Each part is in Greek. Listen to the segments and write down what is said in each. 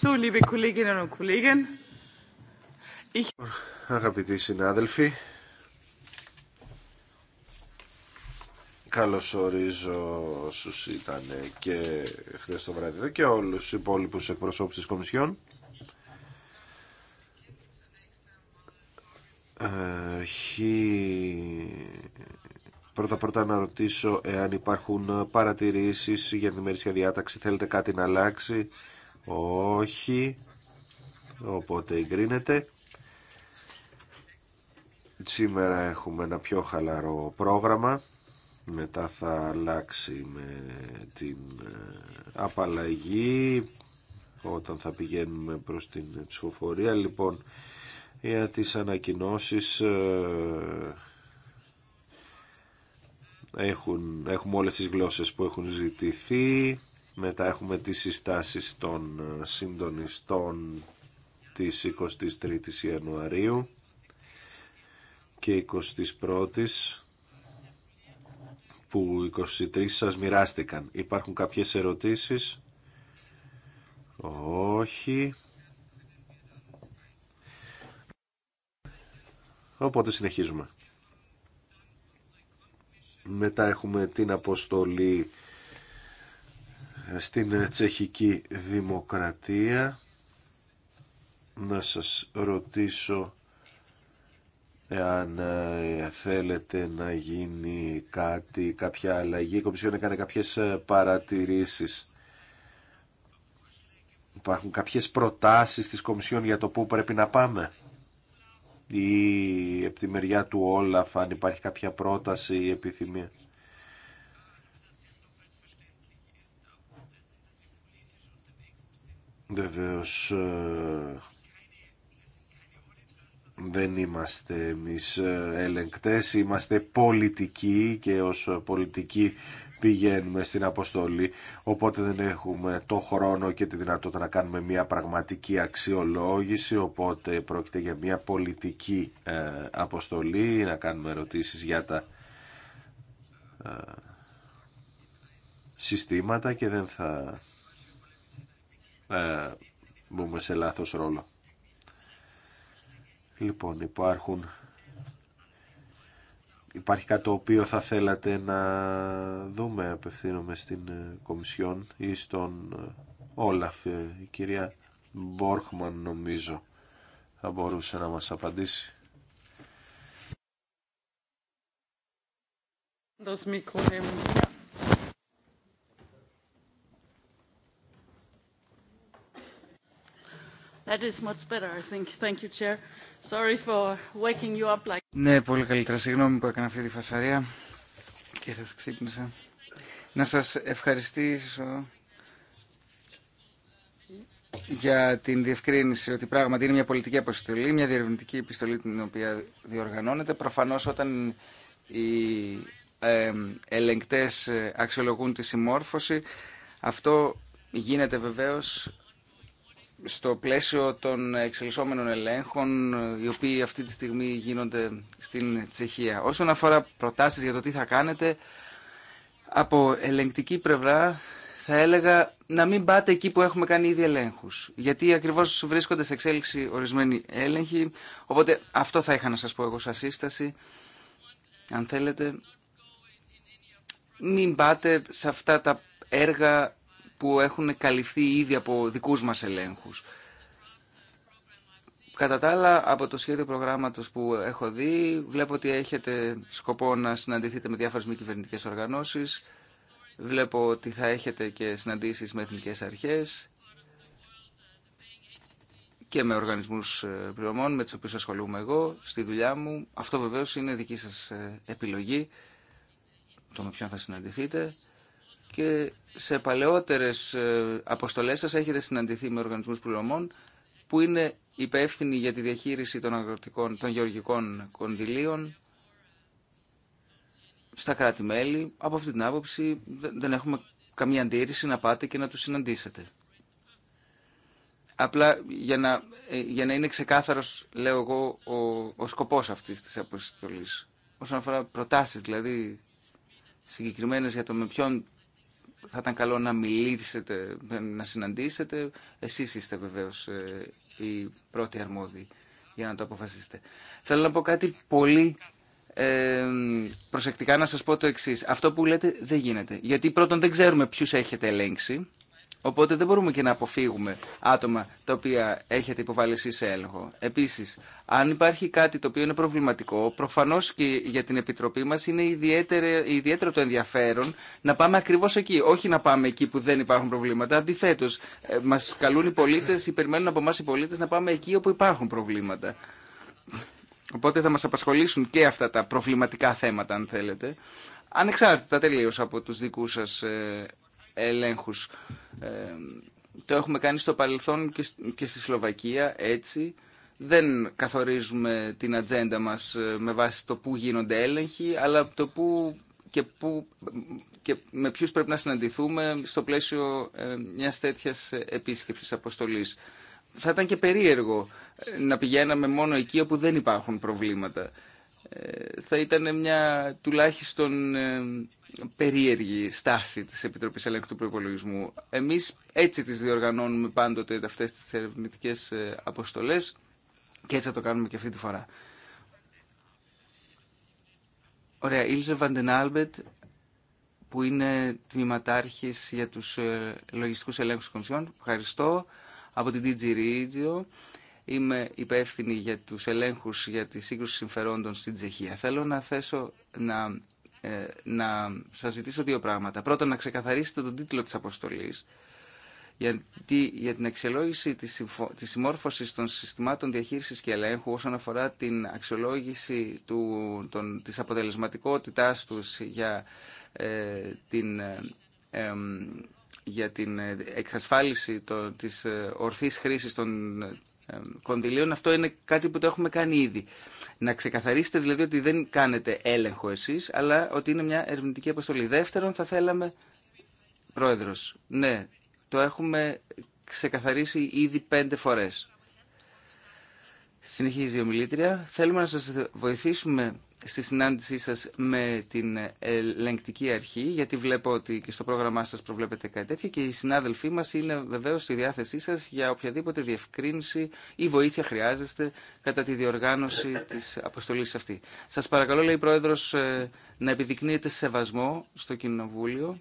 So, liebe Kolleginnen und Kollegen, ich... Αγαπητοί συνάδελφοι, καλώς ορίζω όσους ήταν και χθε το βράδυ εδώ και όλους τους υπόλοιπους εκπροσώπους της Κομισιόν. Πρώτα πρώτα να ρωτήσω εάν υπάρχουν παρατηρήσεις για την ημερήσια διάταξη. Θέλετε κάτι να αλλάξει. Όχι. Οπότε εγκρίνεται. Σήμερα έχουμε ένα πιο χαλαρό πρόγραμμα. Μετά θα αλλάξει με την ε, απαλλαγή όταν θα πηγαίνουμε προς την ψηφοφορία. Λοιπόν, για τις ανακοινώσεις ε, έχουν, έχουμε όλες τις γλώσσες που έχουν ζητηθεί. Μετά έχουμε τις συστάσεις των ε, συντονιστών της 23ης Ιανουαρίου και 21ης που 23 σας μοιράστηκαν. Υπάρχουν κάποιες ερωτήσεις. Όχι. Οπότε συνεχίζουμε. Μετά έχουμε την αποστολή στην ε, τσεχική δημοκρατία να σας ρωτήσω εάν ε, θέλετε να γίνει κάτι, κάποια αλλαγή. Η Κομισιόν έκανε κάποιες ε, παρατηρήσεις. Υπάρχουν κάποιες προτάσεις της Κομισιόν για το πού πρέπει να πάμε. Ή από τη μεριά του Όλαφ, αν υπάρχει κάποια πρόταση ή επιθυμία. Βεβαίως ε, δεν είμαστε εμείς ε, ελεγκτές, είμαστε πολιτικοί και ως πολιτικοί πηγαίνουμε στην αποστολή, οπότε δεν έχουμε το χρόνο και τη δυνατότητα να κάνουμε μια πραγματική αξιολόγηση, οπότε πρόκειται για μια πολιτική ε, αποστολή, να κάνουμε ερωτήσεις για τα συστήματα και δεν θα μπούμε σε λάθος ρόλο. Λοιπόν, υπάρχουν... Υπάρχει κάτι το οποίο θα θέλατε να δούμε, απευθύνομαι στην ε, Κομισιόν ή στον ε, Όλαφ, ε, η κυρία Μπόρχμαν νομίζω θα μπορούσε να μας απαντήσει. Das That is much better, I think. Thank you, Chair. Sorry for waking you up like... Ναι, πολύ καλύτερα. Συγγνώμη που έκανα αυτή τη φασαρία και σας ξύπνησα. Να σας ευχαριστήσω για την διευκρίνηση ότι πράγματι είναι μια πολιτική αποστολή, μια διερευνητική επιστολή την οποία διοργανώνεται. Προφανώς όταν οι ελεγκτές αξιολογούν τη συμμόρφωση, αυτό γίνεται βεβαίως στο πλαίσιο των εξελισσόμενων ελέγχων, οι οποίοι αυτή τη στιγμή γίνονται στην Τσεχία. Όσον αφορά προτάσεις για το τι θα κάνετε, από ελεγκτική πλευρά θα έλεγα να μην πάτε εκεί που έχουμε κάνει ήδη ελέγχου. Γιατί ακριβώ βρίσκονται σε εξέλιξη ορισμένοι έλεγχοι. Οπότε αυτό θα είχα να σα πω εγώ σαν σύσταση. Αν θέλετε, μην πάτε σε αυτά τα έργα που έχουν καλυφθεί ήδη από δικούς μας ελέγχους. Κατά τα άλλα, από το σχέδιο προγράμματος που έχω δει, βλέπω ότι έχετε σκοπό να συναντηθείτε με διάφορες μη κυβερνητικέ οργανώσεις. Βλέπω ότι θα έχετε και συναντήσεις με εθνικές αρχές και με οργανισμούς ε, πληρωμών με τους οποίους ασχολούμαι εγώ στη δουλειά μου. Αυτό βεβαίως είναι δική σας ε, επιλογή, το με ποιον θα συναντηθείτε και σε παλαιότερες ε, αποστολές σας έχετε συναντηθεί με οργανισμούς πληρωμών που είναι υπεύθυνοι για τη διαχείριση των, αγροτικών, των γεωργικών κονδυλίων στα κράτη-μέλη. Από αυτή την άποψη δεν έχουμε καμία αντίρρηση να πάτε και να τους συναντήσετε. Απλά για να, ε, για να είναι ξεκάθαρος, λέω εγώ, ο, ο σκοπός αυτής της αποστολής. Όσον αφορά προτάσεις, δηλαδή συγκεκριμένες για το με ποιον θα ήταν καλό να μιλήσετε, να συναντήσετε. Εσείς είστε βεβαίως ε, οι πρώτοι αρμόδιοι για να το αποφασίσετε. Θέλω να πω κάτι πολύ ε, προσεκτικά να σας πω το εξής. Αυτό που λέτε δεν γίνεται. Γιατί πρώτον δεν ξέρουμε ποιους έχετε ελέγξει Οπότε δεν μπορούμε και να αποφύγουμε άτομα τα οποία έχετε υποβάλει εσείς σε έλεγχο. Επίσης, αν υπάρχει κάτι το οποίο είναι προβληματικό, προφανώς και για την Επιτροπή μας είναι ιδιαίτερο, ιδιαίτερο το ενδιαφέρον να πάμε ακριβώς εκεί. Όχι να πάμε εκεί που δεν υπάρχουν προβλήματα. Αντιθέτω, ε, μας καλούν οι πολίτες ή περιμένουν από εμά οι πολίτες να πάμε εκεί όπου υπάρχουν προβλήματα. Οπότε θα μας απασχολήσουν και αυτά τα προβληματικά θέματα, αν θέλετε. Ανεξάρτητα τελείως από τους δικούς σας ε, ελέγχους. το έχουμε κάνει στο παρελθόν και στη Σλοβακία έτσι. Δεν καθορίζουμε την ατζέντα μας ε, με βάση το πού γίνονται έλεγχοι, αλλά το πού και, που, και με ποιους πρέπει να συναντηθούμε στο πλαίσιο ε, μιας τέτοιας ε, επίσκεψης αποστολής. Θα ήταν και περίεργο να πηγαίναμε μόνο εκεί όπου δεν υπάρχουν προβλήματα. Θα ήταν μια τουλάχιστον περίεργη στάση της Επιτροπής Ελέγχου του Προϋπολογισμού. Εμείς έτσι τις διοργανώνουμε πάντοτε αυτές τις ερευνητικέ ε, αποστολές και έτσι θα το κάνουμε και αυτή τη φορά. Ωραία, Ήλζε Βαντενάλμπετ που είναι τμήματάρχης για τους ε, λογιστικούς ελέγχους κομισιών. Ευχαριστώ. Από την DG Regio. Είμαι υπεύθυνη για τους ελέγχους για τη σύγκρουση συμφερόντων στην Τσεχία. Θέλω να θέσω, να ε, να σας ζητήσω δύο πράγματα. Πρώτον, να ξεκαθαρίσετε τον τίτλο της αποστολής, γιατί για την αξιολόγηση της συμμόρφωσης των συστημάτων διαχείρισης και ελέγχου όσον αφορά την αξιολόγηση του, των, της αποτελεσματικότητάς τους για ε, την... Ε, για την εξασφάλιση το, της ορθής χρήσης των κονδυλίων. Αυτό είναι κάτι που το έχουμε κάνει ήδη. Να ξεκαθαρίσετε δηλαδή ότι δεν κάνετε έλεγχο εσεί, αλλά ότι είναι μια ερευνητική αποστολή. Δεύτερον, θα θέλαμε... προέδρο. ναι, το έχουμε ξεκαθαρίσει ήδη πέντε φορέ. Συνεχίζει η ομιλήτρια. Θέλουμε να σα βοηθήσουμε στη συνάντησή σας με την ελεγκτική αρχή, γιατί βλέπω ότι και στο πρόγραμμά σας προβλέπετε κάτι τέτοιο και οι συνάδελφοί μας είναι βεβαίως στη διάθεσή σας για οποιαδήποτε διευκρίνηση ή βοήθεια χρειάζεστε κατά τη διοργάνωση της αποστολής αυτή. Σας παρακαλώ, λέει η Πρόεδρος, ε, να επιδεικνύετε σεβασμό στο Κοινοβούλιο,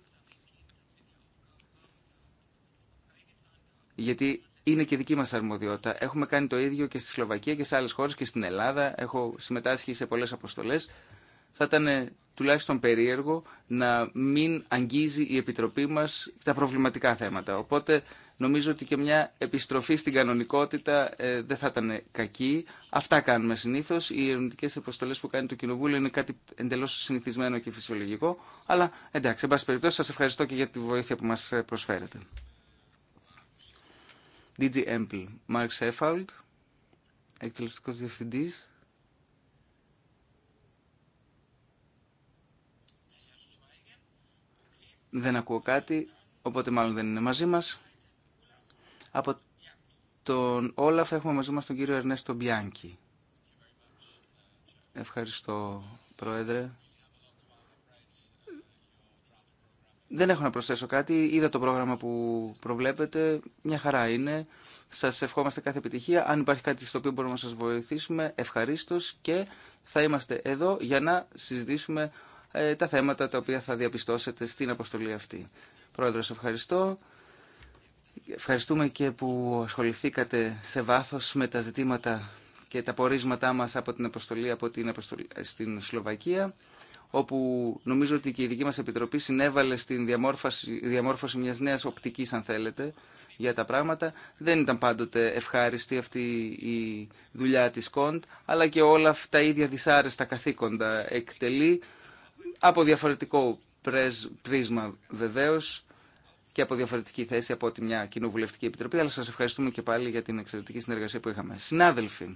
γιατί είναι και δική μας αρμοδιότητα. Έχουμε κάνει το ίδιο και στη Σλοβακία και σε άλλες χώρες και στην Ελλάδα. Έχω συμμετάσχει σε πολλές αποστολές. Θα ήταν ε, τουλάχιστον περίεργο να μην αγγίζει η Επιτροπή μας τα προβληματικά θέματα. Οπότε νομίζω ότι και μια επιστροφή στην κανονικότητα ε, δεν θα ήταν κακή. Αυτά κάνουμε συνήθως. Οι ερευνητικέ αποστολές που κάνει το Κοινοβούλιο είναι κάτι εντελώς συνηθισμένο και φυσιολογικό. Αλλά εντάξει, εν πάση περιπτώσει σας ευχαριστώ και για τη βοήθεια που μας ε, προσφέρετε. DG Empl, Mark Sheffield, εκτελεστικός διευθυντής. Δεν ακούω κάτι, οπότε μάλλον δεν είναι μαζί μας. Από τον Όλαφ έχουμε μαζί μας τον κύριο Ερνέστο Μπιάνκι. Ευχαριστώ, Πρόεδρε. Δεν έχω να προσθέσω κάτι. Είδα το πρόγραμμα που προβλέπετε. Μια χαρά είναι. Σας ευχόμαστε κάθε επιτυχία. Αν υπάρχει κάτι στο οποίο μπορούμε να σας βοηθήσουμε, ευχαρίστω και θα είμαστε εδώ για να συζητήσουμε ε, τα θέματα τα οποία θα διαπιστώσετε στην αποστολή αυτή. Πρόεδρος, ευχαριστώ. Ευχαριστούμε και που ασχοληθήκατε σε βάθο με τα ζητήματα και τα πορίσματά μας από την αποστολή, από την αποστολή στην Σλοβακία όπου νομίζω ότι και η δική μας Επιτροπή συνέβαλε στην διαμόρφωση, διαμόρφωση μιας νέας οπτικής, αν θέλετε, για τα πράγματα. Δεν ήταν πάντοτε ευχάριστη αυτή η δουλειά της Κοντ, αλλά και όλα αυτά τα ίδια δυσάρεστα καθήκοντα εκτελεί από διαφορετικό πρίσμα βεβαίως και από διαφορετική θέση από ότι μια κοινοβουλευτική επιτροπή, αλλά σας ευχαριστούμε και πάλι για την εξαιρετική συνεργασία που είχαμε. Συνάδελφοι,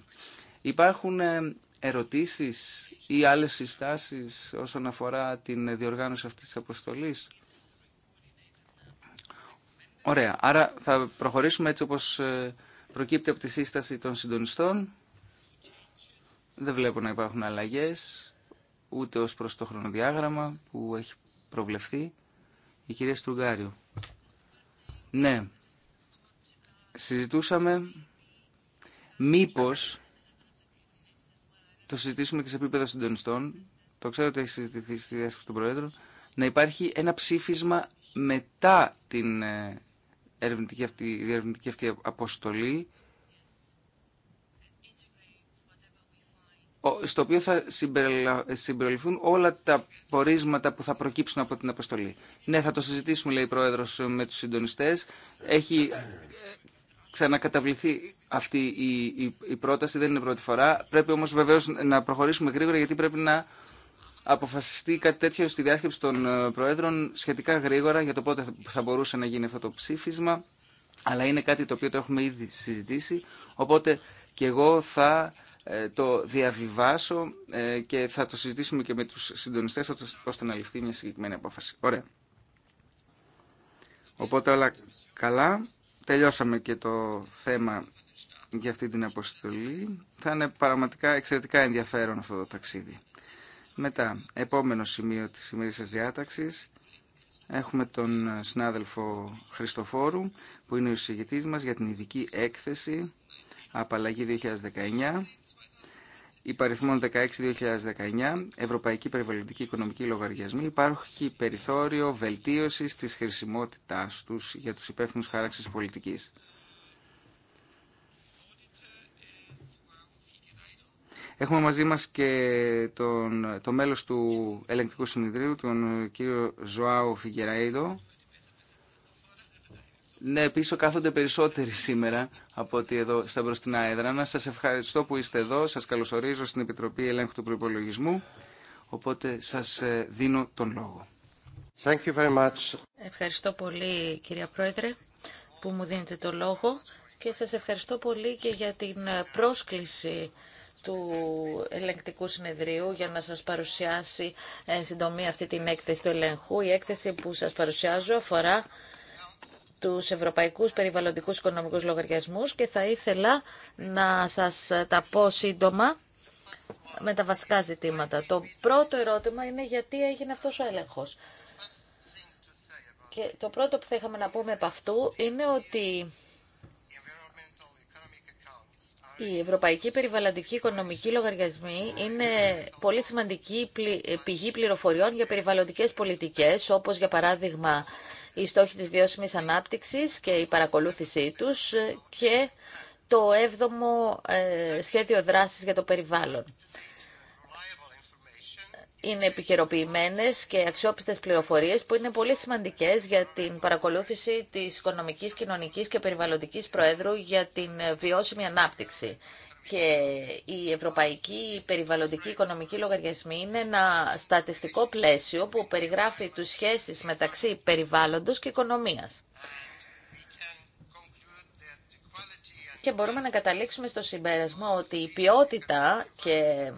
υπάρχουν ε, ερωτήσεις ή άλλες συστάσεις όσον αφορά την διοργάνωση αυτής της αποστολής. Ωραία. Άρα θα προχωρήσουμε έτσι όπως ε, προκύπτει από τη σύσταση των συντονιστών. Δεν βλέπω να υπάρχουν αλλαγές, ούτε ως προς το χρονοδιάγραμμα που έχει προβλεφθεί. Η κυρία Στουργάριου. Ναι, συζητούσαμε μήπως το συζητήσουμε και σε επίπεδο συντονιστών, το ξέρω ότι έχει συζητηθεί στη διάσκεψη του Πρόεδρου. να υπάρχει ένα ψήφισμα μετά την ε, ερευνητική αυτή, διερευνητική αυτή αποστολή, στο οποίο θα συμπεριληφθούν όλα τα πορίσματα που θα προκύψουν από την αποστολή. Ναι, θα το συζητήσουμε, λέει η Πρόεδρος, με τους συντονιστές. Έχει ξανακαταβληθεί αυτή η, η, πρόταση, δεν είναι πρώτη φορά. Πρέπει όμως βεβαίως να προχωρήσουμε γρήγορα γιατί πρέπει να αποφασιστεί κάτι τέτοιο στη διάσκεψη των ε, Προέδρων σχετικά γρήγορα για το πότε θα μπορούσε να γίνει αυτό το ψήφισμα. Αλλά είναι κάτι το οποίο το έχουμε ήδη συζητήσει. Οπότε και εγώ θα ε, το διαβιβάσω ε, και θα το συζητήσουμε και με τους συντονιστές ώστε να ληφθεί μια συγκεκριμένη απόφαση. Ωραία. Οπότε όλα καλά. Τελειώσαμε και το θέμα για αυτή την αποστολή. Θα είναι πραγματικά εξαιρετικά ενδιαφέρον αυτό το ταξίδι. Μετά, επόμενο σημείο της σημερινής διάταξης, έχουμε τον συνάδελφο Χριστοφόρου, που είναι ο εισηγητής μας για την ειδική έκθεση «Απαλλαγή 2019» υπαριθμών 16-2019, Ευρωπαϊκή Περιβαλλοντική Οικονομική Λογαριασμή, υπάρχει περιθώριο βελτίωσης τη χρησιμότητάς τους για τους υπεύθυνου χαράξη πολιτικής. Έχουμε μαζί μας και τον, το μέλος του ελεγκτικού συνεδρίου, τον κύριο Ζωάου Φιγκεραϊδο, ναι, πίσω κάθονται περισσότεροι σήμερα από ότι εδώ στα μπροστινά Να Σας ευχαριστώ που είστε εδώ. Σας καλωσορίζω στην Επιτροπή Ελέγχου του Προϋπολογισμού. Οπότε σας ε, δίνω τον λόγο. Thank you very much. Ευχαριστώ πολύ κυρία Πρόεδρε που μου δίνετε το λόγο και σας ευχαριστώ πολύ και για την πρόσκληση του ελεγκτικού συνεδρίου για να σας παρουσιάσει ε, συντομή αυτή την έκθεση του ελεγχού. Η έκθεση που σας παρουσιάζω αφορά τους ευρωπαϊκούς περιβαλλοντικούς οικονομικούς λογαριασμούς και θα ήθελα να σας τα πω σύντομα με τα βασικά ζητήματα. Το πρώτο ερώτημα είναι γιατί έγινε αυτός ο έλεγχος. Και το πρώτο που θα είχαμε να πούμε από αυτού είναι ότι οι ευρωπαϊκοί περιβαλλοντικοί οικονομικοί λογαριασμοί είναι πολύ σημαντική πηγή πληροφοριών για περιβαλλοντικές πολιτικές, όπως για παράδειγμα οι στόχοι της βιώσιμης ανάπτυξης και η παρακολούθησή τους και το έβδομο ο ε, σχέδιο δράσης για το περιβάλλον. Είναι επικαιροποιημένε και αξιόπιστες πληροφορίες που είναι πολύ σημαντικές για την παρακολούθηση της Οικονομικής, Κοινωνικής και Περιβαλλοντικής προέδρου για την βιώσιμη ανάπτυξη και η Ευρωπαϊκή Περιβαλλοντική Οικονομική λογαριασμοί είναι ένα στατιστικό πλαίσιο που περιγράφει τους σχέσεις μεταξύ περιβάλλοντος και οικονομίας. Και μπορούμε να καταλήξουμε στο συμπέρασμα ότι η ποιότητα και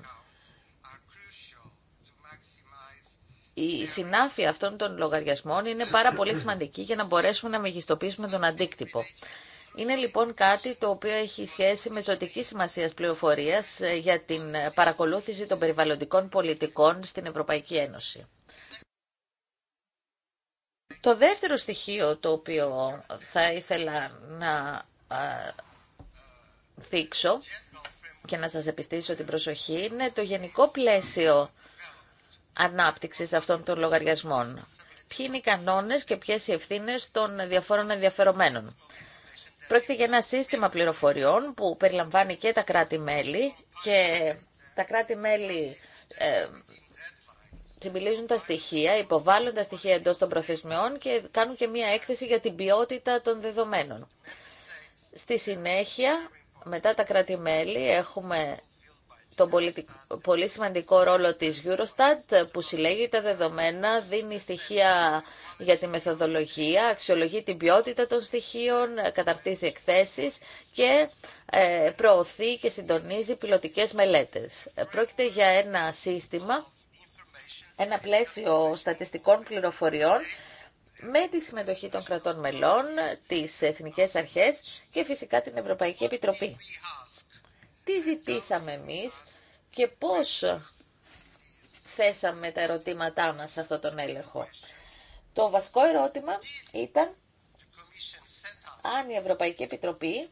η συνάφεια αυτών των λογαριασμών είναι πάρα πολύ σημαντική για να μπορέσουμε να μεγιστοποιήσουμε τον αντίκτυπο. Είναι λοιπόν κάτι το οποίο έχει σχέση με ζωτική σημασία πληροφορία ε, για την παρακολούθηση των περιβαλλοντικών πολιτικών στην Ευρωπαϊκή Ένωση. Το δεύτερο στοιχείο το οποίο θα ήθελα να δείξω και να σας επιστήσω την προσοχή είναι το γενικό πλαίσιο ανάπτυξης αυτών των λογαριασμών. Ποιοι είναι οι κανόνες και ποιες οι ευθύνες των διαφόρων ενδιαφερομένων. Πρόκειται για ένα σύστημα πληροφοριών που περιλαμβάνει και τα κράτη-μέλη και τα κράτη-μέλη ε, τα στοιχεία, υποβάλλουν τα στοιχεία εντός των προθεσμιών και κάνουν και μία έκθεση για την ποιότητα των δεδομένων. Στη συνέχεια, μετά τα κράτη-μέλη, έχουμε τον πολύ σημαντικό ρόλο της Eurostat που συλλέγει τα δεδομένα, δίνει στοιχεία για τη μεθοδολογία, αξιολογεί την ποιότητα των στοιχείων, καταρτίζει εκθέσεις και ε, προωθεί και συντονίζει πιλωτικές μελέτες. Πρόκειται για ένα σύστημα, ένα πλαίσιο στατιστικών πληροφοριών με τη συμμετοχή των κρατών μελών, τις Εθνικές Αρχές και φυσικά την Ευρωπαϊκή Επιτροπή. Τι ζητήσαμε εμείς και πώς θέσαμε τα ερωτήματά μας σε αυτόν τον έλεγχο. Το βασικό ερώτημα ήταν αν η Ευρωπαϊκή Επιτροπή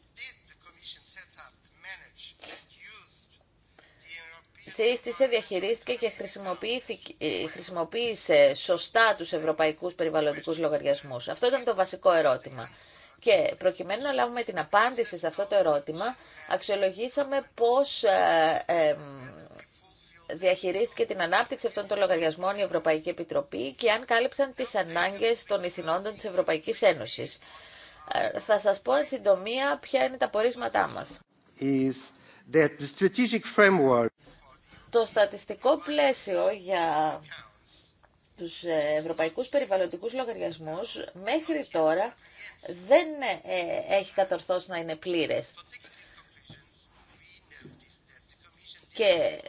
σύστησε, διαχειρίστηκε και ε, χρησιμοποίησε σωστά τους ευρωπαϊκούς περιβαλλοντικούς λογαριασμούς. Αυτό ήταν το βασικό ερώτημα. Και προκειμένου να λάβουμε την απάντηση σε αυτό το ερώτημα, αξιολογήσαμε πώς ε, ε, διαχειρίστηκε την ανάπτυξη αυτών των λογαριασμών η Ευρωπαϊκή Επιτροπή και αν κάλυψαν τις ανάγκες των ηθινόντων της Ευρωπαϊκής Ένωσης. Ε, θα σας πω εν συντομία ποια είναι τα πορίσματά μας. Το στατιστικό πλαίσιο για τους ε, ευρωπαϊκούς περιβαλλοντικούς λογαριασμούς μέχρι τώρα δεν ε, έχει κατορθώσει να είναι πλήρες. Και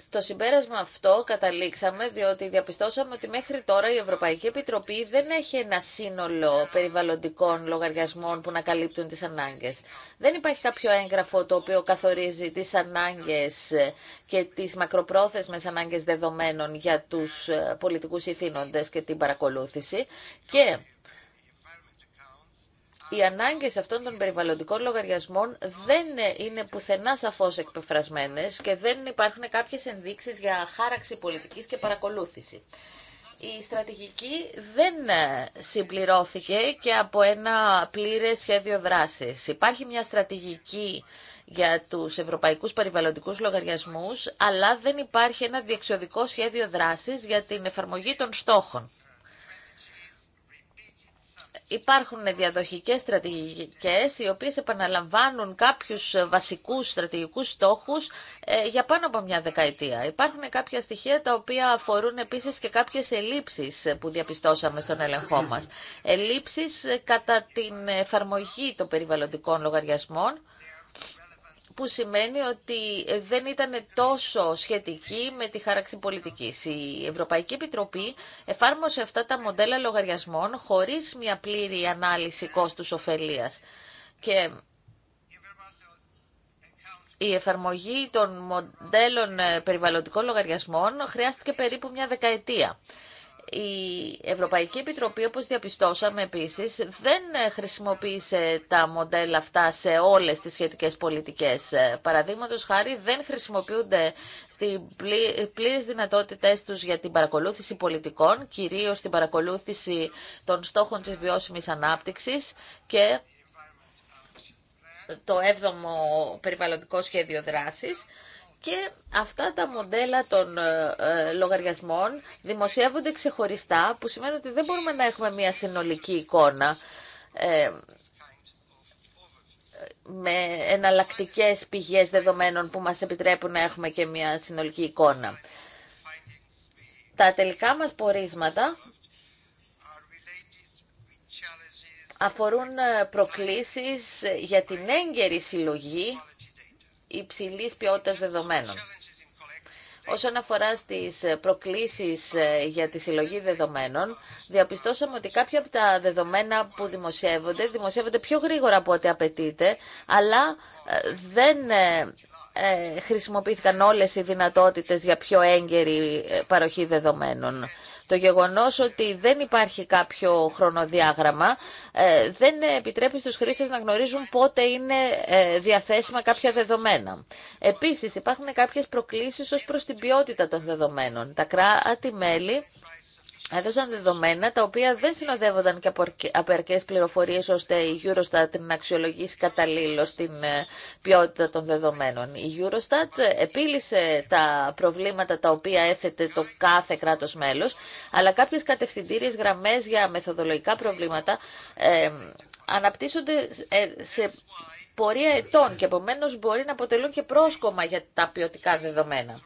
στο συμπέρασμα αυτό καταλήξαμε διότι διαπιστώσαμε ότι μέχρι τώρα η Ευρωπαϊκή Επιτροπή δεν έχει ένα σύνολο περιβαλλοντικών λογαριασμών που να καλύπτουν τις ανάγκες. Δεν υπάρχει κάποιο έγγραφο το οποίο καθορίζει τις ανάγκες και τις μακροπρόθεσμες ανάγκες δεδομένων για τους ε, πολιτικούς ηθήνοντες και την παρακολούθηση. Και οι ανάγκες αυτών των περιβαλλοντικών λογαριασμών δεν είναι πουθενά σαφώς εκπεφρασμένες και δεν υπάρχουν κάποιες ενδείξεις για χάραξη πολιτικής και παρακολούθηση. Η στρατηγική δεν συμπληρώθηκε και από ένα πλήρες σχέδιο δράσης. Υπάρχει μια στρατηγική για τους ευρωπαϊκούς περιβαλλοντικούς λογαριασμούς, αλλά δεν υπάρχει ένα διεξοδικό σχέδιο δράσης για την εφαρμογή των στόχων υπάρχουν διαδοχικές στρατηγικές οι οποίες επαναλαμβάνουν κάποιους βασικούς στρατηγικούς στόχους ε, για πάνω από μια δεκαετία. Υπάρχουν κάποια στοιχεία τα οποία αφορούν επίσης και κάποιες ελλείψεις που διαπιστώσαμε στον έλεγχό μας. Ελλείψεις κατά την εφαρμογή των περιβαλλοντικών λογαριασμών που σημαίνει ότι δεν ήταν τόσο σχετική με τη χάραξη πολιτικής. Η Ευρωπαϊκή Επιτροπή εφάρμοσε αυτά τα μοντέλα λογαριασμών χωρίς μια πλήρη ανάλυση κόστους ωφελίας. Και η εφαρμογή των μοντέλων περιβαλλοντικών λογαριασμών χρειάστηκε περίπου μια δεκαετία η Ευρωπαϊκή Επιτροπή, όπως διαπιστώσαμε επίσης, δεν χρησιμοποίησε τα μοντέλα αυτά σε όλες τις σχετικές πολιτικές. Παραδείγματος χάρη δεν χρησιμοποιούνται στις πλήρες δυνατότητες τους για την παρακολούθηση πολιτικών, κυρίως την παρακολούθηση των στόχων της βιώσιμης ανάπτυξης και το 7ο περιβαλλοντικό σχέδιο δράσης και αυτά τα μοντέλα των ε, ε, λογαριασμών δημοσιεύονται ξεχωριστά, που σημαίνει ότι δεν μπορούμε να έχουμε μια συνολική εικόνα ε, με εναλλακτικέ πηγές δεδομένων που μας επιτρέπουν να έχουμε και μια συνολική εικόνα. Τα τελικά μας πορίσματα αφορούν προκλήσεις για την έγκαιρη συλλογή υψηλής ποιότητας δεδομένων. Όσον αφορά στις προκλήσεις ε, για τη συλλογή δεδομένων, διαπιστώσαμε ότι κάποια από τα δεδομένα που δημοσιεύονται, δημοσιεύονται πιο γρήγορα από ό,τι απαιτείται, αλλά ε, δεν ε, χρησιμοποιήθηκαν όλες οι δυνατότητες για πιο έγκαιρη παροχή δεδομένων. Το γεγονός ότι δεν υπάρχει κάποιο χρονοδιάγραμμα ε, δεν επιτρέπει στους χρήστες να γνωρίζουν πότε είναι ε, διαθέσιμα κάποια δεδομένα. Επίσης υπάρχουν κάποιες προκλήσεις ως προς την ποιότητα των δεδομένων. Τα κράτη-μέλη έδωσαν δεδομένα τα οποία δεν συνοδεύονταν και από αρκές πληροφορίες ώστε η Eurostat να αξιολογήσει καταλήλως την ε, ποιότητα των δεδομένων. Η Eurostat επίλυσε τα προβλήματα τα οποία έθετε το κάθε κράτος μέλος, αλλά κάποιες κατευθυντήριες γραμμές για μεθοδολογικά προβλήματα ε, αναπτύσσονται ε, σε πορεία ετών και επομένω μπορεί να αποτελούν και πρόσκομα για τα ποιοτικά δεδομένα.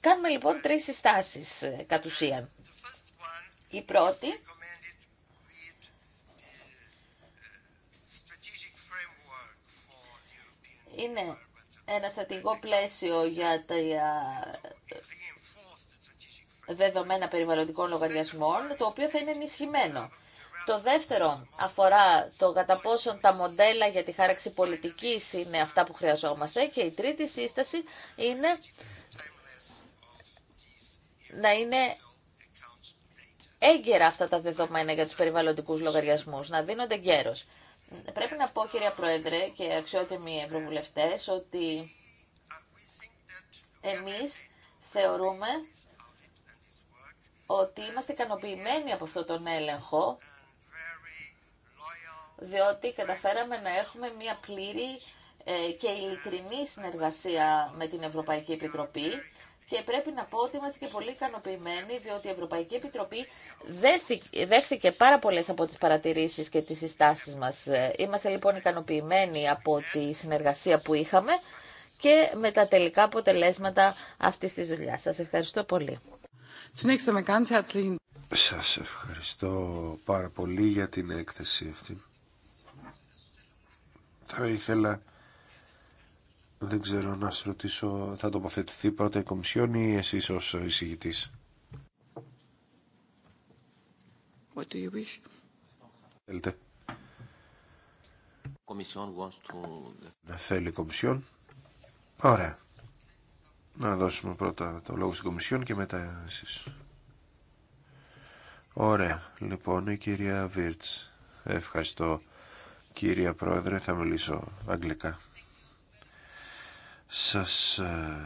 Κάνουμε λοιπόν τρεις συστάσεις ε, κατ' ουσίαν. Η πρώτη είναι ένα στρατηγικό πλαίσιο για τα δεδομένα περιβαλλοντικών λογαριασμών, το οποίο θα είναι ενισχυμένο. Το δεύτερο αφορά το κατά πόσον τα μοντέλα για τη χάραξη πολιτικής είναι αυτά που χρειαζόμαστε και η τρίτη σύσταση είναι να είναι έγκαιρα αυτά τα δεδομένα για τους περιβαλλοντικούς λογαριασμού, να δίνονται γέρο. Πρέπει να πω, κυρία Πρόεδρε και αξιότιμοι ευρωβουλευτές, ότι εμείς θεωρούμε ότι είμαστε ικανοποιημένοι από αυτόν τον έλεγχο, διότι καταφέραμε να έχουμε μια πλήρη ε, και ειλικρινή συνεργασία με την Ευρωπαϊκή Επιτροπή και πρέπει να πω ότι είμαστε και πολύ ικανοποιημένοι διότι η Ευρωπαϊκή Επιτροπή δέχθηκε πάρα πολλές από τις παρατηρήσεις και τις συστάσεις μας. Ε, είμαστε λοιπόν ικανοποιημένοι από τη συνεργασία που είχαμε και με τα τελικά αποτελέσματα αυτής της δουλειάς. Σας ευχαριστώ πολύ. Σας ευχαριστώ πάρα πολύ για την έκθεση αυτή. Θα ήθελα δεν ξέρω να σας ρωτήσω, θα τοποθετηθεί πρώτα η Κομισιόν ή εσείς ως εισηγητής. What do you wish? Θέλετε. To... Να θέλει η Κομισιόν. Ωραία. Να δώσουμε πρώτα το λόγο στην Κομισιόν και μετά εσείς. Ωραία. Λοιπόν, η κυρία Βίρτς. Ευχαριστώ. κυρια Πρόεδρε, θα μιλήσω αγγλικά. Σας ε,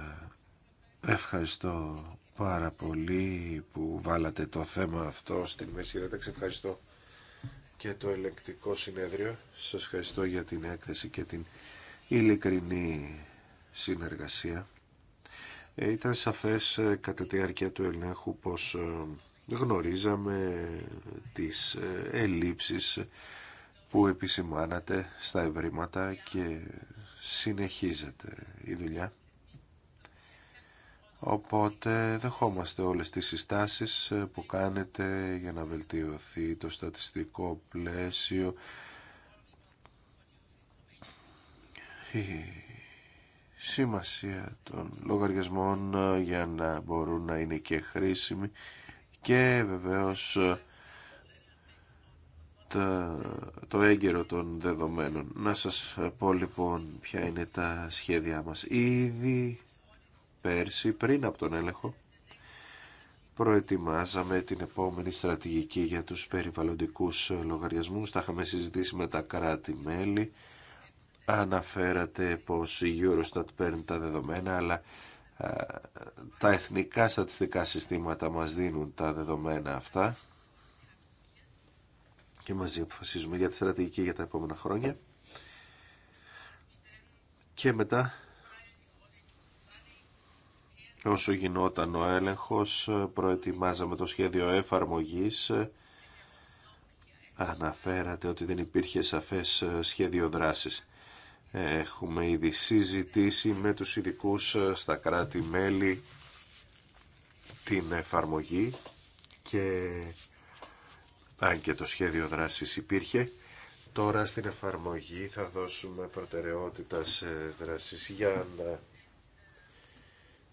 ευχαριστώ πάρα πολύ που βάλατε το θέμα αυτό στην μέση τα Ευχαριστώ και το ελεκτικό συνέδριο. Σας ευχαριστώ για την έκθεση και την ειλικρινή συνεργασία. Ε, ήταν σαφές ε, κατά τη διάρκεια του ελέγχου πως γνωρίζαμε τις ελλείψεις που επισημάνατε στα ευρήματα και συνεχίζεται η δουλειά. Οπότε δεχόμαστε όλες τις συστάσεις που κάνετε για να βελτιωθεί το στατιστικό πλαίσιο, η σημασία των λογαριασμών για να μπορούν να είναι και χρήσιμοι και βεβαίως το έγκαιρο των δεδομένων. Να σας πω λοιπόν ποια είναι τα σχέδιά μας. Ήδη πέρσι πριν από τον έλεγχο προετοιμάζαμε την επόμενη στρατηγική για τους περιβαλλοντικούς λογαριασμούς. Τα είχαμε συζητήσει με τα κράτη-μέλη. Αναφέρατε πως η Eurostat παίρνει τα δεδομένα, αλλά τα εθνικά στατιστικά συστήματα μας δίνουν τα δεδομένα αυτά και μαζί αποφασίζουμε για τη στρατηγική για τα επόμενα χρόνια. Και μετά, όσο γινόταν ο έλεγχος, προετοιμάζαμε το σχέδιο εφαρμογής. Αναφέρατε ότι δεν υπήρχε σαφές σχέδιο δράσης. Έχουμε ήδη συζητήσει με τους ειδικού στα κράτη-μέλη την εφαρμογή και αν και το σχέδιο δράσης υπήρχε. Τώρα στην εφαρμογή θα δώσουμε προτεραιότητα σε δράσεις για να,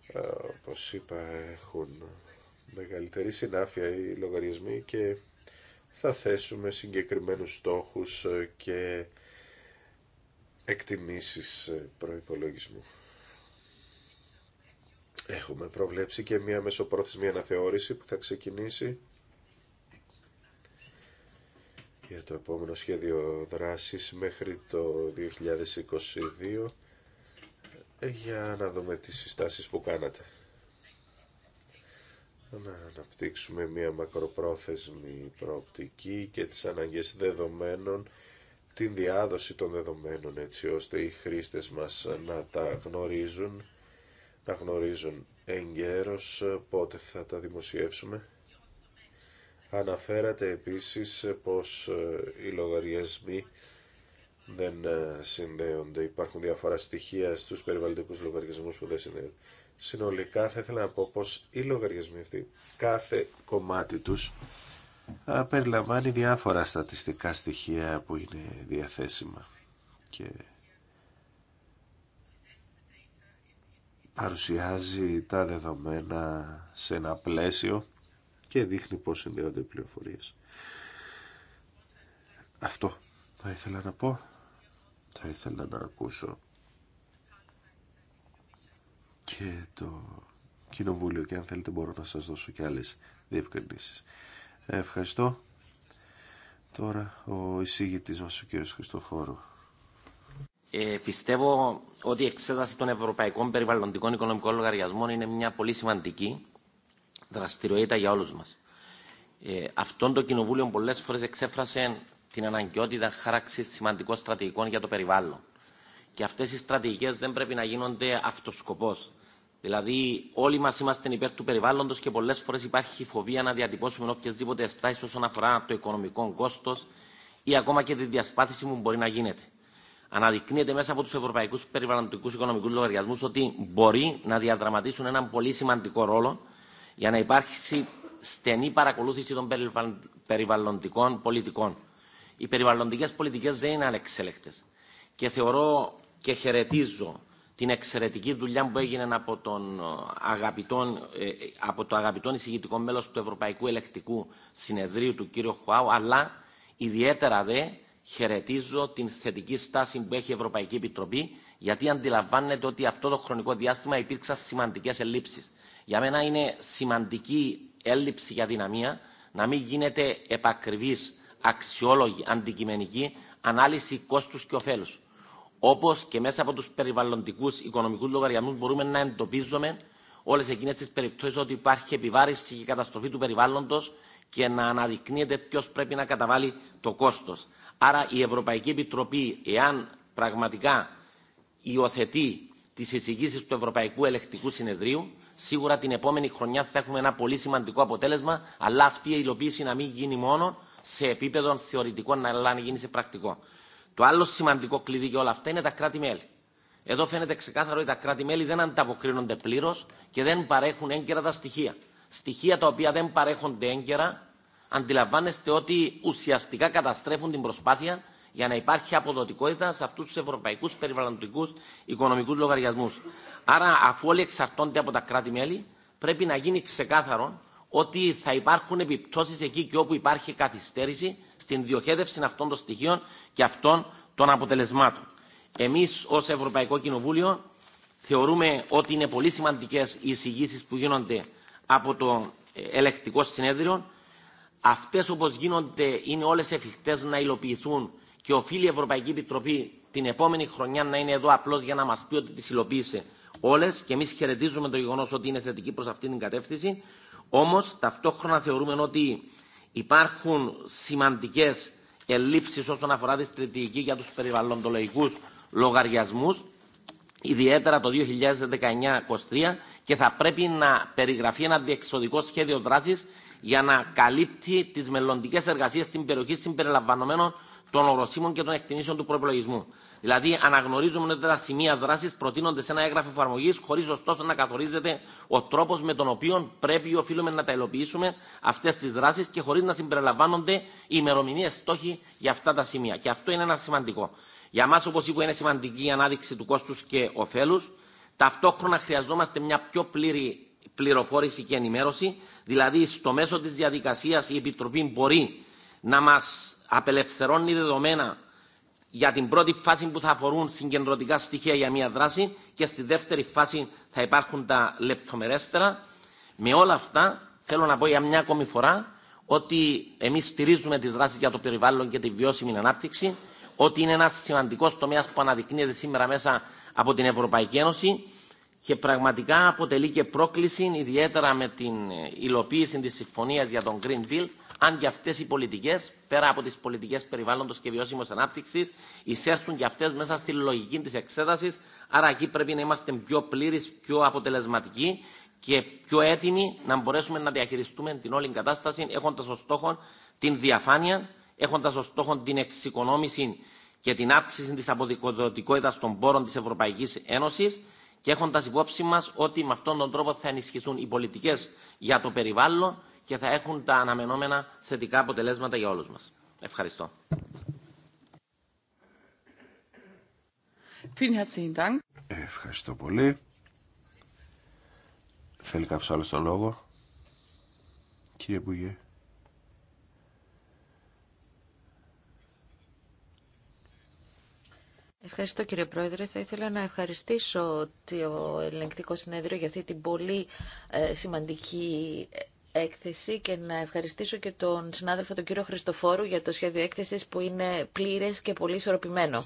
ε, όπως είπα, έχουν μεγαλύτερη συνάφεια οι λογαριασμοί και θα θέσουμε συγκεκριμένους στόχους και εκτιμήσεις προϋπολογισμού. Έχουμε προβλέψει και μια μεσοπρόθεσμη αναθεώρηση που θα ξεκινήσει για το επόμενο σχέδιο δράσης μέχρι το 2022 ε, για να δούμε τις συστάσεις που κάνατε. Να αναπτύξουμε μια μακροπρόθεσμη προοπτική και τις αναγκές δεδομένων, την διάδοση των δεδομένων έτσι ώστε οι χρήστες μας να τα γνωρίζουν, να γνωρίζουν εγκαίρως πότε θα τα δημοσιεύσουμε Αναφέρατε επίσης πως ε, οι λογαριασμοί δεν ε, συνδέονται. Υπάρχουν διάφορα στοιχεία στους περιβαλλοντικούς λογαριασμούς που δεν συνδέονται. Συνολικά θα ήθελα να πω πως οι λογαριασμοί αυτοί, κάθε κομμάτι τους, ε, περιλαμβάνει διάφορα στατιστικά στοιχεία που είναι διαθέσιμα και παρουσιάζει τα δεδομένα σε ένα πλαίσιο και δείχνει πώς συνδέονται οι πληροφορίες. Αυτό θα ήθελα να πω. Θα ήθελα να ακούσω και το κοινοβούλιο και αν θέλετε μπορώ να σας δώσω και άλλες διευκρινήσεις. Ευχαριστώ. Τώρα ο εισήγητης μας ο κ. Χριστοφόρου. Ε, πιστεύω ότι η εξέταση των ευρωπαϊκών περιβαλλοντικών οικονομικών λογαριασμών είναι μια πολύ σημαντική δραστηριότητα για όλους μας. Ε, αυτόν το Κοινοβούλιο πολλές φορές εξέφρασε την αναγκαιότητα χάραξη σημαντικών στρατηγικών για το περιβάλλον. Και αυτές οι στρατηγικές δεν πρέπει να γίνονται αυτοσκοπός. Δηλαδή, όλοι μα είμαστε υπέρ του περιβάλλοντο και πολλέ φορέ υπάρχει φοβία να διατυπώσουμε οποιασδήποτε στάσει όσον αφορά το οικονομικό κόστο ή ακόμα και τη διασπάθηση που μπορεί να γίνεται. Αναδεικνύεται μέσα από του ευρωπαϊκού περιβαλλοντικού οικονομικού λογαριασμού ότι μπορεί να διαδραματίσουν έναν πολύ σημαντικό ρόλο για να υπάρξει στενή παρακολούθηση των περιβαλλοντικών πολιτικών. Οι περιβαλλοντικές πολιτικές δεν είναι ανεξέλεκτες. Και θεωρώ και χαιρετίζω την εξαιρετική δουλειά που έγινε από, τον ε, αγαπητόν, ε, από το αγαπητόν εισηγητικό μέλος του Ευρωπαϊκού Ελεκτικού Συνεδρίου του κ. Χουάου, αλλά ιδιαίτερα δε χαιρετίζω την θετική στάση που έχει η Ευρωπαϊκή Επιτροπή γιατί αντιλαμβάνεται ότι αυτό το χρονικό διάστημα υπήρξαν σημαντικέ ελλείψει. Για μένα είναι σημαντική έλλειψη για δυναμία να μην γίνεται επακριβή, αξιόλογη, αντικειμενική ανάλυση κόστου και ωφέλου. Όπω και μέσα από του περιβαλλοντικού οικονομικού λογαριασμού μπορούμε να εντοπίζουμε όλε εκείνε τι περιπτώσει ότι υπάρχει επιβάρηση και καταστροφή του περιβάλλοντο και να αναδεικνύεται ποιο πρέπει να καταβάλει το κόστο. Άρα η Ευρωπαϊκή Επιτροπή, εάν πραγματικά υιοθετεί τι εισηγήσει του Ευρωπαϊκού Ελεκτικού Συνεδρίου, σίγουρα την επόμενη χρονιά θα έχουμε ένα πολύ σημαντικό αποτέλεσμα, αλλά αυτή η υλοποίηση να μην γίνει μόνο σε επίπεδο θεωρητικό, αλλά να γίνει σε πρακτικό. Το άλλο σημαντικό κλειδί για όλα αυτά είναι τα κράτη-μέλη. Εδώ φαίνεται ξεκάθαρο ότι τα κράτη-μέλη δεν ανταποκρίνονται πλήρω και δεν παρέχουν έγκαιρα τα στοιχεία. Στοιχεία τα οποία δεν παρέχονται έγκαιρα, αντιλαμβάνεστε ότι ουσιαστικά καταστρέφουν την προσπάθεια για να υπάρχει αποδοτικότητα σε αυτού του ευρωπαϊκού περιβαλλοντικού οικονομικού λογαριασμού. Άρα, αφού όλοι εξαρτώνται από τα κράτη-μέλη, πρέπει να γίνει ξεκάθαρο ότι θα υπάρχουν επιπτώσει εκεί και όπου υπάρχει καθυστέρηση στην διοχέδευση αυτών των στοιχείων και αυτών των αποτελεσμάτων. Εμεί ω Ευρωπαϊκό Κοινοβούλιο θεωρούμε ότι είναι πολύ σημαντικέ οι εισηγήσει που γίνονται από το ε, ελεκτικό συνέδριο. Αυτέ όπω γίνονται είναι όλε εφικτέ να υλοποιηθούν και οφείλει η Ευρωπαϊκή Επιτροπή την επόμενη χρονιά να είναι εδώ απλώ για να μα πει ότι τι υλοποίησε όλε και εμεί χαιρετίζουμε το γεγονό ότι είναι θετική προ αυτή την κατεύθυνση. Όμω ταυτόχρονα θεωρούμε ότι υπάρχουν σημαντικέ ελλείψει όσον αφορά τη στρατηγική για του περιβαλλοντολογικού λογαριασμού, ιδιαίτερα το 2019-2023, και θα πρέπει να περιγραφεί ένα διεξοδικό σχέδιο δράση για να καλύπτει τι μελλοντικέ εργασίε στην περιοχή συμπεριλαμβανομένων των οροσύμων και των εκτιμήσεων του προπολογισμού. Δηλαδή, αναγνωρίζουμε ότι τα σημεία δράση προτείνονται σε ένα έγγραφο εφαρμογή, χωρί ωστόσο να καθορίζεται ο τρόπο με τον οποίο πρέπει ή οφείλουμε να τα υλοποιήσουμε αυτέ τι δράσει και χωρί να συμπεριλαμβάνονται οι ημερομηνίε στόχοι για αυτά τα σημεία. Και αυτό είναι ένα σημαντικό. Για μα, όπω είπα, είναι σημαντική η ανάδειξη του κόστου και ωφέλου. Ταυτόχρονα χρειαζόμαστε μια πιο πλήρη πληροφόρηση και ενημέρωση, δηλαδή στο μέσο τη διαδικασία η Επιτροπή μπορεί να μα απελευθερώνει δεδομένα για την πρώτη φάση που θα αφορούν συγκεντρωτικά στοιχεία για μια δράση και στη δεύτερη φάση θα υπάρχουν τα λεπτομερέστερα. Με όλα αυτά θέλω να πω για μια ακόμη φορά ότι εμείς στηρίζουμε τις δράσεις για το περιβάλλον και τη βιώσιμη ανάπτυξη, ότι είναι ένας σημαντικός τομέας που αναδεικνύεται σήμερα μέσα από την Ευρωπαϊκή Ένωση και πραγματικά αποτελεί και πρόκληση ιδιαίτερα με την ε, υλοποίηση της συμφωνίας για τον Green Deal αν και αυτές οι πολιτικές, πέρα από τις πολιτικές περιβάλλοντος και βιώσιμος ανάπτυξης, εισέρθουν και αυτές μέσα στη λογική της εξέτασης, άρα εκεί πρέπει να είμαστε πιο πλήρει, πιο αποτελεσματικοί και πιο έτοιμοι να μπορέσουμε να διαχειριστούμε την όλη κατάσταση έχοντας ως στόχο την διαφάνεια, έχοντας ως στόχο την εξοικονόμηση και την αύξηση της αποδικοδοτικότητας των πόρων της Ευρωπαϊκής Ένωσης και έχοντα υπόψη μα ότι με αυτόν τον τρόπο θα ενισχυθούν οι πολιτικέ για το περιβάλλον και θα έχουν τα αναμενόμενα θετικά αποτελέσματα για όλους μας. Ευχαριστώ. Ευχαριστώ πολύ. Θέλει κάποιο άλλο το λόγο. Κύριε Μπούγε. Ευχαριστώ κύριε Πρόεδρε. Θα ήθελα να ευχαριστήσω το Ελεγκτικό Συνέδριο για αυτή την πολύ ε, σημαντική ε, έκθεση και να ευχαριστήσω και τον συνάδελφο τον κύριο Χριστοφόρου για το σχέδιο έκθεσης που είναι πλήρες και πολύ ισορροπημένο.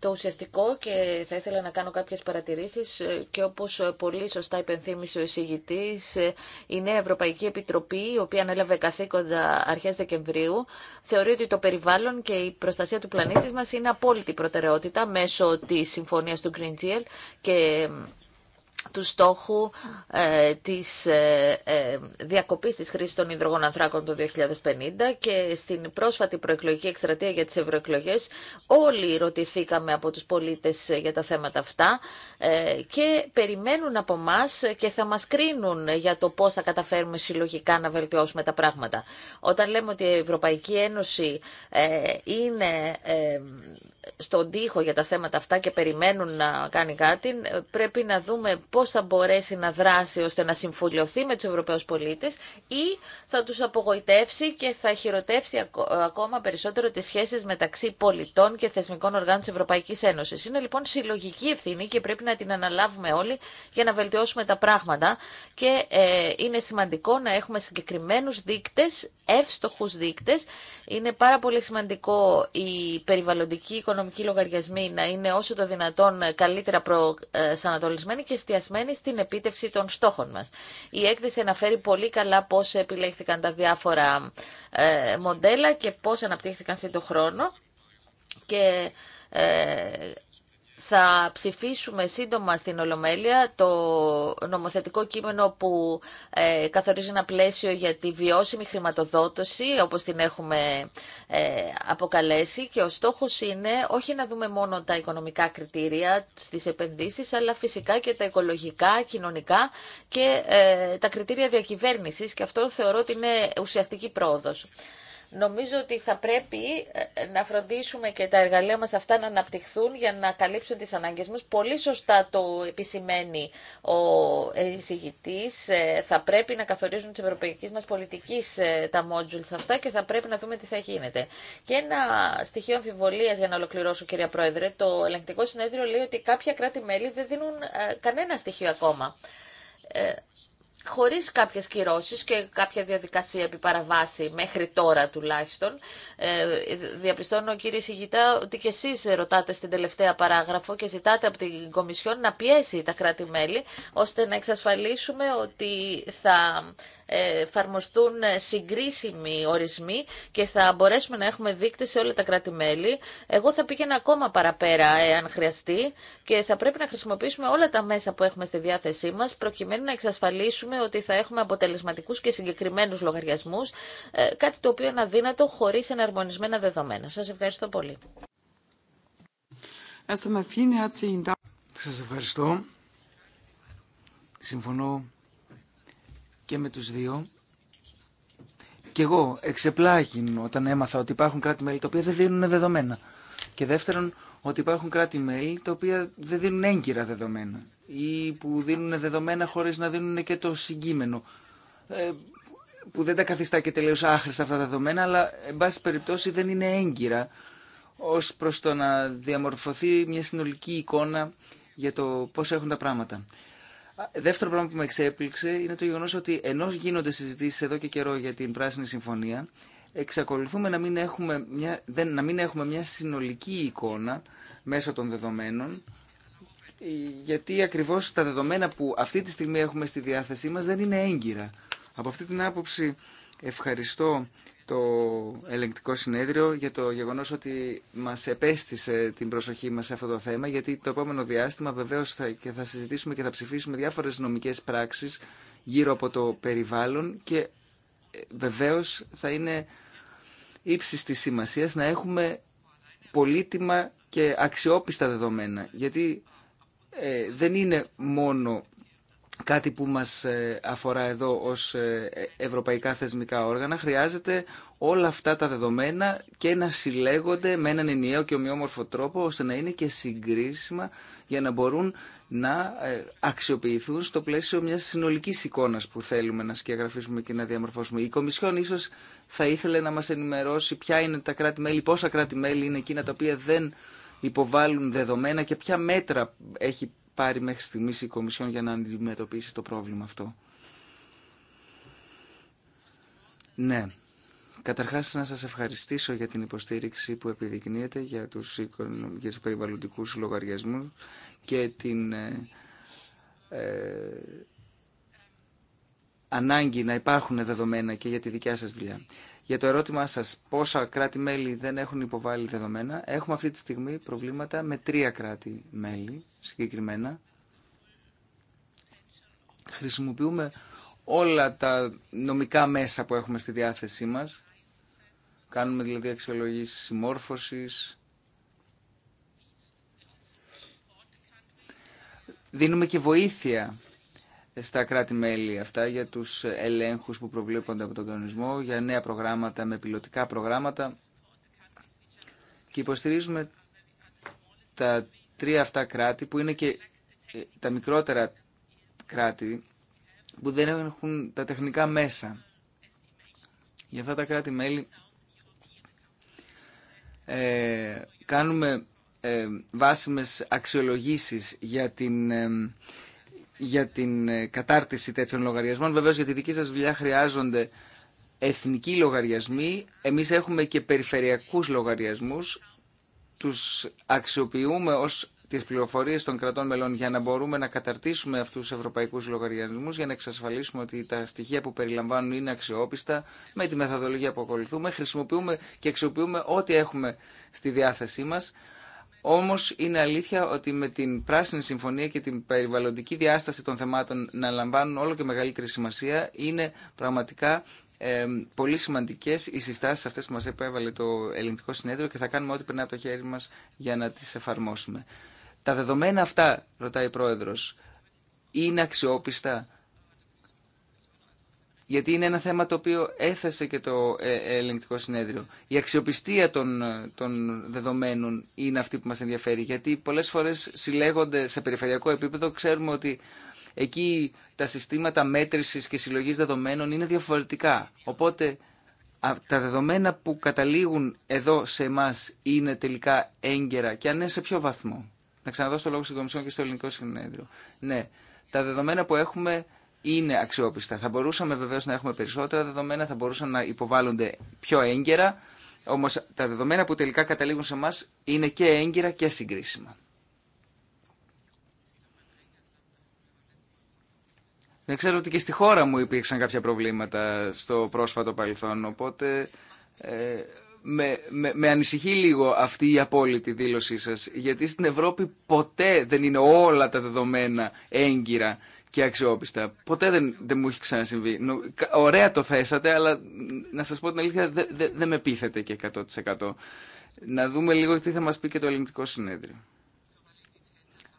Το ουσιαστικό και θα ήθελα να κάνω κάποιες παρατηρήσεις ε, και όπως πολύ σωστά υπενθύμησε ο εισηγητής, ε, η Νέα Ευρωπαϊκή Επιτροπή, η οποία ανέλαβε καθήκοντα αρχές Δεκεμβρίου, θεωρεί ότι το περιβάλλον και η προστασία του πλανήτη μας είναι απόλυτη προτεραιότητα μέσω της συμφωνίας του Green Deal και του στόχου ε, της ε, ε διακοπής της χρήσης των υδρογων το 2050 και στην πρόσφατη προεκλογική εκστρατεία για τις ευρωεκλογέ, όλοι ρωτηθήκαμε από τους πολίτες για τα θέματα αυτά ε, και περιμένουν από εμά και θα μας κρίνουν για το πώς θα καταφέρουμε συλλογικά να βελτιώσουμε τα πράγματα. Όταν λέμε ότι η Ευρωπαϊκή Ένωση ε, είναι στον τοίχο για τα θέματα αυτά και περιμένουν να κάνει κάτι, πρέπει να δούμε πώς θα μπορέσει να δράσει ώστε να συμφουλιωθεί με τους Ευρωπαίους πολίτες ή θα τους απογοητεύσει και θα χειροτεύσει ακόμα περισσότερο τις σχέσεις μεταξύ πολιτών και θεσμικών οργάνων της Ευρωπαϊκής Ένωσης. Είναι λοιπόν συλλογική ευθύνη και πρέπει να την αναλάβουμε όλοι για να βελτιώσουμε τα πράγματα και ε, είναι σημαντικό να έχουμε συγκεκριμένους δείκτες εύστοχου δείκτε. Είναι πάρα πολύ σημαντικό οι περιβαλλοντικοί οικονομικοί λογαριασμοί να είναι όσο το δυνατόν καλύτερα προσανατολισμένοι και εστιασμένοι στην επίτευξη των στόχων μας. Η έκθεση αναφέρει πολύ καλά πώς επιλέχθηκαν τα διάφορα ε, μοντέλα και πώς αναπτύχθηκαν σε το χρόνο και ε, θα ψηφίσουμε σύντομα στην Ολομέλεια το νομοθετικό κείμενο που ε, καθορίζει ένα πλαίσιο για τη βιώσιμη χρηματοδότηση, όπως την έχουμε ε, αποκαλέσει. Και ο στόχος είναι όχι να δούμε μόνο τα οικονομικά κριτήρια στις επενδύσεις, αλλά φυσικά και τα οικολογικά, κοινωνικά και ε, τα κριτήρια διακυβέρνησης. Και αυτό θεωρώ ότι είναι ουσιαστική πρόοδος. Νομίζω ότι θα πρέπει ε, να φροντίσουμε και τα εργαλεία μας αυτά να αναπτυχθούν για να καλύψουν τις ανάγκες μας. Πολύ σωστά το επισημαίνει ο εισηγητής. Ε, θα πρέπει να καθορίζουν τις ευρωπαϊκές μας πολιτικές ε, τα modules αυτά και θα πρέπει να δούμε τι θα γίνεται. Και ένα στοιχείο αμφιβολίας για να ολοκληρώσω κυρία Πρόεδρε. Το ελεγκτικό συνέδριο λέει ότι κάποια κράτη-μέλη δεν δίνουν κανένα στοιχείο ακόμα χωρίς κάποιες κυρώσεις και κάποια διαδικασία επί παραβάση, μέχρι τώρα τουλάχιστον. Ε, διαπιστώνω κύριε Σιγητά ότι και εσείς ρωτάτε στην τελευταία παράγραφο και ζητάτε από την Κομισιόν να πιέσει τα κράτη-μέλη ώστε να εξασφαλίσουμε ότι θα εφαρμοστούν ε, συγκρίσιμοι ορισμοί και θα μπορέσουμε να έχουμε δείκτες σε όλα τα κράτη-μέλη. Εγώ θα πήγαινα ακόμα παραπέρα εάν χρειαστεί και θα πρέπει να χρησιμοποιήσουμε όλα τα μέσα που έχουμε στη διάθεσή μας προκειμένου να εξασφαλίσουμε ότι θα έχουμε αποτελεσματικούς και συγκεκριμένους λογαριασμούς, ε, κάτι το οποίο είναι αδύνατο χωρίς εναρμονισμένα δεδομένα. Σας ευχαριστώ πολύ. Σας ευχαριστώ. Συμφωνώ και με τους δύο. Και εγώ εξεπλάγει όταν έμαθα ότι υπάρχουν κράτη-μέλη τα οποία δεν δίνουν δεδομένα. Και δεύτερον, ότι υπάρχουν κράτη-μέλη τα οποία δεν δίνουν έγκυρα δεδομένα ή που δίνουν δεδομένα χωρίς να δίνουν και το συγκείμενο. Ε, που δεν τα καθιστά και τελείω άχρηστα αυτά τα δεδομένα, αλλά εν πάση περιπτώσει δεν είναι έγκυρα ως προς το να διαμορφωθεί μια συνολική εικόνα για το πώς έχουν τα πράγματα. Δεύτερο πράγμα που με εξέπληξε είναι το γεγονό ότι ενώ γίνονται συζητήσει εδώ και καιρό για την Πράσινη Συμφωνία, εξακολουθούμε να μην έχουμε μια, δεν, να μην έχουμε μια συνολική εικόνα μέσω των δεδομένων, ε, γιατί ακριβώ τα δεδομένα που αυτή τη στιγμή έχουμε στη διάθεσή μα δεν είναι έγκυρα. Από αυτή την άποψη ευχαριστώ το ελεγκτικό συνέδριο για το γεγονός ότι μας επέστησε την προσοχή μας σε αυτό το θέμα γιατί το επόμενο διάστημα βεβαίως θα, θα συζητήσουμε και θα ψηφίσουμε διάφορες νομικές πράξεις γύρω από το περιβάλλον και ε, βεβαίως θα είναι ύψης της σημασίας να έχουμε πολύτιμα και αξιόπιστα δεδομένα γιατί ε, δεν είναι μόνο κάτι που μας ε, αφορά εδώ ως ε, ευρωπαϊκά θεσμικά όργανα, χρειάζεται όλα αυτά τα δεδομένα και να συλλέγονται με έναν ενιαίο και ομοιόμορφο τρόπο, ώστε να είναι και συγκρίσιμα για να μπορούν να ε, αξιοποιηθούν στο πλαίσιο μιας συνολικής εικόνας που θέλουμε να σκιαγραφίσουμε και να διαμορφώσουμε. Η Κομισιόν ίσως θα ήθελε να μας ενημερώσει ποια είναι τα κράτη-μέλη, πόσα κράτη-μέλη είναι εκείνα τα οποία δεν υποβάλλουν δεδομένα και ποια μέτρα έχει πάρει μέχρι στιγμής η Κομισιόν για να αντιμετωπίσει το πρόβλημα αυτό. Ναι. Καταρχάς να σας ευχαριστήσω για την υποστήριξη που επιδεικνύεται για τους, για τους περιβαλλοντικούς λογαριασμούς και την ε, ε, ανάγκη να υπάρχουν δεδομένα και για τη δικιά σας δουλειά. Για το ερώτημά σας πόσα κράτη-μέλη δεν έχουν υποβάλει δεδομένα, έχουμε αυτή τη στιγμή προβλήματα με τρία κράτη-μέλη συγκεκριμένα. Χρησιμοποιούμε όλα τα νομικά μέσα που έχουμε στη διάθεσή μας. Κάνουμε δηλαδή αξιολογήσεις συμμόρφωσης. Δίνουμε και βοήθεια στα κράτη-μέλη αυτά για τους ελέγχους που προβλέπονται από τον κανονισμό, για νέα προγράμματα με πιλωτικά προγράμματα και υποστηρίζουμε τα τρία αυτά κράτη που είναι και ε, τα μικρότερα κράτη που δεν έχουν τα τεχνικά μέσα. Για αυτά τα κράτη-μέλη ε, κάνουμε ε, βάσιμες αξιολογήσεις για την ε, για την ε, κατάρτιση τέτοιων λογαριασμών. Βεβαίω, για τη δική σα δουλειά χρειάζονται εθνικοί λογαριασμοί. Εμεί έχουμε και περιφερειακού λογαριασμού. Του αξιοποιούμε ω τι πληροφορίε των κρατών μελών για να μπορούμε να καταρτήσουμε αυτού του ευρωπαϊκού λογαριασμού για να εξασφαλίσουμε ότι τα στοιχεία που περιλαμβάνουν είναι αξιόπιστα με τη μεθοδολογία που ακολουθούμε. Χρησιμοποιούμε και αξιοποιούμε ό,τι έχουμε στη διάθεσή μα. Όμω είναι αλήθεια ότι με την Πράσινη Συμφωνία και την περιβαλλοντική διάσταση των θεμάτων να λαμβάνουν όλο και μεγαλύτερη σημασία είναι πραγματικά πολύ σημαντικέ οι συστάσει, αυτές που μα επέβαλε το ελληνικό συνέδριο και θα κάνουμε ό,τι περνάει από το χέρι μα για να τις εφαρμόσουμε. Τα δεδομένα αυτά, ρωτάει η πρόεδρο, είναι αξιόπιστα γιατί είναι ένα θέμα το οποίο έθεσε και το ε, ε, ελεγκτικό συνέδριο. Η αξιοπιστία των, των δεδομένων είναι αυτή που μας ενδιαφέρει, γιατί πολλές φορές συλλέγονται σε περιφερειακό επίπεδο, ξέρουμε ότι εκεί τα συστήματα μέτρησης και συλλογής δεδομένων είναι διαφορετικά. Οπότε τα δεδομένα που καταλήγουν εδώ σε εμά είναι τελικά έγκαιρα και αν είναι σε ποιο βαθμό. Να ξαναδώσω το λόγο στην Κομισιόν και στο Ελληνικό Συνέδριο. Ναι, τα δεδομένα που έχουμε είναι αξιόπιστα. Θα μπορούσαμε βεβαίως να έχουμε περισσότερα δεδομένα, θα μπορούσαν να υποβάλλονται πιο έγκαιρα, όμως τα δεδομένα που τελικά καταλήγουν σε εμά είναι και έγκυρα και συγκρίσιμα. Δεν ξέρω ότι και στη χώρα μου υπήρξαν κάποια προβλήματα στο πρόσφατο παρελθόν, οπότε ε, με, με, ανησυχεί λίγο αυτή η απόλυτη δήλωσή σας, γιατί στην Ευρώπη ποτέ δεν είναι όλα τα δεδομένα έγκυρα και αξιόπιστα. Ποτέ δεν, δεν μου έχει ξανασυμβεί. Ωραία το θέσατε, αλλά να σας πω την αλήθεια δεν με πείθετε και 100%. Να δούμε λίγο τι θα μας πει και το ελληνικό συνέδριο.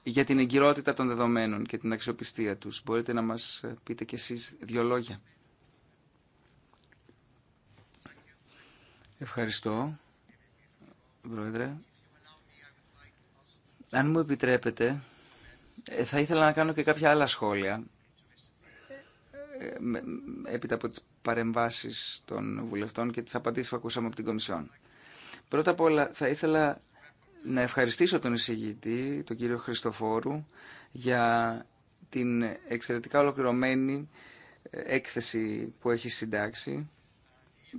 Για την εγκυρότητα των δεδομένων και την αξιοπιστία τους. Μπορείτε να μας πείτε κι εσείς δύο λόγια. Ευχαριστώ, Πρόεδρε. Αν μου επιτρέπετε, ε, θα ήθελα να κάνω και κάποια άλλα σχόλια ε, έπειτα από τις παρεμβάσεις των βουλευτών και τις απαντήσεις που ακούσαμε από την Κομισιόν. Πρώτα απ' όλα θα ήθελα να ευχαριστήσω τον εισηγητή, τον κύριο Χριστοφόρου, για την εξαιρετικά ολοκληρωμένη ε, έκθεση που έχει συντάξει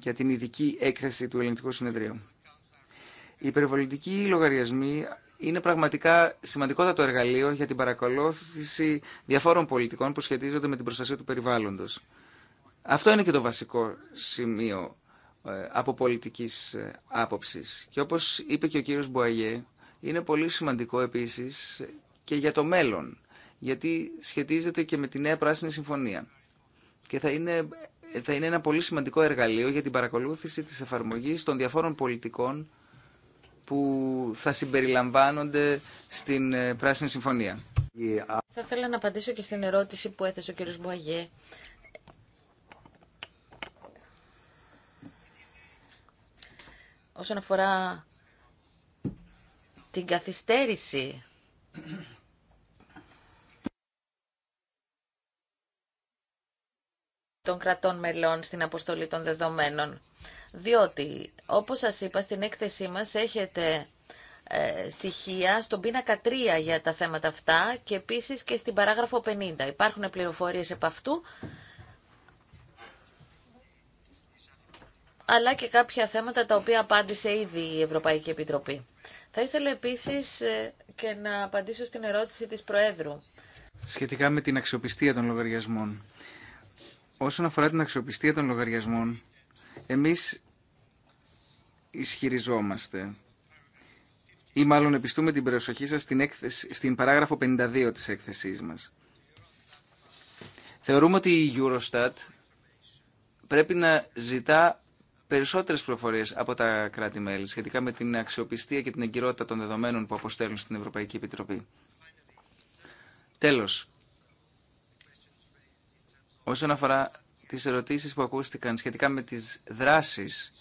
για την ειδική έκθεση του Ελληνικού Συνεδρίου. Οι υπερβολητικοί λογαριασμοί είναι πραγματικά σημαντικότατο εργαλείο για την παρακολούθηση διαφόρων πολιτικών που σχετίζονται με την προστασία του περιβάλλοντος. Αυτό είναι και το βασικό σημείο ε, από πολιτικής ε, άποψης. Και όπως είπε και ο κύριος Μποαγιέ, είναι πολύ σημαντικό επίσης και για το μέλλον, γιατί σχετίζεται και με τη Νέα Πράσινη Συμφωνία. Και θα είναι, θα είναι ένα πολύ σημαντικό εργαλείο για την παρακολούθηση της εφαρμογής των διαφόρων πολιτικών που θα συμπεριλαμβάνονται στην ε, Πράσινη Συμφωνία. Θα ήθελα να απαντήσω και στην ερώτηση που έθεσε ο κ. Μπουαγέ. Όσον αφορά την καθυστέρηση των κρατών μελών στην αποστολή των δεδομένων διότι όπως σας είπα στην έκθεσή μας έχετε ε, στοιχεία στον πίνακα 3 για τα θέματα αυτά και επίσης και στην παράγραφο 50. Υπάρχουν πληροφορίες επ' αυτού, αλλά και κάποια θέματα τα οποία απάντησε ήδη η Ευρωπαϊκή Επιτροπή. Θα ήθελα επίσης ε, και να απαντήσω στην ερώτηση της Προέδρου. Σχετικά με την αξιοπιστία των λογαριασμών. Όσον αφορά την αξιοπιστία των λογαριασμών, εμείς ισχυριζόμαστε ή μάλλον επιστούμε την προσοχή σας στην, έκθεση, στην παράγραφο 52 της έκθεσής μας. Θεωρούμε ότι η Eurostat πρέπει να ζητά περισσότερες πληροφορίες από τα κράτη-μέλη σχετικά με την αξιοπιστία και την εγκυρότητα των δεδομένων που αποστέλουν στην Ευρωπαϊκή Επιτροπή. Τέλος, όσον αφορά τις ερωτήσεις που ακούστηκαν σχετικά με τις δράσεις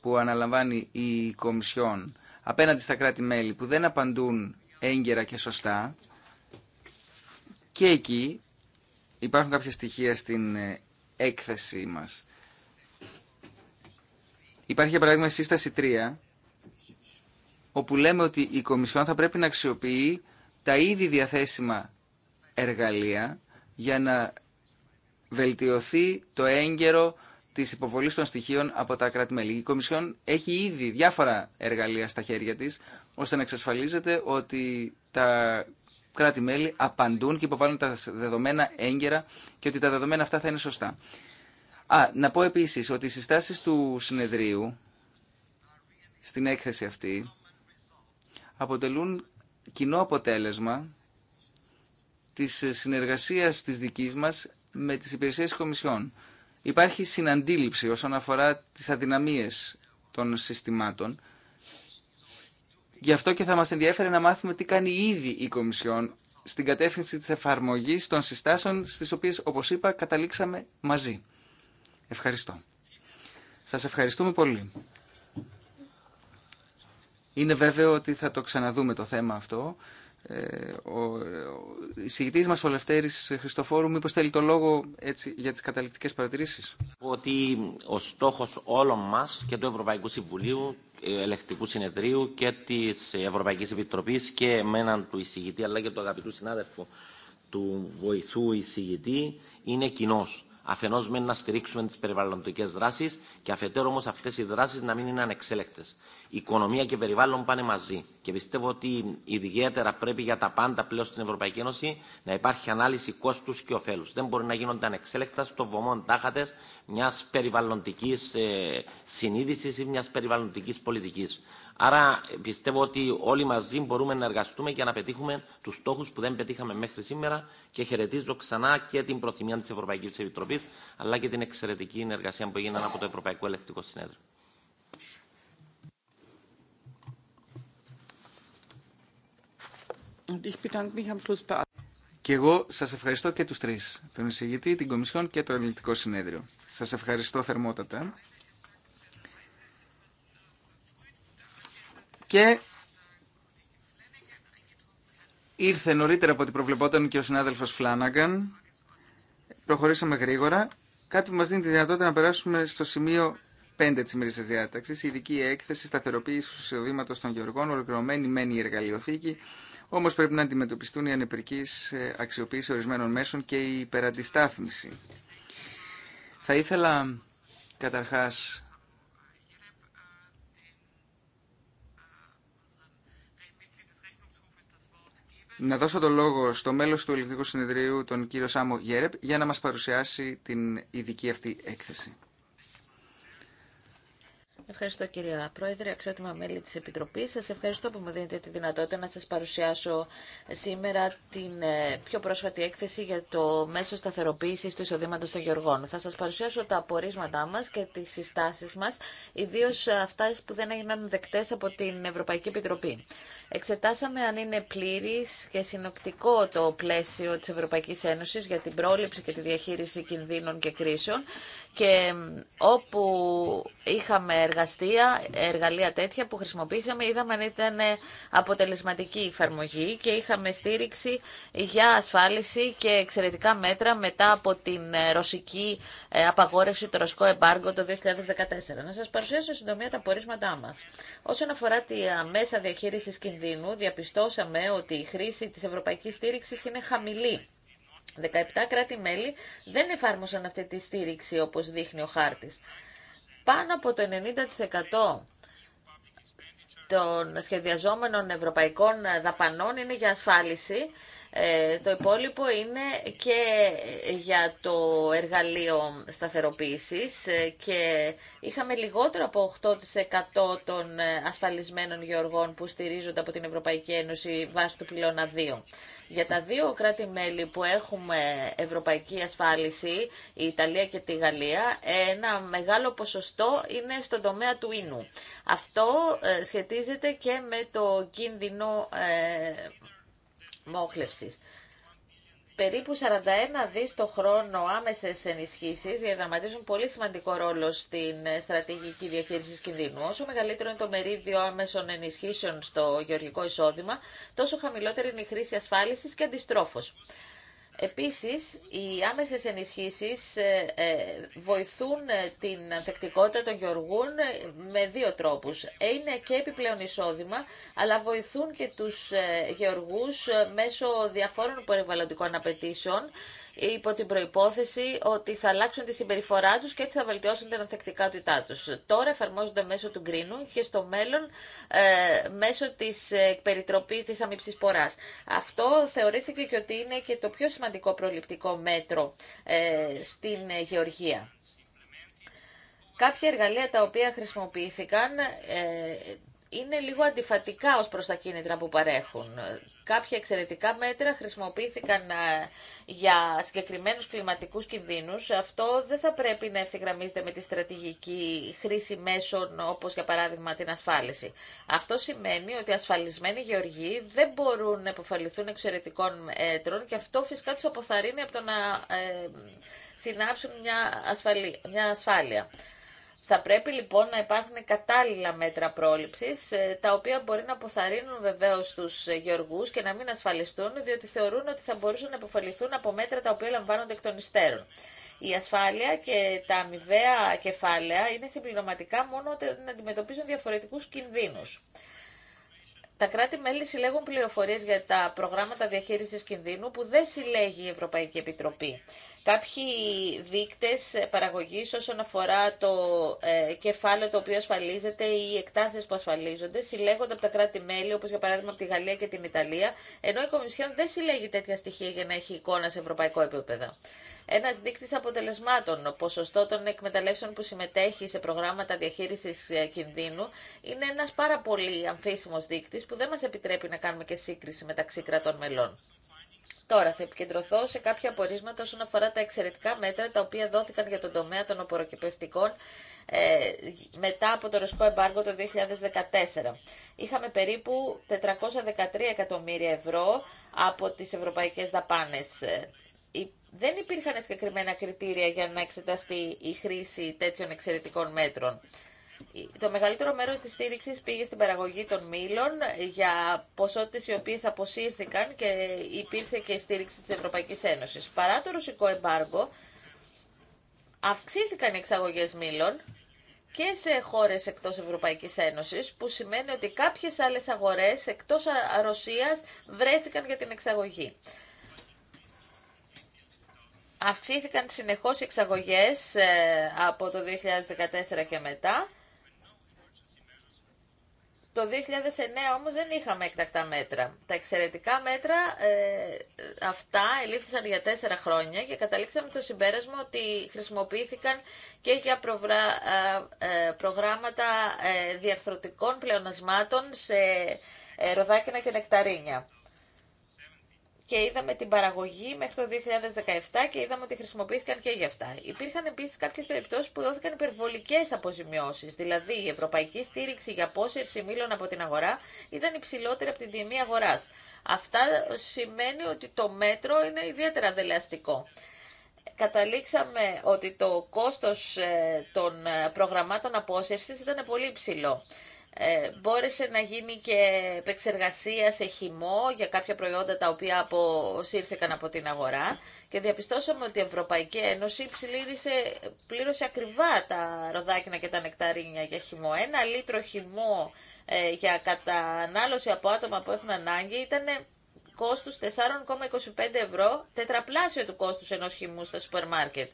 που αναλαμβάνει η Κομισιόν απέναντι στα κράτη-μέλη που δεν απαντούν έγκαιρα και σωστά και εκεί υπάρχουν κάποια στοιχεία στην ε, έκθεσή μας. Υπάρχει για παράδειγμα σύσταση 3 όπου λέμε ότι η Κομισιόν θα πρέπει να αξιοποιεί τα ήδη διαθέσιμα εργαλεία για να βελτιωθεί το έγκαιρο τη υποβολή των στοιχείων από τα κράτη-μέλη. Η Κομισιόν έχει ήδη διάφορα εργαλεία στα χέρια τη, ώστε να εξασφαλίζεται ότι τα κράτη-μέλη απαντούν και υποβάλλουν τα δεδομένα έγκαιρα και ότι τα δεδομένα αυτά θα είναι σωστά. Α, να πω επίση ότι οι συστάσει του συνεδρίου στην έκθεση αυτή αποτελούν κοινό αποτέλεσμα της συνεργασίας της δικής μας με τις υπηρεσίες κομισιών. Υπάρχει συναντήληψη όσον αφορά τις αδυναμίες των συστημάτων. Γι' αυτό και θα μας ενδιαφέρει να μάθουμε τι κάνει ήδη η Κομισιόν στην κατεύθυνση της εφαρμογής των συστάσεων στις οποίες, όπως είπα, καταλήξαμε μαζί. Ευχαριστώ. Σας ευχαριστούμε πολύ. Είναι βέβαιο ότι θα το ξαναδούμε το θέμα αυτό. Ε, ο εισηγητής μας ο Λευτέρης Χριστοφόρου μήπως θέλει το λόγο έτσι, για τις καταληκτικές παρατηρήσεις. Ότι ο στόχος όλων μας και του Ευρωπαϊκού Συμβουλίου, ε, Ελεκτικού Συνεδρίου και της Ευρωπαϊκής Επιτροπής και εμέναν του εισηγητή αλλά και του αγαπητού συνάδελφου του βοηθού εισηγητή είναι κοινό. Αφενό με να στηρίξουμε τι περιβαλλοντικέ δράσει και αφετέρου όμω αυτέ οι δράσει να μην είναι ανεξέλεκτε. Οικονομία και περιβάλλον πάνε μαζί. Και πιστεύω ότι ιδιαίτερα πρέπει για τα πάντα πλέον στην Ευρωπαϊκή Ένωση να υπάρχει ανάλυση κόστου και ωφέλου. Δεν μπορεί να γίνονται ανεξέλεκτα στο βωμό τάχατε μια περιβαλλοντική ε, συνείδηση ή μια περιβαλλοντική πολιτική. Άρα πιστεύω ότι όλοι μαζί μπορούμε να εργαστούμε και να πετύχουμε του στόχου που δεν πετύχαμε μέχρι σήμερα και χαιρετίζω ξανά και την προθυμία τη Ευρωπαϊκή Επιτροπή αλλά και την εξαιρετική εργασία που έγιναν από το Ευρωπαϊκό Ελεκτικό Συνέδριο. Και εγώ σα ευχαριστώ και του τρει. Τον εισηγητή, την Κομισιόν και το Ελληνικό Συνέδριο. Σα ευχαριστώ θερμότατα. Και ήρθε νωρίτερα από ό,τι προβλεπόταν και ο συνάδελφος Φλάναγκαν. Προχωρήσαμε γρήγορα. Κάτι που μας δίνει τη δυνατότητα να περάσουμε στο σημείο 5 τη ημερήσια διάταξη, η ειδική έκθεση σταθεροποίηση του εισοδήματο των γεωργών, ολοκληρωμένη μένει η εργαλειοθήκη. Όμω πρέπει να αντιμετωπιστούν η ανεπρική ε, αξιοποίηση ορισμένων μέσων και η υπεραντιστάθμιση. Θα ήθελα καταρχάς να δώσω το λόγο στο μέλο του Ελληνικού Συνεδρίου, τον κύριο Σάμο Γέρεπ, για να μα παρουσιάσει την ειδική αυτή έκθεση. Ευχαριστώ κύριε Πρόεδρε, αξιότιμα μέλη της Επιτροπής. Σας ευχαριστώ που μου δίνετε τη δυνατότητα να σας παρουσιάσω σήμερα την ε, πιο πρόσφατη έκθεση για το μέσο σταθεροποίησης του εισοδήματο των Γεωργών. Θα σας παρουσιάσω τα απορίσματά μας και τις συστάσεις μας, ιδίως αυτά που δεν έγιναν δεκτές από την Ευρωπαϊκή Επιτροπή. Εξετάσαμε αν είναι πλήρη και συνοπτικό το πλαίσιο τη Ευρωπαϊκή Ένωση για την πρόληψη και τη διαχείριση κινδύνων και κρίσεων και όπου είχαμε εργαστία, εργαλεία τέτοια που χρησιμοποίησαμε, είδαμε αν ήταν αποτελεσματική η εφαρμογή και είχαμε στήριξη για ασφάλιση και εξαιρετικά μέτρα μετά από την ε, ρωσική ε, απαγόρευση, το ρωσικό εμπάργκο το 2014. Να σα παρουσιάσω συντομία τα πορίσματά μα. Όσον αφορά τη ε, μέσα διαχείριση κινδύνων, κινδύνου διαπιστώσαμε ότι η χρήση της ευρωπαϊκής στήριξης είναι χαμηλή. 17 κράτη-μέλη δεν εφάρμοσαν αυτή τη στήριξη όπως δείχνει ο χάρτης. Πάνω από το 90% των σχεδιαζόμενων ευρωπαϊκών δαπανών είναι για ασφάλιση ε, το υπόλοιπο είναι και για το εργαλείο σταθεροποίησης ε, και είχαμε λιγότερο από 8% των ε, ασφαλισμένων γεωργών που στηρίζονται από την Ευρωπαϊκή Ένωση βάσει του πυλώνα 2. Για τα δύο κράτη-μέλη που έχουμε ευρωπαϊκή ασφάλιση, η Ιταλία και τη Γαλλία, ένα μεγάλο ποσοστό είναι στον τομέα του ίνου. Αυτό σχετίζεται και με το κίνδυνο μόχλευσης. Περίπου 41 δις το χρόνο άμεσες ενισχύσεις διαδραματίζουν πολύ σημαντικό ρόλο στην στρατηγική διαχείριση κινδύνου. Όσο μεγαλύτερο είναι το μερίδιο άμεσων ενισχύσεων στο γεωργικό εισόδημα, τόσο χαμηλότερη είναι η χρήση ασφάλισης και αντιστρόφως. Επίσης, οι άμεσες ενισχύσεις ε, ε, βοηθούν ε, την ανθεκτικότητα των γεωργούν με δύο τρόπους. Είναι και επιπλέον εισόδημα, αλλά βοηθούν και τους γεωργούς μέσω διαφόρων περιβαλλοντικών απαιτήσεων υπό την προπόθεση ότι θα αλλάξουν τη συμπεριφορά του και έτσι θα βελτιώσουν την ανθεκτικότητά τους. Τώρα εφαρμόζονται μέσω του γκρίνου και στο μέλλον ε, μέσω τη ε, τη της αμύψης Αυτό θεωρήθηκε και ότι είναι και το πιο σημαντικό προληπτικό μέτρο ε, στην ε, Γεωργία. Κάποια εργαλεία τα οποία χρησιμοποιήθηκαν ε, είναι λίγο αντιφατικά ως προς τα κίνητρα που παρέχουν. Κάποια εξαιρετικά μέτρα χρησιμοποιήθηκαν ε, για συγκεκριμένους κλιματικούς κινδύνους. Αυτό δεν θα πρέπει να ευθυγραμμίζεται με τη στρατηγική χρήση μέσων, όπως για παράδειγμα την ασφάλιση. Αυτό σημαίνει ότι ασφαλισμένοι γεωργοί δεν μπορούν να υποφαληθούν εξαιρετικών μέτρων και αυτό φυσικά τους αποθαρρύνει από το να ε, συνάψουν μια, μια ασφάλεια. Θα πρέπει λοιπόν να υπάρχουν κατάλληλα μέτρα πρόληψης, ε, τα οποία μπορεί να αποθαρρύνουν βεβαίως τους γεωργούς και να μην ασφαλιστούν, διότι θεωρούν ότι θα μπορούσαν να αποφαληθούν από μέτρα τα οποία λαμβάνονται εκ των υστέρων. Η ασφάλεια και τα αμοιβαία κεφάλαια είναι συμπληρωματικά μόνο όταν αντιμετωπίζουν διαφορετικούς κινδύνους. Τα κράτη-μέλη συλλέγουν πληροφορίες για τα προγράμματα διαχείρισης κινδύνου που δεν συλλέγει η Ευρωπαϊκή Επιτροπή. Κάποιοι δείκτες παραγωγής όσον αφορά το ε, κεφάλαιο το οποίο ασφαλίζεται ή οι εκτάσεις που ασφαλίζονται συλλέγονται από τα κράτη-μέλη όπως για παράδειγμα από τη Γαλλία και την Ιταλία ενώ η Κομισιόν δεν συλλέγει τέτοια στοιχεία για να έχει εικόνα σε ευρωπαϊκό επίπεδο. Ένα δείκτη αποτελεσμάτων, ποσοστό των εκμεταλλεύσεων που συμμετέχει σε προγράμματα διαχείριση ε, κινδύνου, είναι ένα πάρα πολύ αμφίσιμο δείκτη που δεν μα επιτρέπει να κάνουμε και σύγκριση μεταξύ κρατών μελών. Τώρα θα επικεντρωθώ σε κάποια απορίσματα όσον αφορά τα εξαιρετικά μέτρα τα οποία δόθηκαν για τον τομέα των οποροκυπευτικών ε, μετά από το ρωσικό εμπάργο το 2014. Είχαμε περίπου 413 εκατομμύρια ευρώ από τις ευρωπαϊκές δαπάνες. Ε, δεν υπήρχαν συγκεκριμένα κριτήρια για να εξεταστεί η χρήση τέτοιων εξαιρετικών μέτρων. Το μεγαλύτερο μέρο τη στήριξη πήγε στην παραγωγή των μήλων για ποσότητε οι οποίε αποσύρθηκαν και υπήρξε και η στήριξη τη Ευρωπαϊκή Ένωση. Παρά το ρωσικό εμπάργκο, αυξήθηκαν οι εξαγωγέ μήλων και σε χώρε εκτό Ευρωπαϊκή Ένωση, που σημαίνει ότι κάποιε άλλε αγορέ εκτό Ρωσία βρέθηκαν για την εξαγωγή. Αυξήθηκαν συνεχώς οι εξαγωγές ε, από το 2014 και μετά. Το 2009 όμως δεν είχαμε εκτακτά μέτρα. Τα εξαιρετικά μέτρα ε, αυτά ελήφθησαν για τέσσερα χρόνια και καταλήξαμε το συμπέρασμα ότι χρησιμοποιήθηκαν και για ε, προγράμματα ε, διαρθρωτικών πλεονασμάτων σε ροδάκινα και νεκταρίνια και είδαμε την παραγωγή μέχρι το 2017 και είδαμε ότι χρησιμοποιήθηκαν και για αυτά. Υπήρχαν επίση κάποιε περιπτώσει που δόθηκαν υπερβολικέ αποζημιώσει, δηλαδή η ευρωπαϊκή στήριξη για απόσυρση μήλων από την αγορά ήταν υψηλότερη από την τιμή αγορά. Αυτά σημαίνει ότι το μέτρο είναι ιδιαίτερα δελεαστικό. Καταλήξαμε ότι το κόστος ε, των ε, προγραμμάτων απόσυρσης ήταν πολύ ψηλό. Ε, μπόρεσε να γίνει και επεξεργασία σε χυμό για κάποια προϊόντα τα οποία αποσύρθηκαν από την αγορά και διαπιστώσαμε ότι η Ευρωπαϊκή Ένωση ψηλήρισε, πλήρωσε ακριβά τα ροδάκινα και τα νεκταρίνια για χυμό. Ένα λίτρο χυμό ε, για κατανάλωση από άτομα που έχουν ανάγκη ήταν κόστος 4,25 ευρώ, τετραπλάσιο του κόστους ενός χυμού στα σούπερ μάρκετ.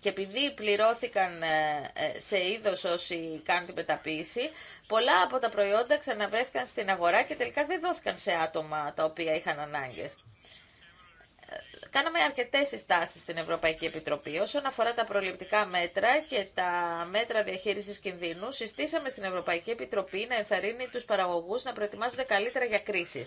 Και επειδή πληρώθηκαν ε, ε, σε είδο όσοι κάνουν την πεταποίηση, πολλά από τα προϊόντα ξαναβρέθηκαν στην αγορά και τελικά δεν δόθηκαν σε άτομα τα οποία είχαν ανάγκε. Ε, κάναμε αρκετέ συστάσει στην Ευρωπαϊκή Επιτροπή. Όσον αφορά τα προληπτικά μέτρα και τα μέτρα διαχείριση κινδύνου, συστήσαμε στην Ευρωπαϊκή Επιτροπή να ενθαρρύνει του παραγωγού να προετοιμάζονται καλύτερα για κρίσει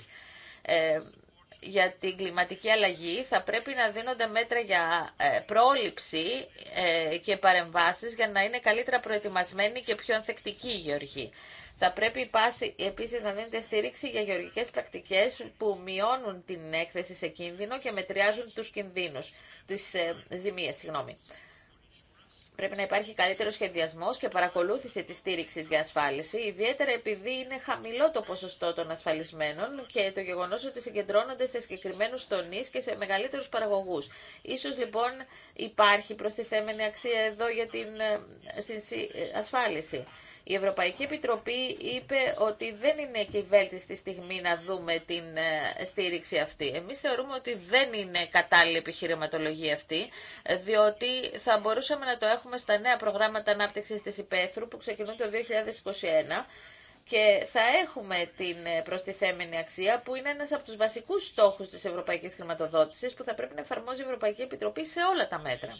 για την κλιματική αλλαγή θα πρέπει να δίνονται μέτρα για ε, πρόληψη ε, και παρεμβάσεις για να είναι καλύτερα προετοιμασμένοι και πιο ανθεκτικοί οι γεωργοί. Θα πρέπει επίσης να δίνεται στήριξη για γεωργικές πρακτικές που μειώνουν την έκθεση σε κίνδυνο και μετριάζουν τους κινδύνους, τις ε, ζημίες. Συγγνώμη. Πρέπει να υπάρχει καλύτερο σχεδιασμό και παρακολούθηση τη στήριξη για ασφάλιση, ιδιαίτερα επειδή είναι χαμηλό το ποσοστό των ασφαλισμένων και το γεγονό ότι συγκεντρώνονται σε συγκεκριμένου τομεί και σε μεγαλύτερου παραγωγού. σω λοιπόν υπάρχει προστιθέμενη αξία εδώ για την ε, ε, ε, ασφάλιση. Η Ευρωπαϊκή Επιτροπή είπε ότι δεν είναι και η βέλτιστη στιγμή να δούμε την ε, στήριξη αυτή. Εμείς θεωρούμε ότι δεν είναι κατάλληλη επιχειρηματολογία αυτή, διότι θα μπορούσαμε να το έχουμε στα νέα προγράμματα ανάπτυξης της υπαίθρου που ξεκινούν το 2021 και θα έχουμε την ε, προστιθέμενη αξία που είναι ένας από τους βασικούς στόχους της Ευρωπαϊκής Χρηματοδότησης που θα πρέπει να εφαρμόζει η Ευρωπαϊκή Επιτροπή σε όλα τα μέτρα.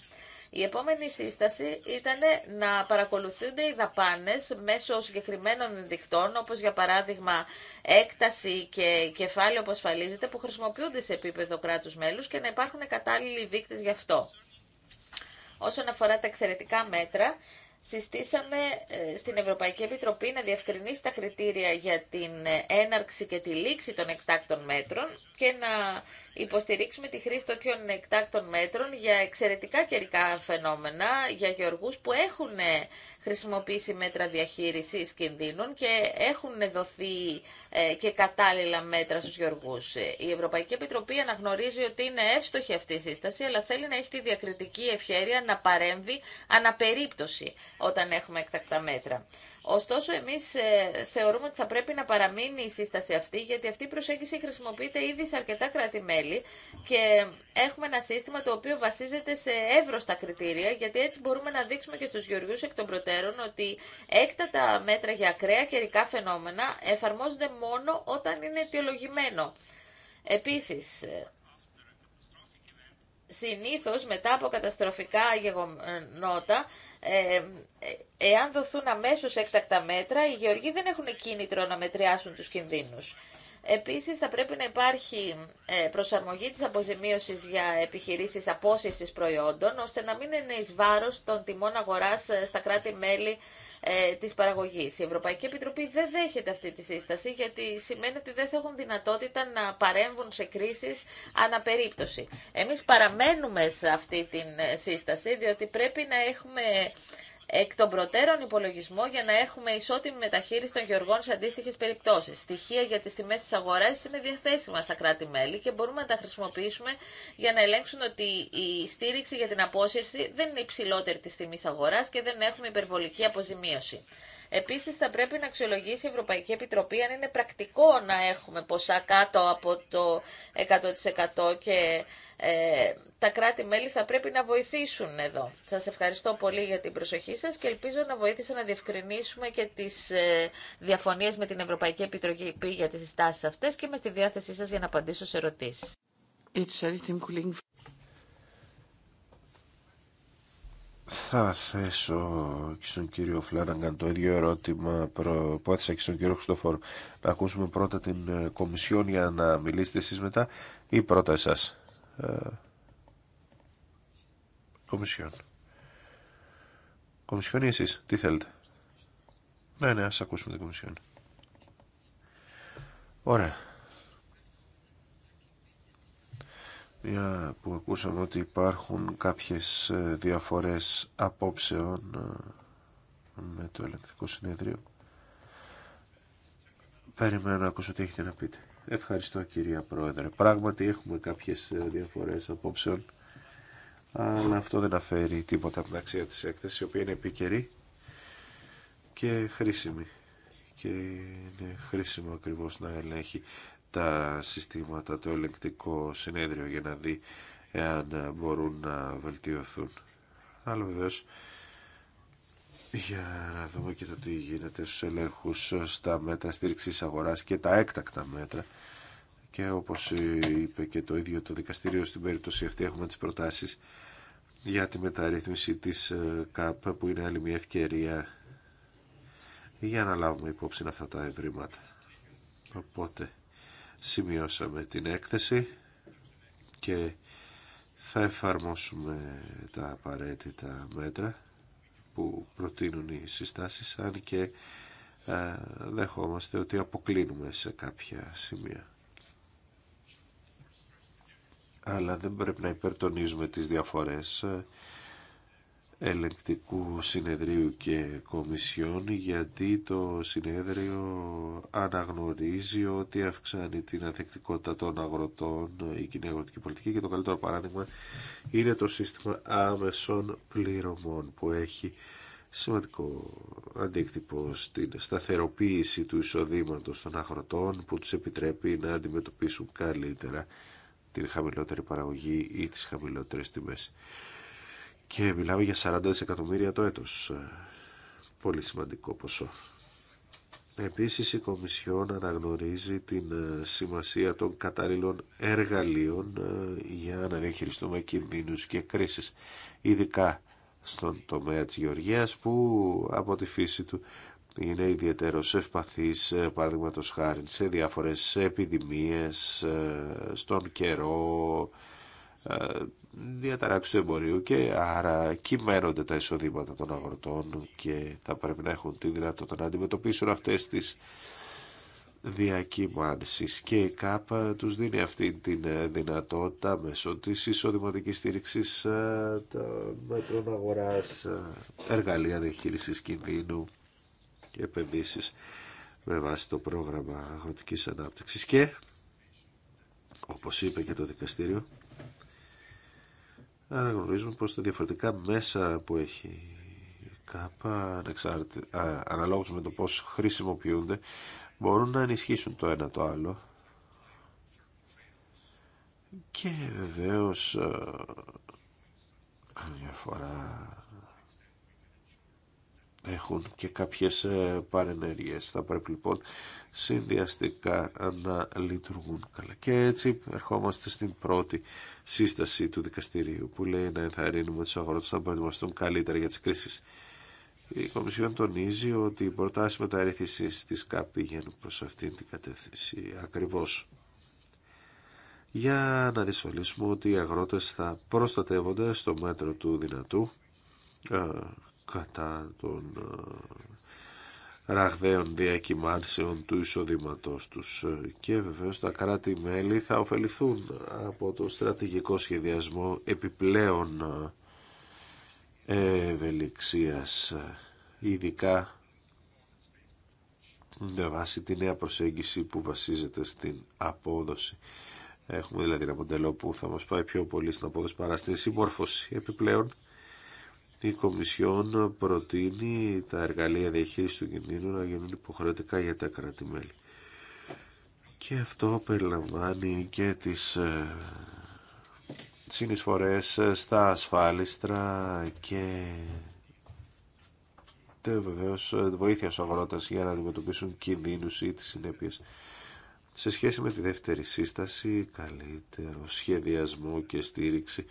Η επόμενη σύσταση ήταν να παρακολουθούνται οι δαπάνες μέσω συγκεκριμένων ενδεικτών, όπως για παράδειγμα έκταση και κεφάλαιο που ασφαλίζεται, που χρησιμοποιούνται σε επίπεδο κράτου μέλους και να υπάρχουν κατάλληλοι δείκτες γι' αυτό. Όσον αφορά τα εξαιρετικά μέτρα, συστήσαμε ε, στην Ευρωπαϊκή Επιτροπή να διευκρινίσει τα κριτήρια για την ε, έναρξη και τη λήξη των εξτάκτων μέτρων και να υποστηρίξουμε τη χρήση τέτοιων εκτάκτων μέτρων για εξαιρετικά καιρικά φαινόμενα, για γεωργούς που έχουν χρησιμοποιήσει μέτρα διαχείρισης κινδύνων και έχουν δοθεί ε, και κατάλληλα μέτρα στους γεωργούς. Η Ευρωπαϊκή Επιτροπή αναγνωρίζει ότι είναι εύστοχη αυτή η σύσταση, αλλά θέλει να έχει τη διακριτική ευχαίρεια να παρέμβει αναπερίπτωση όταν έχουμε εκτακτά μέτρα. Ωστόσο, εμείς ε, θεωρούμε ότι θα πρέπει να παραμείνει η σύσταση αυτή, γιατί αυτή η προσέγγιση χρησιμοποιείται ήδη σε αρκετά κράτη-μέλη και έχουμε ένα σύστημα το οποίο βασίζεται σε εύρωστα κριτήρια, γιατί έτσι μπορούμε να δείξουμε και στους γεωργού εκ των προτέρων ότι έκτατα μέτρα για ακραία καιρικά φαινόμενα εφαρμόζονται μόνο όταν είναι αιτιολογημένο. Επίσης, ε, συνήθως μετά από καταστροφικά γεγονότα, ε, ε, εάν δοθούν αμέσως έκτακτα μέτρα, οι γεωργοί δεν έχουν κίνητρο να μετριάσουν τους κινδύνους. Επίσης θα πρέπει να υπάρχει ε, προσαρμογή της αποζημίωσης για επιχειρήσεις απόσυρσης προϊόντων, ώστε να μην είναι εις βάρος των τιμών αγοράς ε, στα κράτη-μέλη ε, της παραγωγής. Η Ευρωπαϊκή Επιτροπή δεν δέχεται αυτή τη σύσταση γιατί σημαίνει ότι δεν θα έχουν δυνατότητα να παρέμβουν σε κρίσεις αναπερίπτωση. Εμείς παραμένουμε σε αυτή τη ε, σύσταση διότι πρέπει να έχουμε εκ των προτέρων υπολογισμό για να έχουμε ισότιμη μεταχείριση των γεωργών σε αντίστοιχε περιπτώσει. Στοιχεία για τι τιμέ τη αγορά είναι διαθέσιμα στα κράτη-μέλη και μπορούμε να τα χρησιμοποιήσουμε για να ελέγξουν ότι η στήριξη για την απόσυρση δεν είναι υψηλότερη τη τιμή αγορά και δεν έχουμε υπερβολική αποζημίωση. Επίσης θα πρέπει να αξιολογήσει η Ευρωπαϊκή Επιτροπή αν είναι πρακτικό να έχουμε ποσά κάτω από το 100% και ε, τα κράτη-μέλη θα πρέπει να βοηθήσουν εδώ. Σας ευχαριστώ πολύ για την προσοχή σας και ελπίζω να βοήθησα να διευκρινίσουμε και τις ε, διαφωνίες με την Ευρωπαϊκή Επιτροπή για τις συστάσεις αυτές και με στη διάθεσή σας για να απαντήσω σε ερωτήσεις. Θα θέσω και στον κύριο Φλάναγκαν το ίδιο ερώτημα που έθεσα και στον κύριο Χριστοφόρο. Να ακούσουμε πρώτα την ε, Κομισιόν για να μιλήσετε εσείς μετά ή πρώτα εσάς. Ε, Κομισιόν. Κομισιόν ή εσείς, τι θέλετε. Ναι, ναι, ας ακούσουμε την Κομισιόν. Ωραία. μια που ακούσαμε ότι υπάρχουν κάποιες ε, διαφορές απόψεων ε, με το ελεκτρικό συνέδριο. Περιμένω να ακούσω τι έχετε να πείτε. Ευχαριστώ κυρία Πρόεδρε. Πράγματι έχουμε κάποιες ε, διαφορές απόψεων, αλλά αυτό δεν αφαιρεί τίποτα από την αξία της έκθεσης, η οποία είναι επίκαιρη και χρήσιμη. Και είναι χρήσιμο ακριβώς να ελέγχει τα συστήματα, το ελεγκτικό συνέδριο για να δει εάν μπορούν να βελτιωθούν. Άλλο βεβαίως, για να δούμε και το τι γίνεται στους ελέγχους στα μέτρα στήριξης αγοράς και τα έκτακτα μέτρα και όπως είπε και το ίδιο το δικαστήριο στην περίπτωση αυτή έχουμε τις προτάσεις για τη μεταρρύθμιση της ε, ΚΑΠ που είναι άλλη μια ευκαιρία για να λάβουμε υπόψη αυτά τα ευρήματα. Οπότε σημειώσαμε την έκθεση και θα εφαρμόσουμε τα απαραίτητα μέτρα που προτείνουν οι συστάσεις αν και δεχόμαστε ότι αποκλίνουμε σε κάποια σημεία. Αλλά δεν πρέπει να υπερτονίζουμε τις διαφορές ελεγκτικού συνεδρίου και κομισιών γιατί το συνέδριο αναγνωρίζει ότι αυξάνει την ανθεκτικότητα των αγροτών η κοινή αγροτική πολιτική και το καλύτερο παράδειγμα είναι το σύστημα άμεσων πληρωμών που έχει σημαντικό αντίκτυπο στην σταθεροποίηση του εισοδήματος των αγροτών που τους επιτρέπει να αντιμετωπίσουν καλύτερα την χαμηλότερη παραγωγή ή τις χαμηλότερες τιμές και μιλάμε για 40 δισεκατομμύρια το έτος. Ε, πολύ σημαντικό ποσό. Επίσης η Κομισιόν αναγνωρίζει την ε, σημασία των κατάλληλων εργαλείων ε, για να διαχειριστούμε κινδύνους και κρίσεις, ειδικά στον τομέα της γεωργίας που από τη φύση του είναι ιδιαίτερος ευπαθής παραδείγματος χάρη σε διάφορες επιδημίες, στον καιρό, διαταράξει του εμπορίου και άρα κυμαίνονται τα εισοδήματα των αγροτών και θα πρέπει να έχουν τη δυνατότητα να αντιμετωπίσουν αυτές τις διακυμάνσει. και η ΚΑΠ τους δίνει αυτή τη δυνατότητα μέσω της εισοδηματικής στήριξης ε, των μέτρων αγοράς, ε, εργαλεία διαχείρισης κινδύνου και επενδύσεις με βάση το πρόγραμμα αγροτικής ανάπτυξης και όπως είπε και το δικαστήριο Άρα γνωρίζουμε πως τα διαφορετικά μέσα που έχει η ΚΑΠΑ αναλόγως με το πως χρησιμοποιούνται μπορούν να ενισχύσουν το ένα το άλλο και βεβαίως καμιά φορά έχουν και κάποιες ε, παρενέργειες. Θα πρέπει λοιπόν συνδυαστικά να λειτουργούν καλά. Και έτσι ερχόμαστε στην πρώτη σύσταση του δικαστηρίου που λέει να ενθαρρύνουμε τους αγρότες να προετοιμαστούν καλύτερα για τις κρίσεις. Η Κομισιόν τονίζει ότι οι προτάσει μεταρρύθμιση τη ΚΑΠ πηγαίνουν προ αυτήν την κατεύθυνση ακριβώ. Για να διασφαλίσουμε ότι οι αγρότε θα προστατεύονται στο μέτρο του δυνατού ε, κατά τον... Ε, ραγδαίων διακυμάνσεων του εισοδήματό τους. Και βεβαίω τα κράτη-μέλη θα ωφεληθούν από το στρατηγικό σχεδιασμό επιπλέον ευελιξία ειδικά με βάση τη νέα προσέγγιση που βασίζεται στην απόδοση. Έχουμε δηλαδή ένα μοντέλο που θα μας πάει πιο πολύ στην απόδοση παρά στη συμμόρφωση. Επιπλέον, η Κομισιόν προτείνει τα εργαλεία διαχείρισης του κινδύνου να γίνουν υποχρεωτικά για τα κράτη-μέλη. Και αυτό περιλαμβάνει και τις ε, συνεισφορές στα ασφάλιστρα και βεβαίως ε, βοήθεια στους αγρότες για να αντιμετωπίσουν κινδύνους ή τις συνέπειες. Σε σχέση με τη δεύτερη σύσταση, καλύτερο σχεδιασμό και στήριξη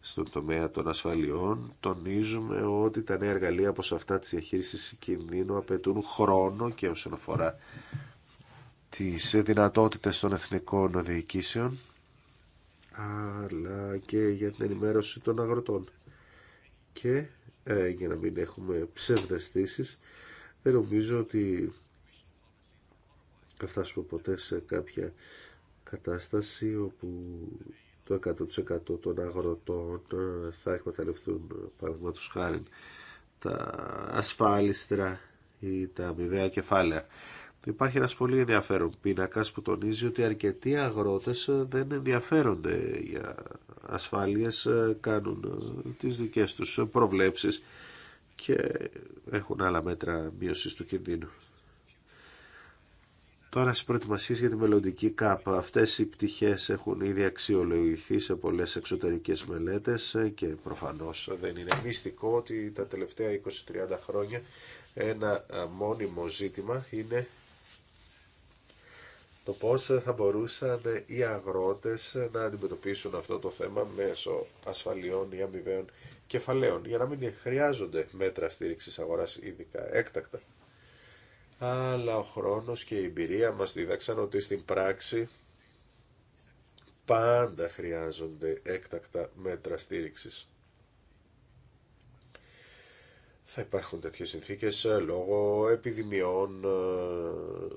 στον τομέα των ασφαλιών, τονίζουμε ότι τα νέα εργαλεία όπως αυτά της διαχείρισης κινδύνου απαιτούν χρόνο και όσον αφορά τις δυνατότητες των εθνικών διοικήσεων αλλά και για την ενημέρωση των αγροτών. Και ε, για να μην έχουμε ψευδεστήσεις δεν νομίζω ότι θα φτάσουμε ποτέ σε κάποια κατάσταση όπου το 100% των αγροτών ε, θα εκμεταλλευτούν ε, τους χάρη τα ασφάλιστρα ή τα αμοιβαία κεφάλαια. Υπάρχει ένας πολύ ενδιαφέρον πίνακας που τονίζει ότι αρκετοί αγρότες ε, δεν ενδιαφέρονται για ασφάλειες, κάνουν τις δικές τους προβλέψεις και έχουν άλλα μέτρα μείωσης του κινδύνου. Τώρα στι προετοιμασίε για τη μελλοντική ΚΑΠ. αυτές οι πτυχές έχουν ήδη αξιολογηθεί σε πολλές εξωτερικές μελέτες και προφανώς δεν είναι μυστικό ότι τα τελευταία 20-30 χρόνια ένα μόνιμο ζήτημα είναι το πώς θα μπορούσαν οι αγρότες να αντιμετωπίσουν αυτό το θέμα μέσω ασφαλιών ή αμοιβαίων κεφαλαίων για να μην χρειάζονται μέτρα στήριξης αγοράς ειδικά έκτακτα αλλά ο χρόνος και η εμπειρία μας δίδαξαν ότι στην πράξη πάντα χρειάζονται έκτακτα μέτρα στήριξης. Θα υπάρχουν τέτοιες συνθήκες ε, λόγω επιδημιών ε,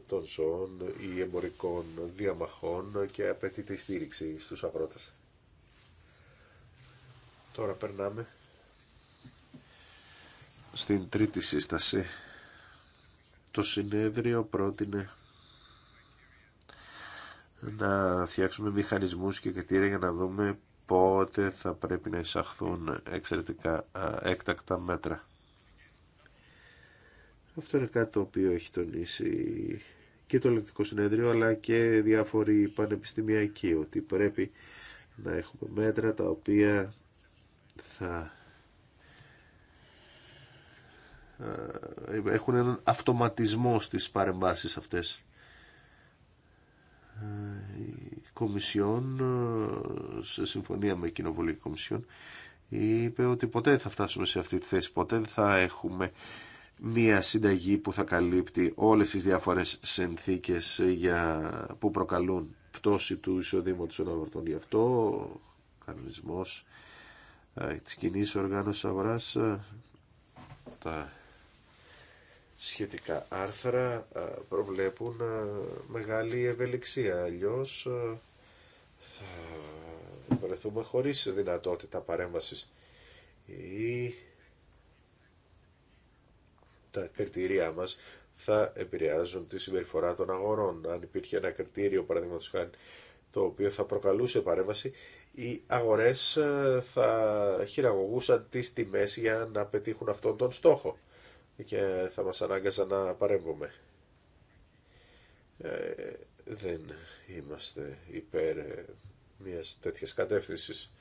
των ζώων ή εμπορικών διαμαχών και απαιτείται η στήριξη στους αγρότες. Τώρα περνάμε στην τρίτη σύσταση το συνέδριο πρότεινε να φτιάξουμε μηχανισμούς και κριτήρια για να δούμε πότε θα πρέπει να εισαχθούν εξαιρετικά έκτακτα μέτρα. Αυτό είναι κάτι το οποίο έχει τονίσει και το Ελεκτικό Συνέδριο αλλά και διάφοροι πανεπιστημιακοί ότι πρέπει να έχουμε μέτρα τα οποία θα ε, έχουν έναν αυτοματισμό στις παρεμβάσεις αυτές. Ε, η Κομισιόν, ε, σε συμφωνία με Κοινοβουλή Κομισιόν, είπε ότι ποτέ θα φτάσουμε σε αυτή τη θέση, ποτέ δεν θα έχουμε μία συνταγή που θα καλύπτει όλες τις διάφορες συνθήκες για, που προκαλούν πτώση του εισοδήματος των αγορτών. Γι' αυτό ο κανονισμός της κοινή οργάνωσης αγοράς τα σχετικά άρθρα ε, προβλέπουν ε, μεγάλη ευελιξία. Αλλιώς ε, θα βρεθούμε χωρίς δυνατότητα παρέμβασης. Ή τα κριτήριά μας θα επηρεάζουν τη συμπεριφορά των αγορών. Αν υπήρχε ένα κριτήριο, παραδείγματος χάρη, το οποίο θα προκαλούσε παρέμβαση, οι αγορές θα χειραγωγούσαν τις τιμές για να πετύχουν αυτόν τον στόχο και θα μας ανάγκαζαν να παρέμβουμε. Ε, δεν είμαστε υπέρ ε, μιας τέτοιας κατεύθυνσης.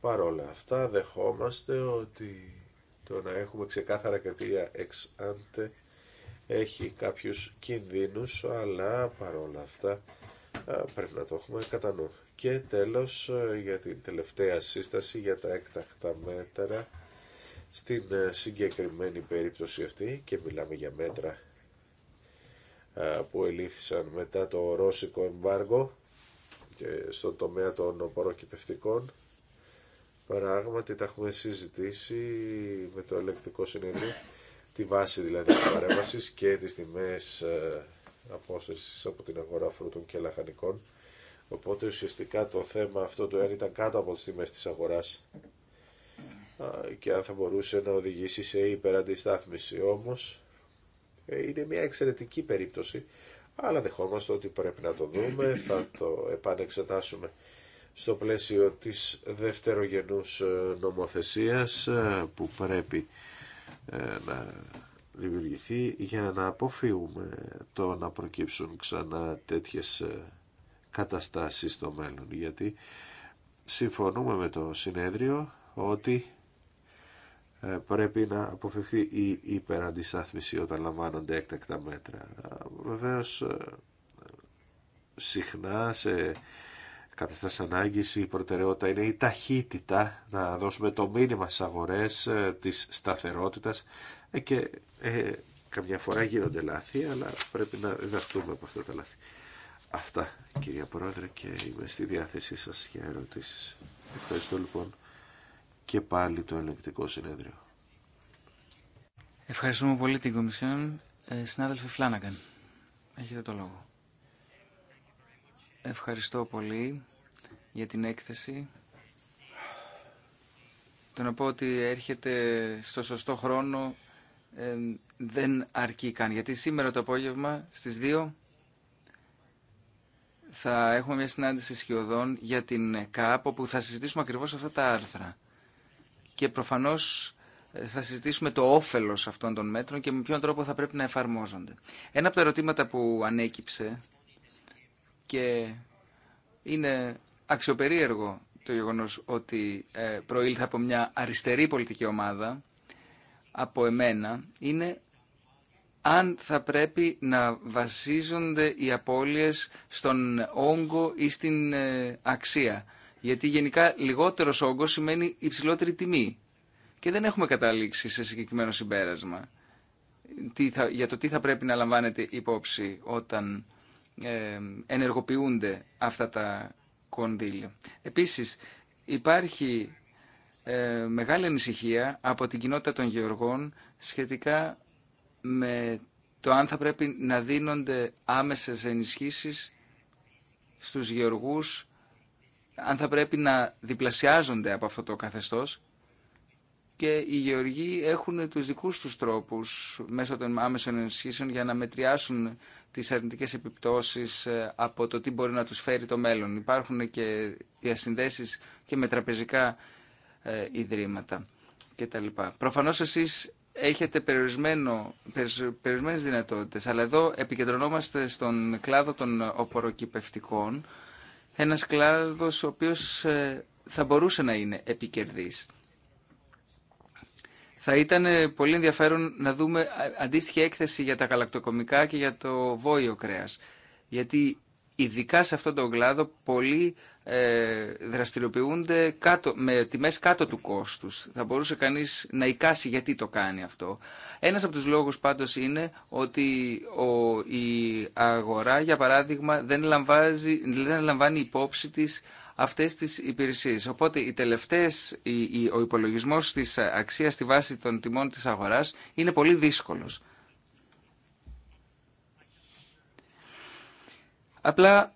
Παρόλα αυτά δεχόμαστε ότι το να έχουμε ξεκάθαρα κριτήρια εξ άντε έχει κάποιους κινδύνους, αλλά παρόλα αυτά ε, πρέπει να το έχουμε κατά νου. Και τέλος για την τελευταία σύσταση για τα έκτακτα μέτρα στην ε, συγκεκριμένη περίπτωση αυτή και μιλάμε για μέτρα ε, που ελήφθησαν μετά το ρώσικο εμβάργο και στον τομέα των προκυπευτικών πράγματι τα έχουμε συζητήσει με το ελεκτικό συνεδρίο τη βάση δηλαδή της παρέμβασης και τις τιμές ε, απόστασης από την αγορά φρούτων και λαχανικών οπότε ουσιαστικά το θέμα αυτό το ήταν κάτω από τις τιμές της αγοράς και αν θα μπορούσε να οδηγήσει σε υπεραντιστάθμιση. Όμως ε, είναι μια εξαιρετική περίπτωση, αλλά δεχόμαστε ότι πρέπει να το δούμε, θα το επανεξετάσουμε στο πλαίσιο της δευτερογενούς ε, νομοθεσίας ε, που πρέπει να δημιουργηθεί για να αποφύγουμε το να προκύψουν ξανά τέτοιες καταστάσεις στο μέλλον γιατί συμφωνούμε με το συνέδριο ότι ε, πρέπει να αποφευθεί η υπεραντισάθμιση όταν λαμβάνονται έκτακτα μέτρα. Βεβαίως, ε, συχνά σε καταστάσεις ανάγκης η προτεραιότητα είναι η ταχύτητα να δώσουμε το μήνυμα στις αγορές ε, της σταθερότητας και καμιά φορά γίνονται λάθη αλλά πρέπει να διδαχτούμε από αυτά τα λάθη. Αυτά κυρία Πρόεδρε και είμαι στη διάθεσή σας για ερωτήσεις. Ευχαριστώ λοιπόν και πάλι το ελεκτικό συνέδριο. Ευχαριστούμε πολύ την Κομισιόν. Ε, συνάδελφε Φλάνακαν, έχετε το λόγο. Ευχαριστώ πολύ για την έκθεση. Το να πω ότι έρχεται στο σωστό χρόνο ε, δεν αρκεί καν. Γιατί σήμερα το απόγευμα στις 2 θα έχουμε μια συνάντηση σκιωδών για την ΚΑΠ όπου θα συζητήσουμε ακριβώς αυτά τα άρθρα και προφανώς ε, θα συζητήσουμε το όφελος αυτών των μέτρων και με ποιον τρόπο θα πρέπει να εφαρμόζονται. Ένα από τα ερωτήματα που ανέκυψε και είναι αξιοπερίεργο το γεγονός ότι ε, προήλθε από μια αριστερή πολιτική ομάδα, από εμένα, είναι αν θα πρέπει να βασίζονται οι απώλειες στον όγκο ή στην ε, αξία γιατί γενικά λιγότερο όγκο σημαίνει υψηλότερη τιμή. Και δεν έχουμε καταλήξει σε συγκεκριμένο συμπέρασμα τι θα, για το τι θα πρέπει να λαμβάνεται υπόψη όταν ε, ενεργοποιούνται αυτά τα κονδύλια. Επίσης υπάρχει ε, μεγάλη ανησυχία από την κοινότητα των γεωργών σχετικά με το αν θα πρέπει να δίνονται άμεσες ενισχύσεις στους γεωργούς αν θα πρέπει να διπλασιάζονται από αυτό το καθεστώς και οι γεωργοί έχουν τους δικούς τους τρόπους μέσω των άμεσων ενισχύσεων για να μετριάσουν τις αρνητικές επιπτώσεις ε, από το τι μπορεί να τους φέρει το μέλλον. Υπάρχουν και διασυνδέσεις και με τραπεζικά ε, ιδρύματα κτλ. Προφανώς εσείς έχετε περιορισμένο, περιορισμένες δυνατότητες, αλλά εδώ επικεντρωνόμαστε στον κλάδο των οποροκυπευτικών ένας κλάδος ο οποίος ε, θα μπορούσε να είναι επικερδής. Θα ήταν ε, πολύ ενδιαφέρον να δούμε ε, αντίστοιχη έκθεση για τα γαλακτοκομικά και για το βόηο κρέας. Γιατί ειδικά σε αυτόν τον κλάδο πολλοί ε, δραστηριοποιούνται κάτω, με τιμές κάτω του κόστους. Θα μπορούσε κανείς να εικάσει γιατί το κάνει αυτό. Ένας από τους λόγους πάντως είναι ότι ο, η αγορά, για παράδειγμα, δεν, λαμβάζει, δεν λαμβάνει υπόψη τη αυτές τις υπηρεσίες. Οπότε οι ο υπολογισμός της αξίας στη βάση των τιμών της αγοράς είναι πολύ δύσκολος. Απλά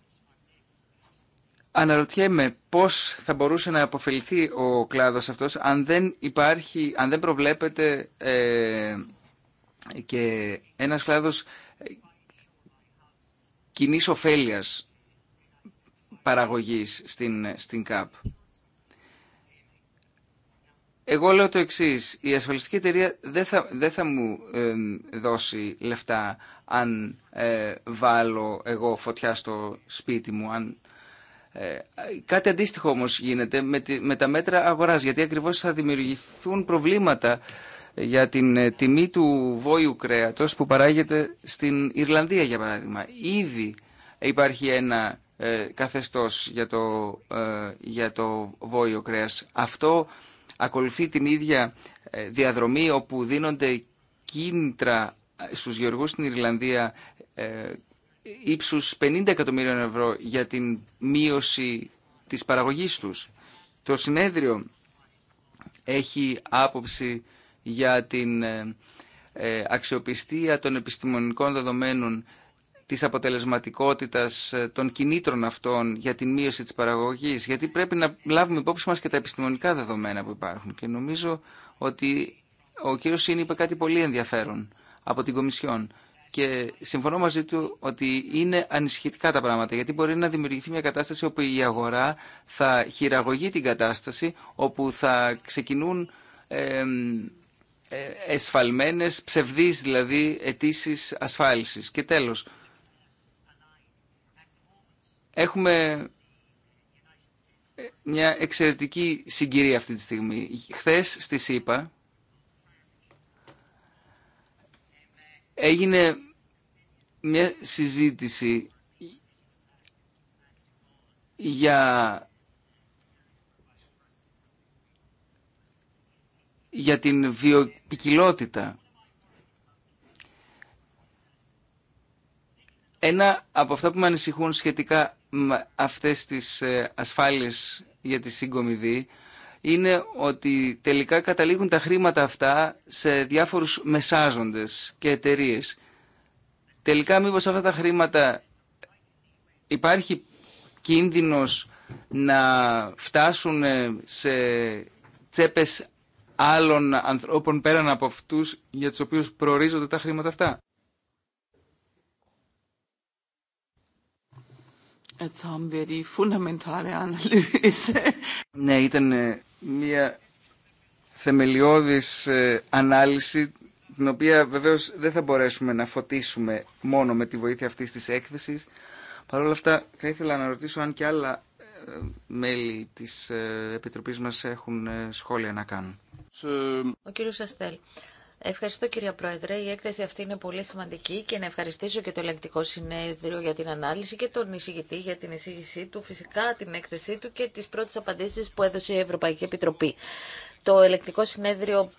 αναρωτιέμαι πώς θα μπορούσε να αποφεληθεί ο κλάδος αυτός αν δεν υπάρχει, αν δεν προβλέπεται ε, και ένας κλάδος ε, κοινή ωφέλεια παραγωγής στην, στην ΚΑΠ. Εγώ λέω το εξή. Η ασφαλιστική εταιρεία δεν θα, δεν θα μου δώσει λεφτά αν ε, βάλω εγώ φωτιά στο σπίτι μου. Αν, ε, κάτι αντίστοιχο όμω γίνεται με, με τα μέτρα αγορά. γιατί ακριβώς θα δημιουργηθούν προβλήματα για την ε, τιμή του βόηου κρέατος που παράγεται στην Ιρλανδία για παράδειγμα. Ήδη υπάρχει ένα ε, καθεστώς για το, ε, για το βόηο Αυτό ακολουθεί την ίδια ε, διαδρομή όπου δίνονται κίνητρα ε, στους γεωργούς στην Ιρλανδία ε, ύψους 50 εκατομμύριων ευρώ για την μείωση της παραγωγής τους. Το συνέδριο έχει άποψη για την αξιοπιστία των επιστημονικών δεδομένων της αποτελεσματικότητας ε, των κινήτρων αυτών για την μείωση της παραγωγής, γιατί πρέπει να λάβουμε υπόψη μας και τα επιστημονικά δεδομένα που υπάρχουν. Και νομίζω ότι ο κύριος Σίνη είπε κάτι πολύ ενδιαφέρον από την Κομισιόν και συμφωνώ μαζί του ότι είναι ανησυχητικά τα πράγματα γιατί μπορεί να δημιουργηθεί μια κατάσταση όπου η αγορά θα χειραγωγεί την κατάσταση όπου θα ξεκινούν ε, εσφαλμένες, ψευδείς δηλαδή αιτήσει ασφάλισης. Και τέλος, Έχουμε ε, μια εξαιρετική συγκυρία αυτή τη στιγμή. Χθες στη ΣΥΠΑ έγινε μια συζήτηση για για την βιοποικιλότητα Ένα από αυτά που με ανησυχούν σχετικά αυτές τις ε, ασφάλειες για τη συγκομιδή είναι ότι τελικά καταλήγουν τα χρήματα αυτά σε διάφορους μεσάζοντες και εταιρείε. Τελικά μήπως αυτά τα χρήματα υπάρχει κίνδυνος να φτάσουν ε, σε τσέπες άλλων ανθρώπων πέραν από αυτούς για τους οποίους προορίζονται τα χρήματα αυτά. Ναι, ήταν ε, μια θεμελιώδης ε, ανάλυση την οποία βεβαίως δεν θα μπορέσουμε να φωτίσουμε μόνο με τη βοήθεια αυτής της έκθεσης. Παρ' όλα αυτά θα ήθελα να ρωτήσω αν και άλλα ε, μέλη της Επιτροπής μας έχουν σχόλια να κάνουν. Ο κύριος Αστέλ. Ευχαριστώ κυρία Πρόεδρε. Η έκθεση αυτή είναι πολύ σημαντική και να ευχαριστήσω και το ελεγκτικό συνέδριο για την ανάλυση και τον εισηγητή για την εισήγησή του, φυσικά την έκθεσή του και τις πρώτες απαντήσεις που έδωσε η Ευρωπαϊκή Επιτροπή. Το ελεκτικό συνέδριο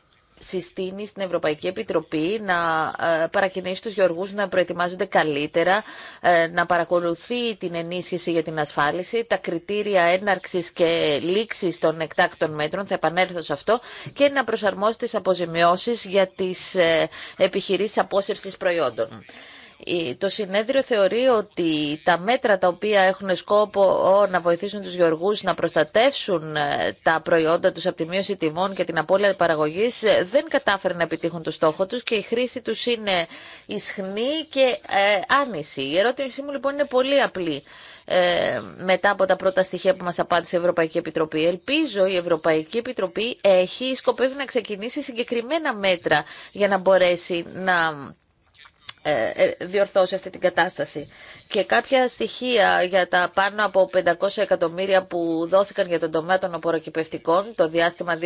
συστήνει στην Ευρωπαϊκή Επιτροπή να ε, παρακινήσει τους γεωργούς να προετοιμάζονται καλύτερα, ε, να παρακολουθεί την ενίσχυση για την ασφάλιση, τα κριτήρια έναρξης και λήξης των εκτάκτων μέτρων, θα επανέλθω σε αυτό, και να προσαρμόσει τις αποζημιώσεις για τις ε, επιχειρήσεις απόσυρσης προϊόντων. Το συνέδριο θεωρεί ότι τα μέτρα τα οποία έχουν σκόπο να βοηθήσουν τους γεωργούς να προστατεύσουν ε, τα προϊόντα τους από τη μείωση τιμών και την απώλεια παραγωγής ε, δεν κατάφερε να επιτύχουν το στόχο τους και η χρήση τους είναι ισχνή και ε, άνηση. Η ερώτησή μου λοιπόν είναι πολύ απλή. μετά από τα πρώτα στοιχεία που μας απάντησε η Ευρωπαϊκή Επιτροπή. Ελπίζω η Ευρωπαϊκή Επιτροπή έχει σκοπεύει να ξεκινήσει συγκεκριμένα μέτρα για να μπορέσει να ε, ε, διορθώσει αυτή την κατάσταση. Και κάποια στοιχεία για τα πάνω από 500 εκατομμύρια που δόθηκαν για τον τομέα των απορροκυπευτικών το διάστημα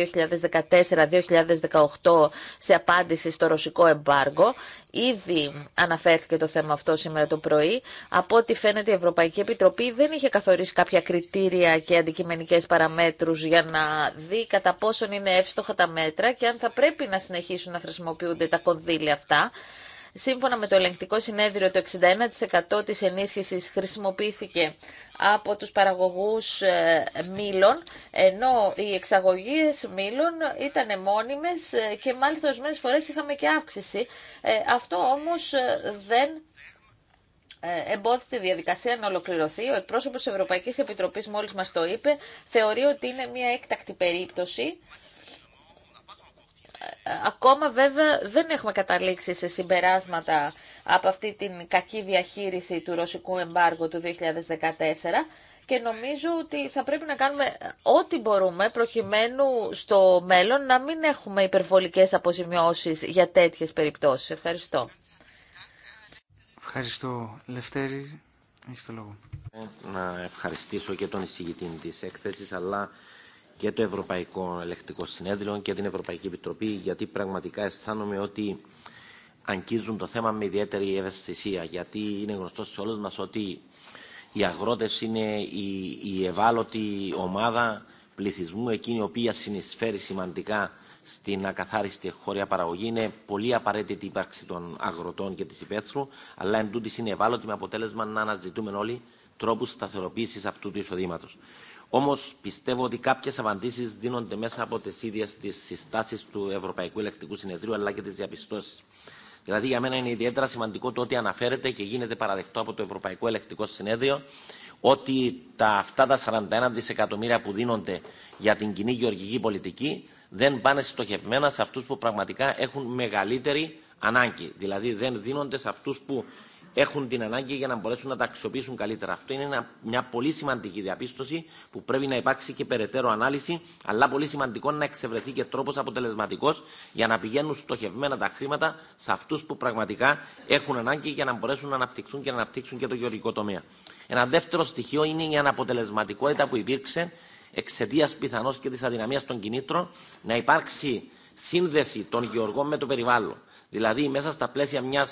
2014-2018 σε απάντηση στο ρωσικό εμπάργο. Ήδη αναφέρθηκε το θέμα αυτό σήμερα το πρωί. Από ό,τι φαίνεται η Ευρωπαϊκή Επιτροπή δεν είχε καθορίσει κάποια κριτήρια και αντικειμενικές παραμέτρους για να δει κατά πόσον είναι εύστοχα τα μέτρα και αν θα πρέπει να συνεχίσουν να χρησιμοποιούνται τα κονδύλια αυτά. Σύμφωνα με το ελεγκτικό συνέδριο, το 61% της ενίσχυσης χρησιμοποιήθηκε από τους παραγωγούς ε, μήλων, ενώ οι εξαγωγές μήλων ήταν μόνιμες ε, και μάλιστα ορισμένε φορές είχαμε και αύξηση. Ε, αυτό όμως δεν εμπόδισε τη διαδικασία να ολοκληρωθεί. Ο εκπρόσωπος της Ευρωπαϊκής Επιτροπής μόλις μας το είπε, θεωρεί ότι είναι μια έκτακτη περίπτωση Ακόμα βέβαια δεν έχουμε καταλήξει σε συμπεράσματα από αυτή την κακή διαχείριση του ρωσικού εμπάργου του 2014 και νομίζω ότι θα πρέπει να κάνουμε ό,τι μπορούμε προκειμένου στο μέλλον να μην έχουμε υπερβολικές αποζημιώσεις για τέτοιες περιπτώσεις. Ευχαριστώ. Ευχαριστώ. Λευτέρη, έχεις το λόγο. Να ευχαριστήσω και τον εισηγητή της έκθεσης, αλλά και το Ευρωπαϊκό Ελεκτικό Συνέδριο και την Ευρωπαϊκή Επιτροπή, γιατί πραγματικά αισθάνομαι ότι αγγίζουν το θέμα με ιδιαίτερη ευαισθησία, γιατί είναι γνωστό σε όλου μα ότι οι αγρότε είναι η, η ευάλωτη ομάδα πληθυσμού, εκείνη η οποία συνεισφέρει σημαντικά στην ακαθάριστη χωρία παραγωγή. Είναι πολύ απαραίτητη η ύπαρξη των αγροτών και τη υπαίθρου, αλλά εν είναι ευάλωτη με αποτέλεσμα να αναζητούμε όλοι τρόπου σταθεροποίηση αυτού του εισοδήματο. Όμω πιστεύω ότι κάποιε απαντήσει δίνονται μέσα από τι ίδιε τι συστάσει του Ευρωπαϊκού Ελεκτικού Συνεδρίου αλλά και τι διαπιστώσει. Δηλαδή, για μένα είναι ιδιαίτερα σημαντικό το ότι αναφέρεται και γίνεται παραδεκτό από το Ευρωπαϊκό Ελεκτικό Συνέδριο ότι τα, αυτά τα 41 δισεκατομμύρια που δίνονται για την κοινή γεωργική πολιτική δεν πάνε στοχευμένα σε αυτού που πραγματικά έχουν μεγαλύτερη ανάγκη. Δηλαδή, δεν δίνονται σε αυτού που έχουν την ανάγκη για να μπορέσουν να τα αξιοποιήσουν καλύτερα. Αυτό είναι μια πολύ σημαντική διαπίστωση που πρέπει να υπάρξει και περαιτέρω ανάλυση, αλλά πολύ σημαντικό να εξευρεθεί και τρόπο αποτελεσματικό για να πηγαίνουν στοχευμένα τα χρήματα σε αυτού που πραγματικά έχουν ανάγκη για να μπορέσουν να αναπτυξούν και να αναπτύξουν και το γεωργικό τομέα. Ένα δεύτερο στοιχείο είναι η αναποτελεσματικότητα που υπήρξε εξαιτία πιθανώ και τη αδυναμία των κινήτρων να υπάρξει σύνδεση των γεωργών με το περιβάλλον. Δηλαδή, μέσα στα πλαίσια μια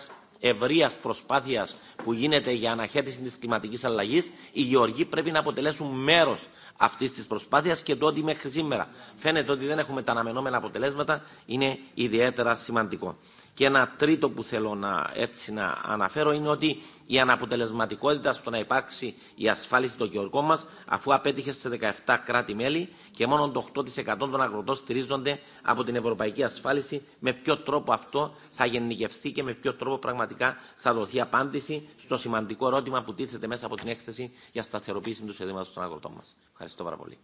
ευρεία προσπάθεια που γίνεται για αναχέτηση τη κλιματική αλλαγή, οι γεωργοί πρέπει να αποτελέσουν μέρο αυτή τη προσπάθεια και το ότι μέχρι σήμερα φαίνεται ότι δεν έχουμε τα αναμενόμενα αποτελέσματα είναι ιδιαίτερα σημαντικό. Και ένα τρίτο που θέλω να, έτσι να αναφέρω είναι ότι η αναποτελεσματικότητα στο να υπάρξει η ασφάλιση των γεωργών μα, αφού απέτυχε σε 17 κράτη-μέλη και μόνο το 8% των αγροτών στηρίζονται από την ευρωπαϊκή ασφάλιση, με ποιο τρόπο αυτό θα γενικευθεί και με ποιο τρόπο πραγματικά θα δοθεί απάντηση στο σημαντικό ερώτημα που τίθεται μέσα από την έκθεση για σταθεροποίηση του εισοδήματο των αγροτών μα. Ευχαριστώ πάρα πολύ.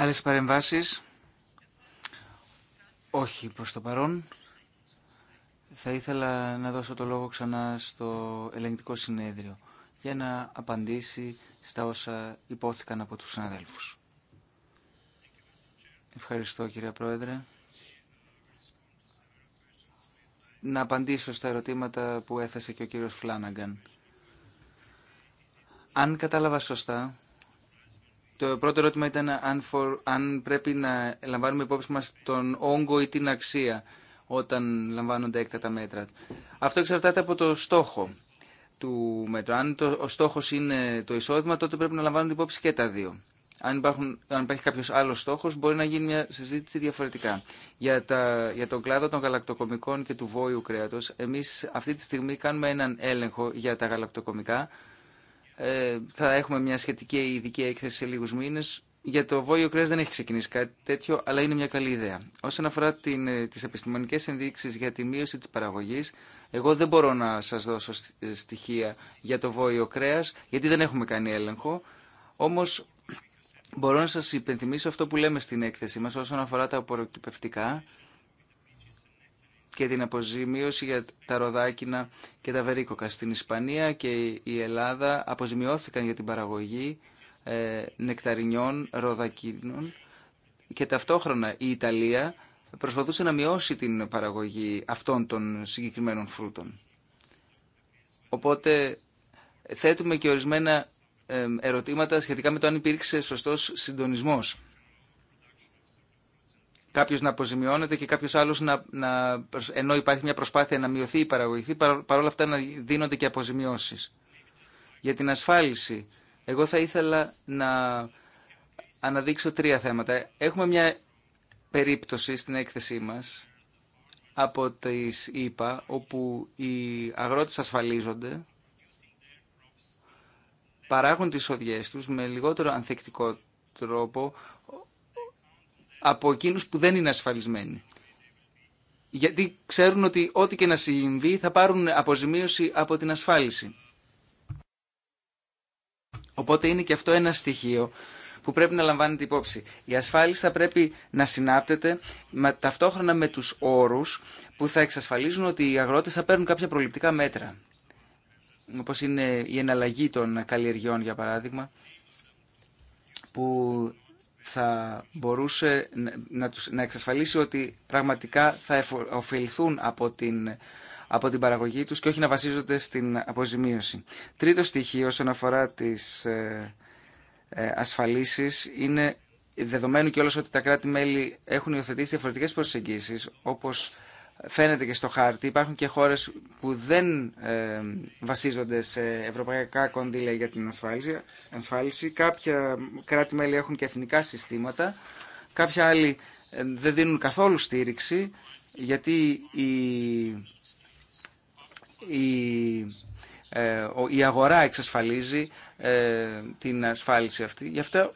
Άλλες παρεμβάσει. Όχι προς το παρόν. Θα ήθελα να δώσω το λόγο ξανά στο ελεγκτικό συνέδριο για να απαντήσει στα όσα υπόθηκαν από τους συναδέλφους. Ευχαριστώ κύριε Πρόεδρε. Να απαντήσω στα ερωτήματα που έθεσε και ο κύριος Φλάναγκαν. Αν κατάλαβα σωστά, το πρώτο ερώτημα ήταν αν, αν πρέπει να λαμβάνουμε υπόψη μας τον όγκο ή την αξία όταν λαμβάνονται έκτατα μέτρα. Αυτό εξαρτάται από το στόχο του μέτρου. Αν ο στόχος είναι το εισόδημα, τότε πρέπει να λαμβάνονται υπόψη και τα δύο. Αν, υπάρχουν, αν υπάρχει κάποιο άλλο στόχο, μπορεί να γίνει μια συζήτηση διαφορετικά. Για, τα, για τον κλάδο των γαλακτοκομικών και του βόηου κρέατο, εμεί αυτή τη στιγμή κάνουμε έναν έλεγχο για τα γαλακτοκομικά ε, θα έχουμε μια σχετική ειδική έκθεση σε λίγους μήνες. Για το βόλιο κρέας δεν έχει ξεκινήσει κάτι τέτοιο, αλλά είναι μια καλή ιδέα. Όσον αφορά την, ε, τις επιστημονικές ενδείξεις για τη μείωση τη παραγωγής, εγώ δεν μπορώ να σας δώσω ε, στοιχεία για το βόλιο κρέας, γιατί δεν έχουμε κάνει έλεγχο. Όμω, μπορώ να σας υπενθυμίσω αυτό που λέμε στην έκθεση μα όσον αφορά τα απορροκυπευτικά, και την αποζημίωση για τα ροδάκινα και τα βερίκοκα. Στην Ισπανία και η Ελλάδα αποζημιώθηκαν για την παραγωγή ε, νεκταρινιών, ροδακίνων και ταυτόχρονα η Ιταλία προσπαθούσε να μειώσει την παραγωγή αυτών των συγκεκριμένων φρούτων. Οπότε θέτουμε και ορισμένα ε, ερωτήματα σχετικά με το αν υπήρξε σωστός συντονισμός κάποιο να αποζημιώνεται και κάποιο άλλο να, να. ενώ υπάρχει μια προσπάθεια να μειωθεί η παραγωγή, παρόλα αυτά να δίνονται και αποζημιώσει. Για την ασφάλιση, εγώ θα ήθελα να αναδείξω τρία θέματα. Έχουμε μια περίπτωση στην έκθεσή μας από τις ΗΠΑ όπου οι αγρότες ασφαλίζονται παράγουν τις οδιές τους με λιγότερο ανθεκτικό τρόπο από εκείνους που δεν είναι ασφαλισμένοι. Γιατί ξέρουν ότι ό,τι και να συμβεί θα πάρουν αποζημίωση από την ασφάλιση. Οπότε είναι και αυτό ένα στοιχείο που πρέπει να λαμβάνετε υπόψη. Η ασφάλιση θα πρέπει να συνάπτεται με, ταυτόχρονα με τους όρους που θα εξασφαλίζουν ότι οι αγρότες θα παίρνουν κάποια προληπτικά μέτρα. Όπως είναι η εναλλαγή των καλλιεργιών, για παράδειγμα, που θα μπορούσε να, να εξασφαλίσει ότι πραγματικά θα ωφεληθούν από την, από την παραγωγή τους και όχι να βασίζονται στην αποζημίωση. Τρίτο στοιχείο όσον αφορά τις ε, ε ασφαλίσεις είναι δεδομένου και κιόλας ότι τα κράτη-μέλη έχουν υιοθετήσει διαφορετικές προσεγγίσεις όπως φαίνεται και στο χάρτη. Υπάρχουν και χώρες που δεν ε, βασίζονται σε ευρωπαϊκά κονδύλια για την ασφάλιση. ασφάλιση. Κάποια κράτη-μέλη έχουν και εθνικά συστήματα. Κάποια άλλη ε, δεν δίνουν καθόλου στήριξη γιατί η, η, ε, η αγορά εξασφαλίζει την ασφάλιση αυτή. Γι' αυτό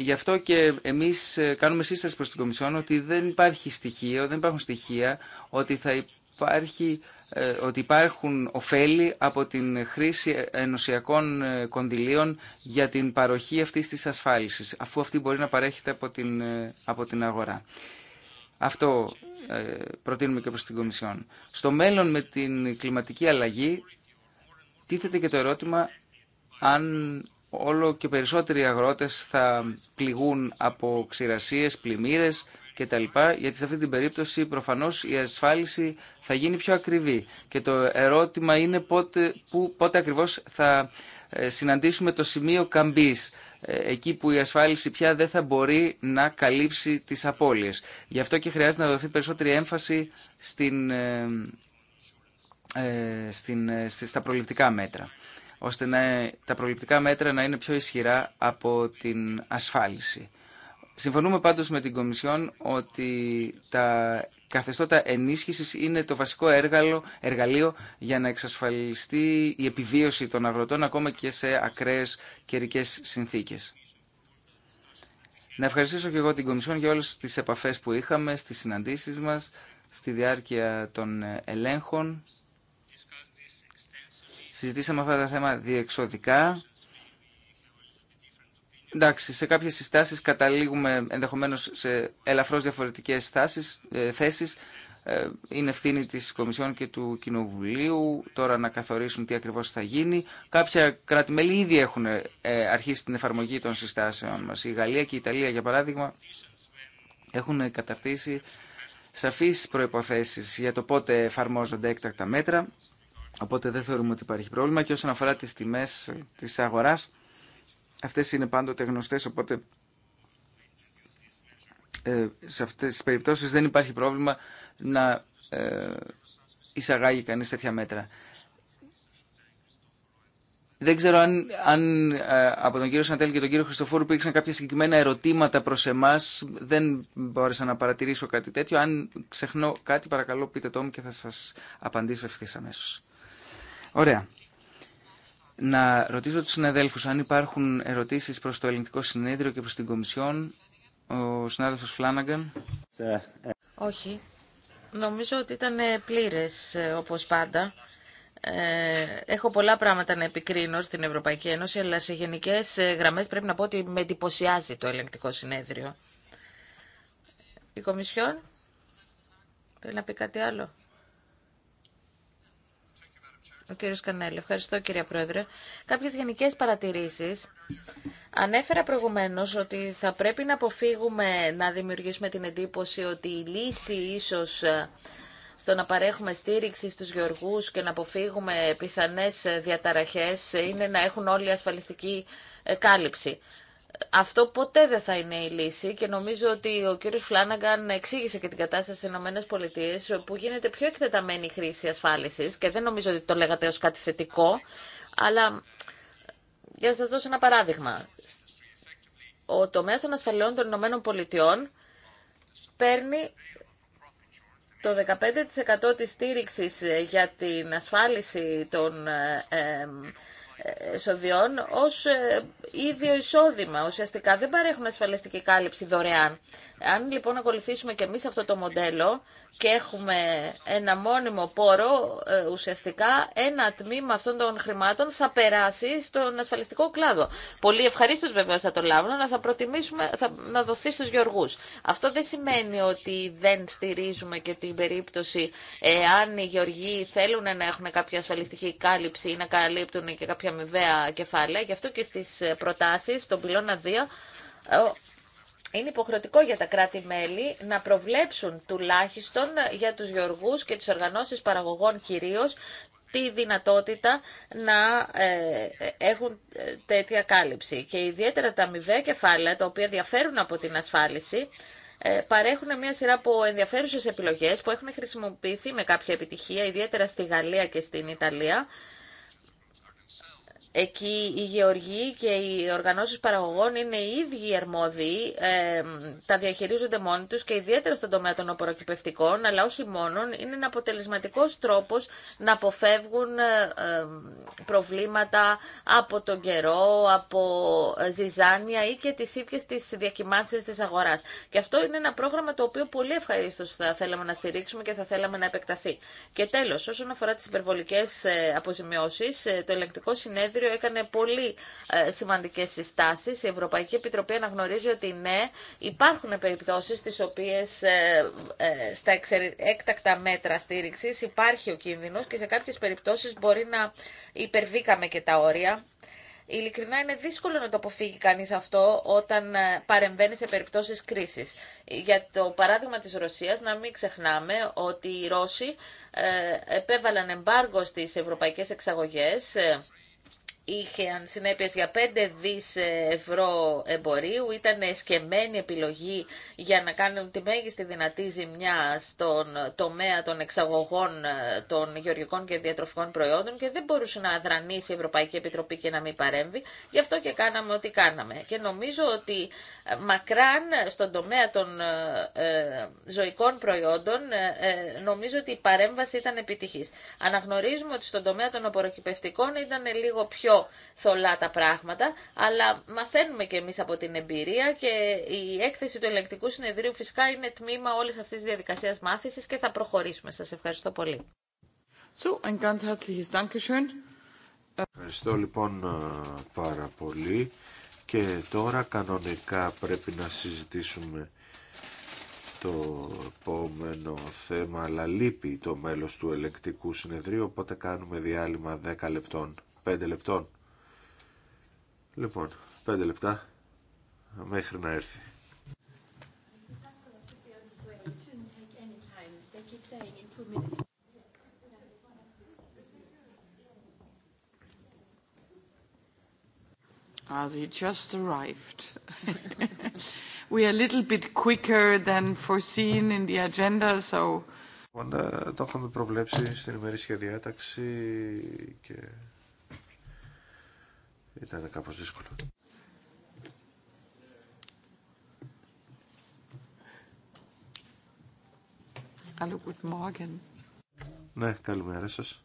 Γι' αυτό και εμεί ε, κάνουμε σύσταση προ την Κομισιόν ότι δεν υπάρχει στοιχείο, δεν υπάρχουν στοιχεία ότι θα υπάρχει ε, ότι υπάρχουν ωφέλη από την χρήση ενωσιακών ε, κονδυλίων για την παροχή αυτής της ασφάλισης, αφού αυτή μπορεί να παρέχεται από την, από την αγορά. Αυτό προτείνουμε και προς την Κομισιόν. Στο μέλλον με την κλιματική αλλαγή τίθεται και το ερώτημα αν όλο και περισσότεροι αγρότες θα πληγούν από ξηρασίες, πλημμύρες κτλ. Γιατί σε αυτή την περίπτωση προφανώς η ασφάλιση θα γίνει πιο ακριβή. Και το ερώτημα είναι πότε, που, πότε ακριβώς θα ε, συναντήσουμε το σημείο καμπής ε, εκεί που η ασφάλιση πια δεν θα μπορεί να καλύψει τις απώλειες. Γι' αυτό και χρειάζεται να δοθεί περισσότερη έμφαση στην, ε, στην, στα προληπτικά μέτρα ώστε να, τα προληπτικά μέτρα να είναι πιο ισχυρά από την ασφάλιση. Συμφωνούμε πάντως με την Κομισιόν ότι τα καθεστώτα ενίσχυσης είναι το βασικό έργαλο, εργαλείο για να εξασφαλιστεί η επιβίωση των αγροτών ακόμα και σε ακραίες καιρικέ συνθήκες. Να ευχαριστήσω και εγώ την Κομισιόν για όλες τις επαφές που είχαμε στις συναντήσεις μας, στη διάρκεια των ελέγχων Συζητήσαμε αυτά τα θέμα διεξοδικά. Εντάξει, σε κάποιες συστάσεις καταλήγουμε ενδεχομένως σε ελαφρώς διαφορετικές στάσεις, ε, θέσεις. Ε, είναι ευθύνη της Κομισιόν και του Κοινοβουλίου τώρα να καθορίσουν τι ακριβώς θα γίνει. Κάποια κράτη-μέλη ήδη έχουν ε, αρχίσει την εφαρμογή των συστάσεων μας. Η Γαλλία και η Ιταλία, για παράδειγμα, έχουν καταρτήσει σαφείς προϋποθέσεις για το πότε εφαρμόζονται έκτακτα μέτρα Οπότε δεν θεωρούμε ότι υπάρχει πρόβλημα και όσον αφορά τις τιμές της αγοράς, αυτές είναι πάντοτε γνωστές, οπότε ε, σε αυτές τις περιπτώσεις δεν υπάρχει πρόβλημα να ε, εισαγάγει κανείς τέτοια μέτρα. Δεν ξέρω αν, ε, από τον κύριο Σαντέλη και τον κύριο Χριστοφόρου υπήρξαν κάποια συγκεκριμένα ερωτήματα προς εμάς. Δεν μπόρεσα να παρατηρήσω κάτι τέτοιο. Αν ξεχνώ κάτι παρακαλώ πείτε το μου και θα σας απαντήσω ευθύ αμέσως. Ωραία. Να ρωτήσω τους συναδέλφους αν υπάρχουν ερωτήσεις προς το Ελληνικό Συνέδριο και προς την Κομισιόν. Ο συνάδελφος Φλάναγκαν. Όχι. Νομίζω ότι ήταν πλήρες όπως πάντα. Ε, έχω πολλά πράγματα να επικρίνω στην Ευρωπαϊκή Ένωση, αλλά σε γενικές ε, γραμμές πρέπει να πω ότι με εντυπωσιάζει το ελεγκτικό συνέδριο. Η Κομισιόν θέλει να πει κάτι άλλο. Ο κύριο Κανέλη. Ευχαριστώ κύριε Πρόεδρε. Κάποιε γενικέ παρατηρήσεις. Ανέφερα προηγουμένως ότι θα πρέπει να αποφύγουμε να δημιουργήσουμε την εντύπωση ότι η λύση ίσως ε, στο να παρέχουμε στήριξη στους γεωργούς και να αποφύγουμε πιθανές ε, διαταραχές ε, είναι να έχουν όλοι ασφαλιστική κάλυψη αυτό ποτέ δεν θα είναι η λύση και νομίζω ότι ο κύριος Φλάναγκαν εξήγησε και την κατάσταση στις Ηνωμένες Πολιτείες που γίνεται πιο εκτεταμένη η χρήση ασφάλισης και δεν νομίζω ότι το λέγατε ως κάτι θετικό, αλλά για να σας δώσω ένα παράδειγμα. Ο τομέας των ασφαλιών των Ηνωμένων Πολιτειών παίρνει το 15% της στήριξης για την ασφάλιση των ε, ε εσοδιών ως ε, ίδιο εισόδημα. Ουσιαστικά δεν παρέχουν ασφαλιστική κάλυψη δωρεάν. Αν λοιπόν ακολουθήσουμε και εμεί αυτό το μοντέλο, και έχουμε ένα μόνιμο πόρο, ε, ουσιαστικά ένα τμήμα αυτών των χρημάτων θα περάσει στον ασφαλιστικό κλάδο. Πολύ ευχαρίστω βεβαίω θα το λάβουν, αλλά θα προτιμήσουμε θα, να δοθεί στου γεωργού. Αυτό δεν σημαίνει ότι δεν στηρίζουμε και την περίπτωση ε, αν οι γεωργοί θέλουν να έχουν κάποια ασφαλιστική κάλυψη ή να καλύπτουν και κάποια αμοιβαία κεφάλαια. Γι' αυτό και στι προτάσει, στον πυλώνα 2, είναι υποχρεωτικό για τα κράτη-μέλη να προβλέψουν τουλάχιστον για τους γεωργούς και τις οργανώσεις παραγωγών κυρίως τη δυνατότητα να ε, έχουν ε, τέτοια κάλυψη. Και ιδιαίτερα τα αμοιβαία κεφάλαια, τα οποία διαφέρουν από την ασφάλιση, ε, παρέχουν μια σειρά από ενδιαφέρουσες επιλογές που έχουν χρησιμοποιηθεί με κάποια επιτυχία, ιδιαίτερα στη Γαλλία και στην Ιταλία, Εκεί οι γεωργοί και οι οργανώσεις παραγωγών είναι οι ίδιοι αρμόδιοι, τα διαχειρίζονται μόνοι τους και ιδιαίτερα στον τομέα των απορροκυπευτικών, αλλά όχι μόνον, είναι ένα αποτελεσματικός τρόπος να αποφεύγουν ε, προβλήματα από τον καιρό, από ε, ζυζάνια ή και τις ίδιες τις διακοιμάνσεις της αγοράς. Και αυτό είναι ένα πρόγραμμα το οποίο πολύ ευχαρίστω θα θέλαμε να στηρίξουμε και θα θέλαμε να επεκταθεί. Και τέλος, όσον αφορά τις υπερβολικές ε, αποζημιώσεις, το ελεγκτικό συνέδριο Δικαστήριο έκανε πολύ ε, σημαντικέ συστάσει. Η Ευρωπαϊκή Επιτροπή αναγνωρίζει ότι ναι, υπάρχουν περιπτώσεις στις οποίες ε, ε, στα έκτακτα μέτρα στήριξη υπάρχει ο κίνδυνο και σε κάποιε περιπτώσει μπορεί να υπερβήκαμε και τα όρια. Ειλικρινά είναι δύσκολο να το αποφύγει κανείς αυτό όταν παρεμβαίνει σε περιπτώσεις κρίσης. Για το παράδειγμα της Ρωσίας, να μην ξεχνάμε ότι οι Ρώσοι επέβαλαν εμπάργο στις ευρωπαϊκές εξαγωγές αν συνέπειες για 5 δις ευρώ εμπορίου. Ήταν σκεμμένη επιλογή για να κάνουν τη μέγιστη δυνατή ζημιά στον τομέα των εξαγωγών των γεωργικών και διατροφικών προϊόντων και δεν μπορούσε να αδρανίσει η Ευρωπαϊκή Επιτροπή και να μην παρέμβει. Γι' αυτό και κάναμε ό,τι κάναμε. Και νομίζω ότι ε, μακράν στον τομέα των ε, ε, ζωικών προϊόντων νομίζω ότι η παρέμβαση ήταν επιτυχής. Αναγνωρίζουμε ότι στον τομέα των απορροκυπευτικών ήταν λίγο πιο πιο θολά τα πράγματα, αλλά μαθαίνουμε και εμείς από την εμπειρία και η έκθεση του ελεκτικού συνεδρίου φυσικά είναι τμήμα όλης αυτής της διαδικασίας μάθησης και θα προχωρήσουμε. Σας ευχαριστώ πολύ. So, ein ganz herzliches Dankeschön. Ευχαριστώ λοιπόν ε, πάρα πολύ και τώρα κανονικά πρέπει να συζητήσουμε το επόμενο θέμα αλλά λείπει το μέλος του ελεκτικού συνεδρίου οπότε κάνουμε διάλειμμα 10 λεπτών. 5 λεπτών. Λοιπόν, 5 λεπτά μέχρι να έρθει. As he just arrived. We are a little bit quicker than foreseen in the agenda, so... Λοιπόν, ε, το είχαμε προβλέψει στην ημερήσια διάταξη και ήταν κάπως δύσκολο. Καλό, guten Morgen. Ναι, καλημέρα σας.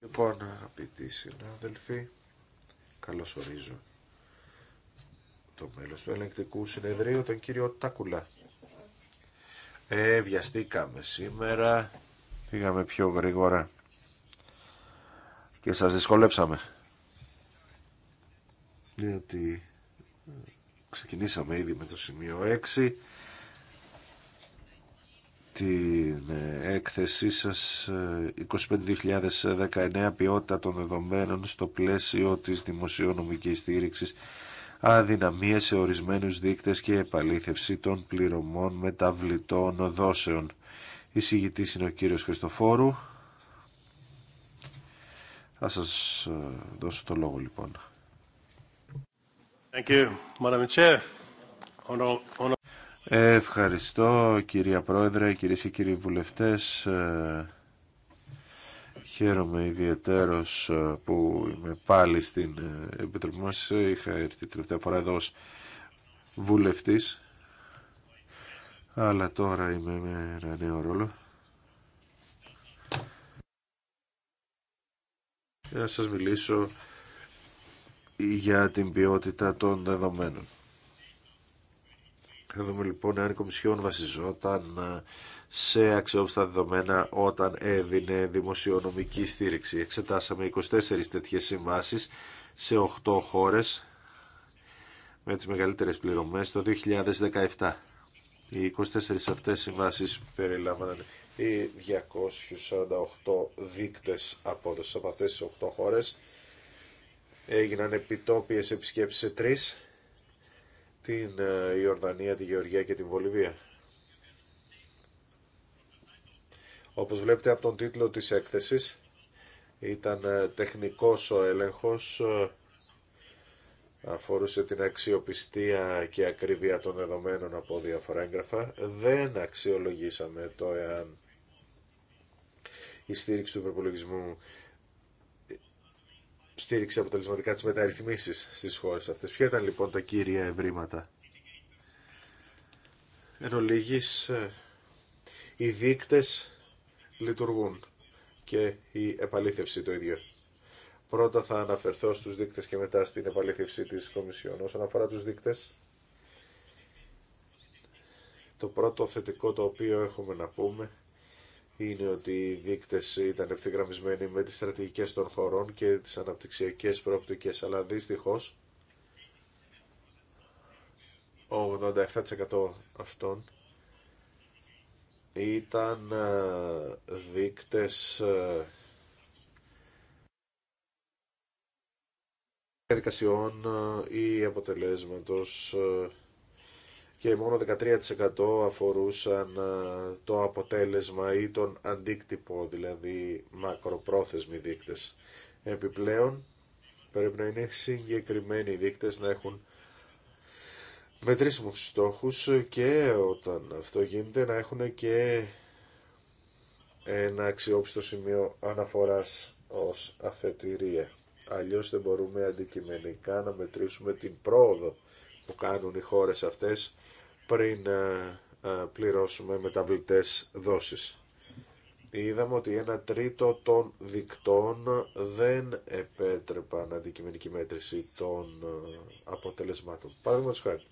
Λοιπόν, αγαπητοί συνάδελφοι, καλώς ορίζω το μέλος του ελεγκτικού συνεδρίου, τον κύριο Τάκουλα. Ε, βιαστήκαμε σήμερα, πήγαμε πιο γρήγορα και σας δυσκολέψαμε. Διότι ε, ξεκινήσαμε ήδη με το σημείο 6 την ε, έκθεσή σας 25.019 ε, ποιότητα των δεδομένων στο πλαίσιο της δημοσιονομικής στήριξης αδυναμία σε ορισμένους δείκτες και επαλήθευση των πληρωμών μεταβλητών δόσεων. Η συγητή είναι ο κύριος Χριστοφόρου. Θα σας ε, δώσω το λόγο λοιπόν. Thank you, Ευχαριστώ κυρία Πρόεδρε, κυρίε και κύριοι βουλευτές. Ε, χαίρομαι ιδιαίτερος ε, που είμαι πάλι στην ε, Επιτροπή μας. Είχα έρθει τελευταία φορά εδώ ως βουλευτής, αλλά τώρα είμαι με ένα νέο ρόλο. Θα σας μιλήσω για την ποιότητα των δεδομένων. Θα δούμε λοιπόν αν η Κομισιόν βασιζόταν ε, σε αξιόπιστα δεδομένα όταν έδινε δημοσιονομική στήριξη. Εξετάσαμε 24 τέτοιες συμβάσεις σε 8 χώρες με τις μεγαλύτερες πληρωμές το 2017. Οι 24 αυτές συμβάσεις περιλάμβαναν οι 248 δείκτες απόδοσης από αυτές τις 8 χώρες. Έγιναν επιτόπιες επισκέψεις σε 3 την ε, Ιορδανία, τη Γεωργία και την Βολιβία. Όπως βλέπετε από τον τίτλο της έκθεσης, ήταν ε, τεχνικός ο έλεγχος, ε, αφορούσε την αξιοπιστία και ακρίβεια των δεδομένων από διάφορα έγγραφα. Δεν αξιολογήσαμε το εάν η στήριξη του προπολογισμού στήριξε αποτελεσματικά τις μεταρρυθμίσεις στις χώρες αυτές. Ποια ήταν λοιπόν τα κύρια ευρήματα. Εν ολίγης, ε, οι δείκτες λειτουργούν και η επαλήθευση το ίδιο. Πρώτα θα αναφερθώ στους δείκτες και μετά στην επαλήθευση της Κομισιόν. Όσον αφορά τους δείκτες, το πρώτο θετικό το οποίο έχουμε να πούμε είναι ότι οι δείκτες ήταν ευθυγραμμισμένοι με τις στρατηγικές των χωρών και τις αναπτυξιακές προοπτικές, αλλά δυστυχώς 87% αυτών ήταν ε, δείκτες εργασιών ε, ή αποτελέσματος ε, και μόνο 13% αφορούσαν το αποτέλεσμα ή τον αντίκτυπο, δηλαδή μακροπρόθεσμοι δείκτες. Επιπλέον, πρέπει να είναι συγκεκριμένοι οι δείκτες να έχουν μετρήσιμους στόχους και όταν αυτό γίνεται να έχουν και ένα αξιόπιστο σημείο αναφοράς ως αφετηρία. Αλλιώς δεν μπορούμε αντικειμενικά να μετρήσουμε την πρόοδο που κάνουν οι χώρες αυτές πριν ε, ε, πληρώσουμε μεταβλητές δόσεις. Είδαμε ότι ένα τρίτο των δικτών δεν επέτρεπαν αντικειμενική μέτρηση των ε, αποτελεσμάτων. Παραδείγματο χάρη,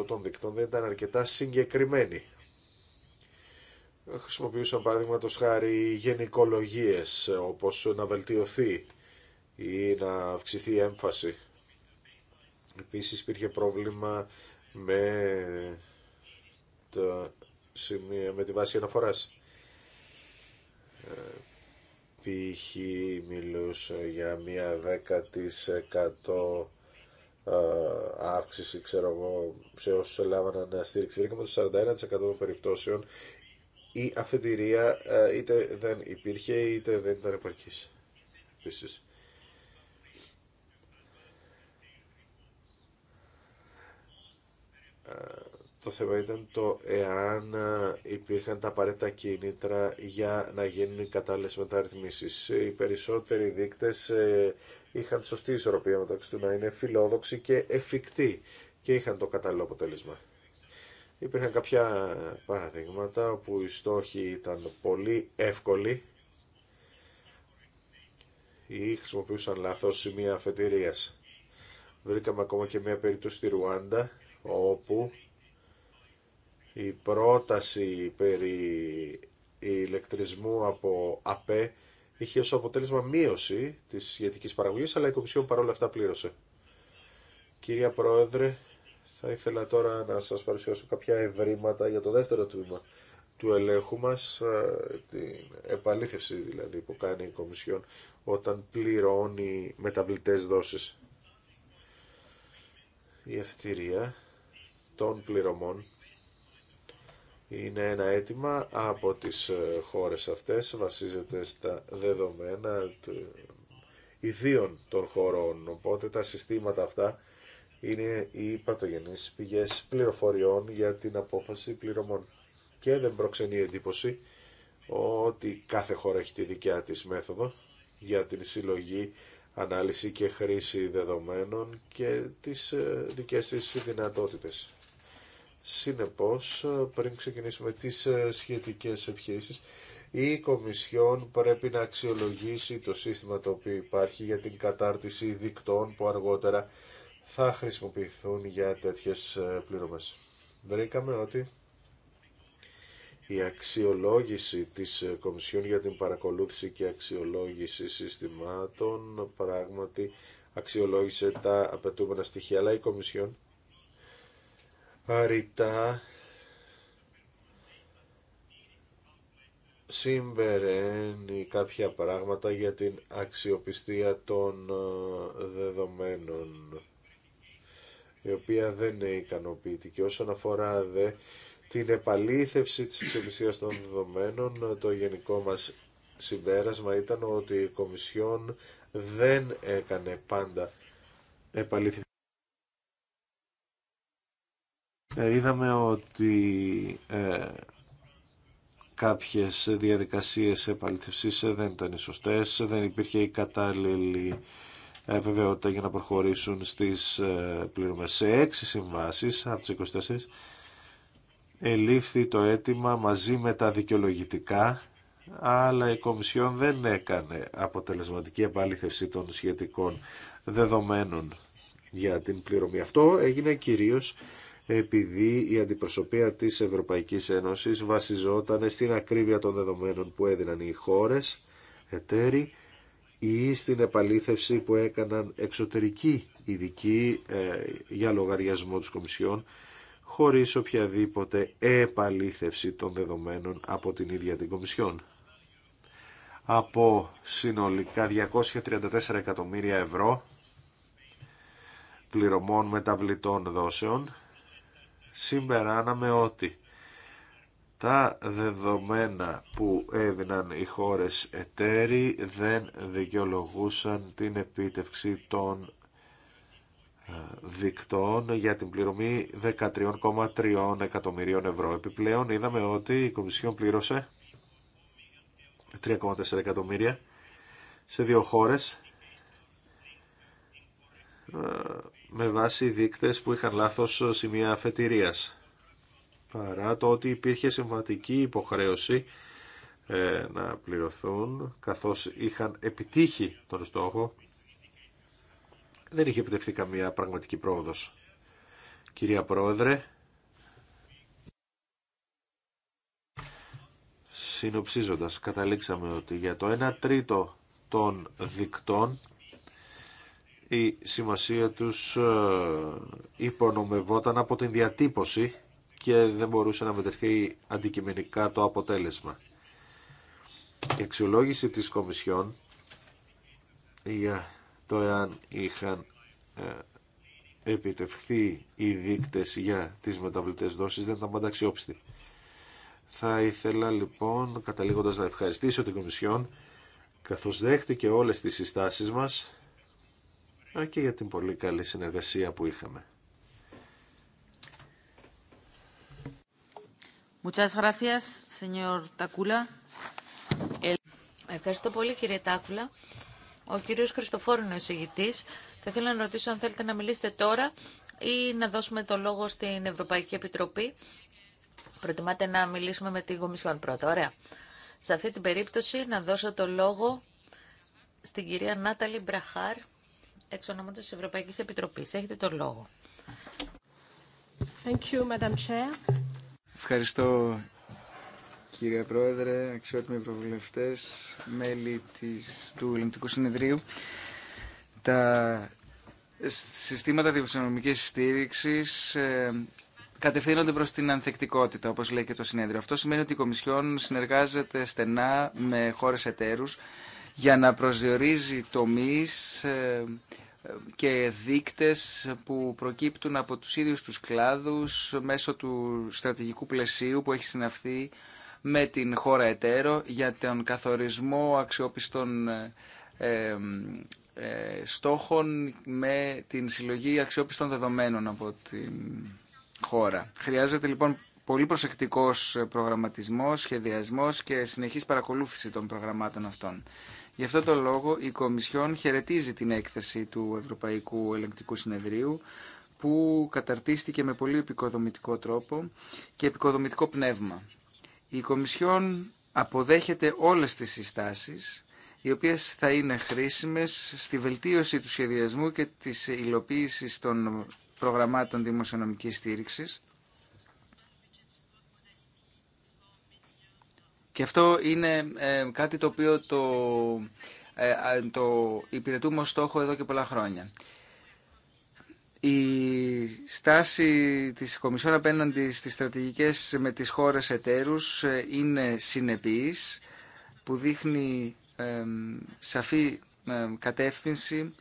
29% των δικτών δεν ήταν αρκετά συγκεκριμένοι. Χρησιμοποιούσαν παραδείγματο χάρη γενικολογίε όπως να βελτιωθεί ή να αυξηθεί η έμφαση. Επίσης Επίση υπηρχε πρόβλημα με, το με τη βάση αναφοράς. Ε, π.χ. μιλούσε για μία 10% ε, αύξηση, ξέρω εγώ, σε όσους έλαβαν στήριξη. Βρήκαμε το 41% των περιπτώσεων η αφετηρία ε, είτε δεν υπήρχε είτε δεν ήταν επαρκής. Επίσης. το θέμα ήταν το εάν ε, υπήρχαν τα απαραίτητα κίνητρα για να γίνουν οι κατάλληλες μεταρρυθμίσεις. Οι περισσότεροι δείκτες ε, είχαν σωστή ισορροπία μεταξύ του να είναι φιλόδοξοι και εφικτοί και είχαν το κατάλληλο αποτέλεσμα. Υπήρχαν κάποια παραδείγματα όπου οι στόχοι ήταν πολύ εύκολοι ή χρησιμοποιούσαν λάθος σημεία αφετηρίας. Βρήκαμε ακόμα και μια περίπτωση στη Ρουάντα όπου η πρόταση περί ηλεκτρισμού από ΑΠΕ είχε ως αποτέλεσμα μείωση της σχετικής παραγωγής, αλλά η Κομισιόν παρόλα αυτά πλήρωσε. Κυρία Πρόεδρε, θα ήθελα τώρα να σας παρουσιάσω κάποια ευρήματα για το δεύτερο τμήμα του ελέγχου μας, ε, την επαλήθευση δηλαδή που κάνει η Κομισιόν όταν πληρώνει μεταβλητές δόσεις. Η ευθυρία των πληρωμών είναι ένα αίτημα από τις ε, χώρες αυτές, βασίζεται στα δεδομένα ιδίων των χωρών. Οπότε τα συστήματα αυτά είναι οι πατογενείς πηγές πληροφοριών για την απόφαση πληρωμών. Και δεν προξενεί εντύπωση ότι κάθε χώρα έχει τη δικιά της μέθοδο για την συλλογή, ανάλυση και χρήση δεδομένων και τις ε, δικές της δυνατότητες. Συνεπώς, ε, πριν ξεκινήσουμε τις ε, σχετικές επιχειρήσεις, η Κομισιόν πρέπει να αξιολογήσει το σύστημα το οποίο υπάρχει για την κατάρτιση δικτών που αργότερα θα χρησιμοποιηθούν για τέτοιες ε, πληρωμές. Βρήκαμε ότι η αξιολόγηση της Κομισιόν για την παρακολούθηση και αξιολόγηση συστημάτων πράγματι αξιολόγησε τα απαιτούμενα στοιχεία, αλλά η Κομισιόν Παριτά συμπεραίνει κάποια πράγματα για την αξιοπιστία των ε, δεδομένων η οποία δεν είναι ικανοποιητική. Όσον αφορά την επαλήθευση της αξιοπιστίας των δεδομένων, το γενικό μας συμπέρασμα ήταν ότι η Κομισιόν δεν έκανε πάντα επαλήθευση Ε, είδαμε ότι ε, κάποιες διαδικασίες επαληθευσής δεν ήταν σωστές, δεν υπήρχε η κατάλληλη ε, βεβαιότητα για να προχωρήσουν στις πληρωμές. Σε έξι συμβάσεις από τις 24 ελήφθη το αίτημα μαζί με τα δικαιολογητικά αλλά η Κομισιόν δεν έκανε αποτελεσματική επαλήθευση των σχετικών δεδομένων για την πληρωμή. Αυτό έγινε κυρίως επειδή η αντιπροσωπεία της Ευρωπαϊκής Ένωσης βασιζόταν στην ακρίβεια των δεδομένων που έδιναν οι χώρες εταίροι ή στην επαλήθευση που έκαναν εξωτερικοί ειδικοί ε, για λογαριασμό της Κομισιόν χωρίς οποιαδήποτε επαλήθευση των δεδομένων από την ίδια την Κομισιόν. Από συνολικά 234 εκατομμύρια ευρώ πληρωμών μεταβλητών δόσεων συμπεράναμε ότι τα δεδομένα που έδιναν οι χώρες εταίροι δεν δικαιολογούσαν την επίτευξη των ε, δικτών για την πληρωμή 13,3 εκατομμυρίων ευρώ. Επιπλέον είδαμε ότι η Κομισιόν πλήρωσε 3,4 εκατομμύρια σε δύο χώρες με βάση δείκτες που είχαν λάθος σημεία αφετηρίας. Παρά το ότι υπήρχε συμβατική υποχρέωση ε, να πληρωθούν καθώς είχαν επιτύχει τον στόχο δεν είχε επιτευχθεί καμία πραγματική πρόοδος. Κυρία Πρόεδρε, συνοψίζοντας, καταλήξαμε ότι για το 1 τρίτο των δικτών η σημασία τους ε, υπονομευόταν από την διατύπωση και δεν μπορούσε να μετρηθεί αντικειμενικά το αποτέλεσμα. Η αξιολόγηση της Κομισιόν για το εάν είχαν ε, επιτευχθεί οι δείκτες για τις μεταβλητές δόσεις δεν ήταν πάντα αξιόπιστη. Θα ήθελα λοιπόν καταλήγοντας να ευχαριστήσω την Κομισιόν καθώς δέχτηκε όλες τις συστάσεις μας και για την πολύ καλή συνεργασία που είχαμε. Ευχαριστώ πολύ κύριε Τάκουλα. Ο κύριος Χριστοφόρου είναι ο εισηγητής. Θα ήθελα να ρωτήσω αν θέλετε να μιλήσετε τώρα ή να δώσουμε το λόγο στην Ευρωπαϊκή Επιτροπή. Προτιμάτε να μιλήσουμε με την Κομισιόν πρώτα. Ωραία. Σε αυτή την περίπτωση να δώσω το λόγο στην κυρία Νάταλη Μπραχάρ εξ ονόματος της Ευρωπαϊκής Επιτροπής. Έχετε τον λόγο. Thank you, Madam Chair. Ευχαριστώ κύριε Πρόεδρε, αξιότιμοι προβουλευτές, μέλη της, του Ελληνικού Συνεδρίου. Τα συστήματα δημοσιονομικής στήριξης ε, κατευθύνονται προς την ανθεκτικότητα, όπως λέει και το συνέδριο. Αυτό σημαίνει ότι η Κομισιόν συνεργάζεται στενά με χώρες εταίρους για να προσδιορίζει τομείς ε, και δείκτες που προκύπτουν από τους ίδιους τους κλάδους μέσω του στρατηγικού πλαισίου που έχει συναυθεί με την χώρα εταίρο για τον καθορισμό αξιόπιστων ε, ε, στόχων με την συλλογή αξιόπιστων δεδομένων από την χώρα. Χρειάζεται λοιπόν πολύ προσεκτικός προγραμματισμός, σχεδιασμός και συνεχής παρακολούθηση των προγραμμάτων αυτών. Γι' αυτό τον λόγο η Κομισιόν χαιρετίζει την έκθεση του Ευρωπαϊκού Ελεγκτικού Συνεδρίου που καταρτίστηκε με πολύ επικοδομητικό τρόπο και επικοδομητικό πνεύμα. Η Κομισιόν αποδέχεται όλες τις συστάσεις οι οποίες θα είναι χρήσιμες στη βελτίωση του σχεδιασμού και της υλοποίησης των προγραμμάτων δημοσιονομικής στήριξης Και αυτό είναι ε, κάτι το οποίο το, ε, το υπηρετούμε ως στόχο εδώ και πολλά χρόνια. Η στάση της Κομισιόν απέναντι στις στρατηγικές με τις χώρες εταίρους ε, είναι συνεπής, που δείχνει σαφή κατεύθυνση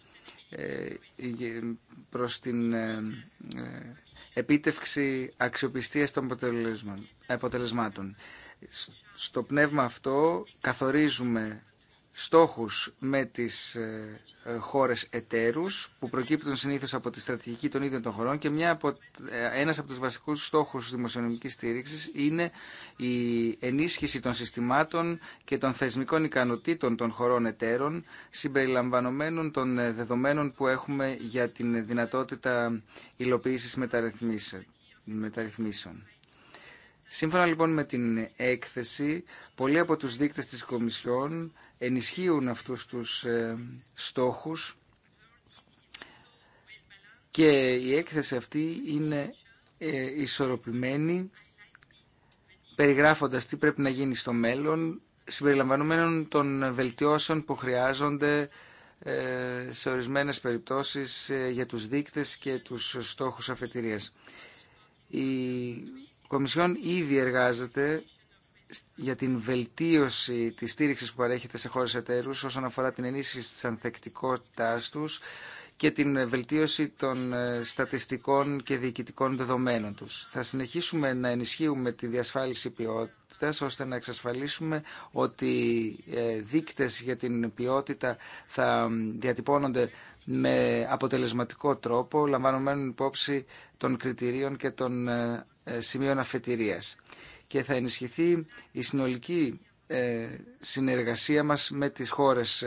προς την επίτευξη αξιοπιστίας των αποτελεσμάτων. Στο πνεύμα αυτό καθορίζουμε στόχους με τις ε, ε, χώρες εταίρους που προκύπτουν συνήθως από τη στρατηγική των ίδιων των χωρών και μια από, ε, ένας από τους βασικούς στόχους της δημοσιονομικής στήριξης είναι η ενίσχυση των συστημάτων και των θεσμικών ικανοτήτων των χωρών εταίρων συμπεριλαμβανομένων των δεδομένων που έχουμε για την δυνατότητα υλοποίησης μεταρρυθμίσεων. Σύμφωνα λοιπόν με την έκθεση, πολλοί από τους δείκτες της Κομισιόν ενισχύουν αυτούς τους ε, στόχους και η έκθεση αυτή είναι ε, ισορροπημένη περιγράφοντας τι πρέπει να γίνει στο μέλλον συμπεριλαμβανομένων των βελτιώσεων που χρειάζονται ε, σε ορισμένες περιπτώσεις για τους δείκτες και τους στόχους αφετηρίας. Κομισιόν ήδη εργάζεται για την βελτίωση της στήριξης που παρέχεται σε χώρες εταίρους όσον αφορά την ενίσχυση της ανθεκτικότητάς τους και την βελτίωση των ε, στατιστικών και διοικητικών δεδομένων τους. Θα συνεχίσουμε να ενισχύουμε τη διασφάλιση ποιότητας ώστε να εξασφαλίσουμε ότι ε, δείκτες για την ποιότητα θα διατυπώνονται με αποτελεσματικό τρόπο, λαμβανομένων υπόψη των κριτηρίων και των ε, ε, σημείων αφετηρίας. Και θα ενισχυθεί η συνολική ε, συνεργασία μας με τις χώρες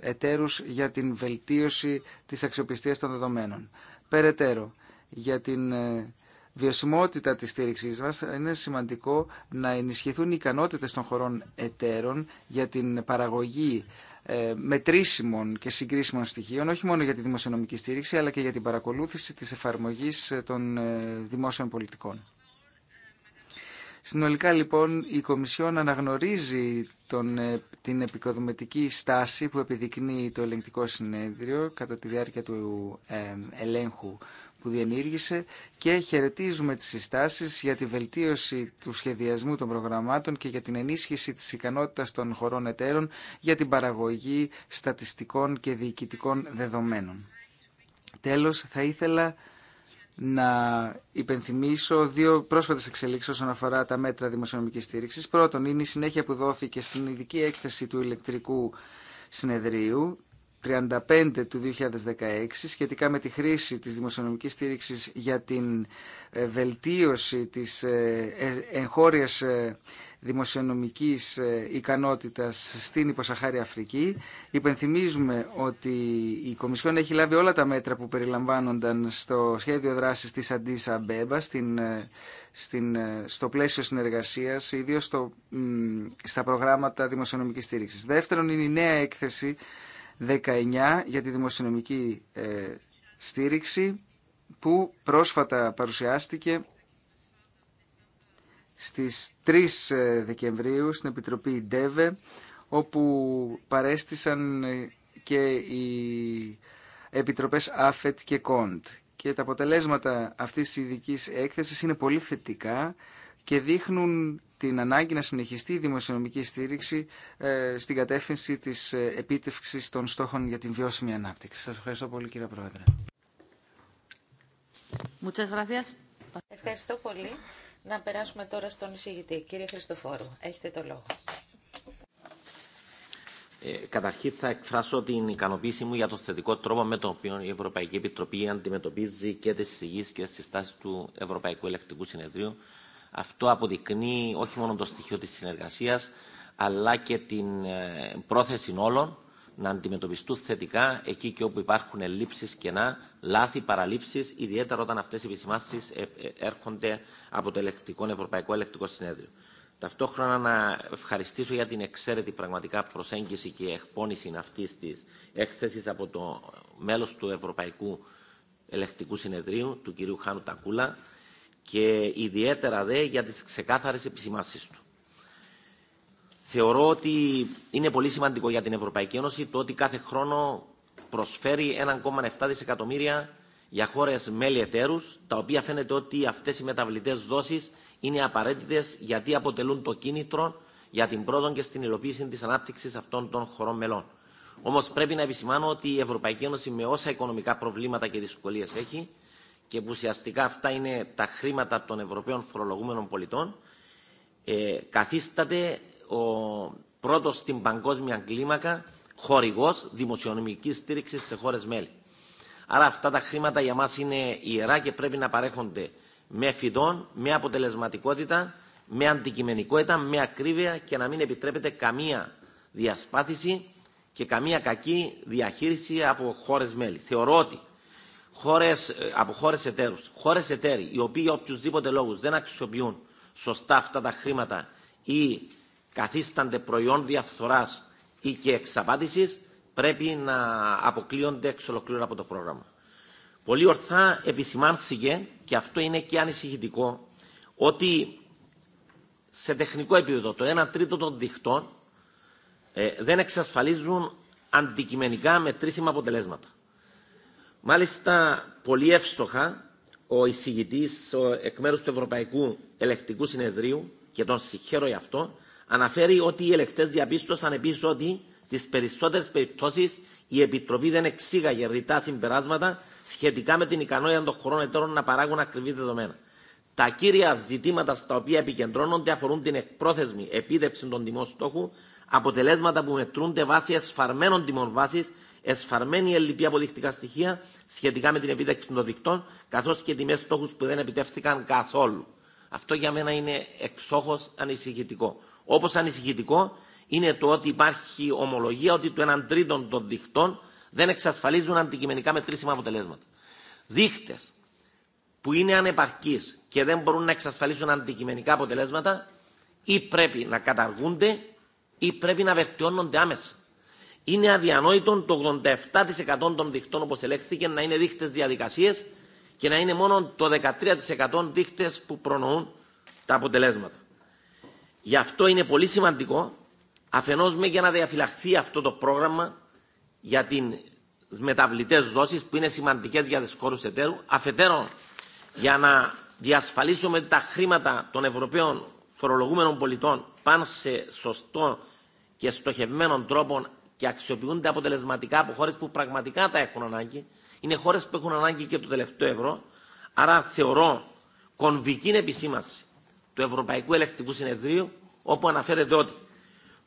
εταίρους για την βελτίωση της αξιοπιστίας των δεδομένων. Περαιτέρω, για την βιωσιμότητα της στήριξής μας είναι σημαντικό να ενισχυθούν οι ικανότητες των χωρών εταίρων για την παραγωγή ε, μετρήσιμων και συγκρίσιμων στοιχείων, όχι μόνο για τη δημοσιονομική στήριξη, αλλά και για την παρακολούθηση της εφαρμογής ε, των ε, δημόσιων πολιτικών. Συνολικά λοιπόν η Κομισιόν αναγνωρίζει τον, την επικοδομητική στάση που επιδεικνύει το ελεγκτικό συνέδριο κατά τη διάρκεια του ελέγχου που διενήργησε και χαιρετίζουμε τις συστάσεις για τη βελτίωση του σχεδιασμού των προγραμμάτων και για την ενίσχυση της ικανότητας των χωρών εταίρων για την παραγωγή στατιστικών και διοικητικών δεδομένων. Τέλος, θα ήθελα να υπενθυμίσω δύο πρόσφατες εξελίξεις όσον αφορά τα μέτρα δημοσιονομικής στήριξης. Πρώτον, είναι η συνέχεια που δόθηκε στην ειδική έκθεση του ηλεκτρικού συνεδρίου 35 του 2016 σχετικά με τη χρήση της δημοσιονομικής στήριξης για την ε, βελτίωση της ε, ε, εγχώριας δημοσιονομικής ικανότητας στην υποσαχάρια Αφρική. Υπενθυμίζουμε ότι η Κομισιόν έχει λάβει όλα τα μέτρα που περιλαμβάνονταν στο σχέδιο δράσης της Αντίσα Μπέμπα στο πλαίσιο συνεργασίας, ιδίως στα προγράμματα δημοσιονομικής στήριξης. Δεύτερον είναι η νέα έκθεση 19 για τη δημοσιονομική ε, στήριξη που πρόσφατα παρουσιάστηκε στις 3 ε, Δεκεμβρίου στην Επιτροπή ΔΕΒΕ όπου παρέστησαν ε, και οι Επιτροπές ΑΦΕΤ και ΚΟΝΤ. Και τα αποτελέσματα αυτής της ειδική έκθεσης είναι πολύ θετικά και δείχνουν την ανάγκη να συνεχιστεί η δημοσιονομική στήριξη ε, στην κατεύθυνση της ε, επίτευξης των στόχων για την βιώσιμη ανάπτυξη. Σας ευχαριστώ πολύ κύριε Πρόεδρε. Ευχαριστώ πολύ. Να περάσουμε τώρα στον εισηγητή. Κύριε Χριστοφόρου, έχετε το λόγο. Ε, καταρχήν θα εκφράσω την ικανοποίησή μου για τον θετικό τρόπο με τον οποίο η Ευρωπαϊκή Επιτροπή αντιμετωπίζει και τις εισηγήσεις και τις συστάσεις του Ευρωπαϊκού Ελεκτικού Συνεδρίου αυτό αποδεικνύει όχι μόνο το στοιχείο της συνεργασίας, αλλά και την ε, πρόθεση όλων να αντιμετωπιστούν θετικά εκεί και όπου υπάρχουν ελλείψεις, κενά, λάθη, παραλήψεις, ιδιαίτερα όταν αυτές οι επισημάσεις ε, ε, έρχονται από το ελεκτικό, Ευρωπαϊκό Ελεκτικό Συνέδριο. Ταυτόχρονα να ευχαριστήσω για την εξαίρετη πραγματικά προσέγγιση και εκπόνηση αυτή τη έκθεση από το μέλο του Ευρωπαϊκού Ελεκτικού Συνεδρίου, του κ. Χάνου Τακούλα, και ιδιαίτερα δε για τις ξεκάθαρες επισημάσεις του. Θεωρώ ότι είναι πολύ σημαντικό για την Ευρωπαϊκή Ένωση το ότι κάθε χρόνο προσφέρει 1,7 δισεκατομμύρια για χώρες μέλη εταίρους, τα οποία φαίνεται ότι αυτές οι μεταβλητές δόσεις είναι απαραίτητες γιατί αποτελούν το κίνητρο για την πρόοδο και στην υλοποίηση της ανάπτυξης αυτών των χωρών μελών. Όμως πρέπει να επισημάνω ότι η Ευρωπαϊκή Ένωση με όσα οικονομικά προβλήματα και δυσκολίες έχει, και που ουσιαστικά αυτά είναι τα χρήματα των Ευρωπαίων φορολογούμενων πολιτών, ε, καθίσταται ο πρώτος στην παγκόσμια κλίμακα χορηγός δημοσιονομικής στήριξης σε χώρες μέλη. Άρα αυτά τα χρήματα για μας είναι ιερά και πρέπει να παρέχονται με φιδόν, με αποτελεσματικότητα, με αντικειμενικότητα, με ακρίβεια και να μην επιτρέπεται καμία διασπάθηση και καμία κακή διαχείριση από χώρες μέλη. Θεωρώ ότι χώρες, ε, από χώρε εταίρου. Χώρε οι οποίοι για οποιουσδήποτε λόγου δεν αξιοποιούν σωστά αυτά τα χρήματα ή καθίστανται προϊόν διαφθορά ή και εξαπάτηση, πρέπει να αποκλείονται εξ από το πρόγραμμα. Πολύ ορθά επισημάνθηκε, και αυτό είναι και ανησυχητικό, ότι σε τεχνικό επίπεδο το 1 τρίτο των διχτών ε, δεν εξασφαλίζουν αντικειμενικά μετρήσιμα αποτελέσματα. Μάλιστα, πολύ εύστοχα, ο εισηγητή εκ μέρου του Ευρωπαϊκού Ελεκτικού Συνεδρίου, και τον συγχαίρω γι' αυτό, αναφέρει ότι οι ελεκτέ διαπίστωσαν επίση ότι στι περισσότερε περιπτώσει η Επιτροπή δεν εξήγαγε ρητά συμπεράσματα σχετικά με την ικανότητα των χωρών εταίρων να παράγουν ακριβή δεδομένα. Τα κύρια ζητήματα στα οποία επικεντρώνονται αφορούν την εκπρόθεσμη επίδευση των τιμών στόχου, αποτελέσματα που μετρούνται βάσει εσφαρμένων τιμών βάση εσφαρμένη ελλειπή αποδεικτικά στοιχεία σχετικά με την επίτευξη των δικτών, καθώ και τιμέ στόχου που δεν επιτεύχθηκαν καθόλου. Αυτό για μένα είναι εξόχω ανησυχητικό. Όπω ανησυχητικό είναι το ότι υπάρχει ομολογία ότι το 1 τρίτο των δικτών δεν εξασφαλίζουν αντικειμενικά μετρήσιμα αποτελέσματα. Δείχτε που είναι ανεπαρκεί και δεν μπορούν να εξασφαλίσουν αντικειμενικά αποτελέσματα ή πρέπει να καταργούνται ή πρέπει να βελτιώνονται άμεσα. Είναι αδιανόητο το 87% των δικτών, όπω ελέγχθηκε, να είναι δείχτε διαδικασίες και να είναι μόνο το 13% δείχτε που προνοούν τα αποτελέσματα. Γι' αυτό είναι πολύ σημαντικό, αφενός με για να διαφυλαχθεί αυτό το πρόγραμμα για τι μεταβλητέ δόσεις που είναι σημαντικές για τι χώρους εταίρου, για να διασφαλίσουμε τα χρήματα των Ευρωπαίων φορολογούμενων πολιτών πάνε σε σωστό και στοχευμένων τρόπων και αξιοποιούνται αποτελεσματικά από χώρε που πραγματικά τα έχουν ανάγκη. Είναι χώρε που έχουν ανάγκη και το τελευταίο ευρώ. Άρα θεωρώ κομβική επισήμαση του Ευρωπαϊκού Ελεκτικού Συνεδρίου, όπου αναφέρεται ότι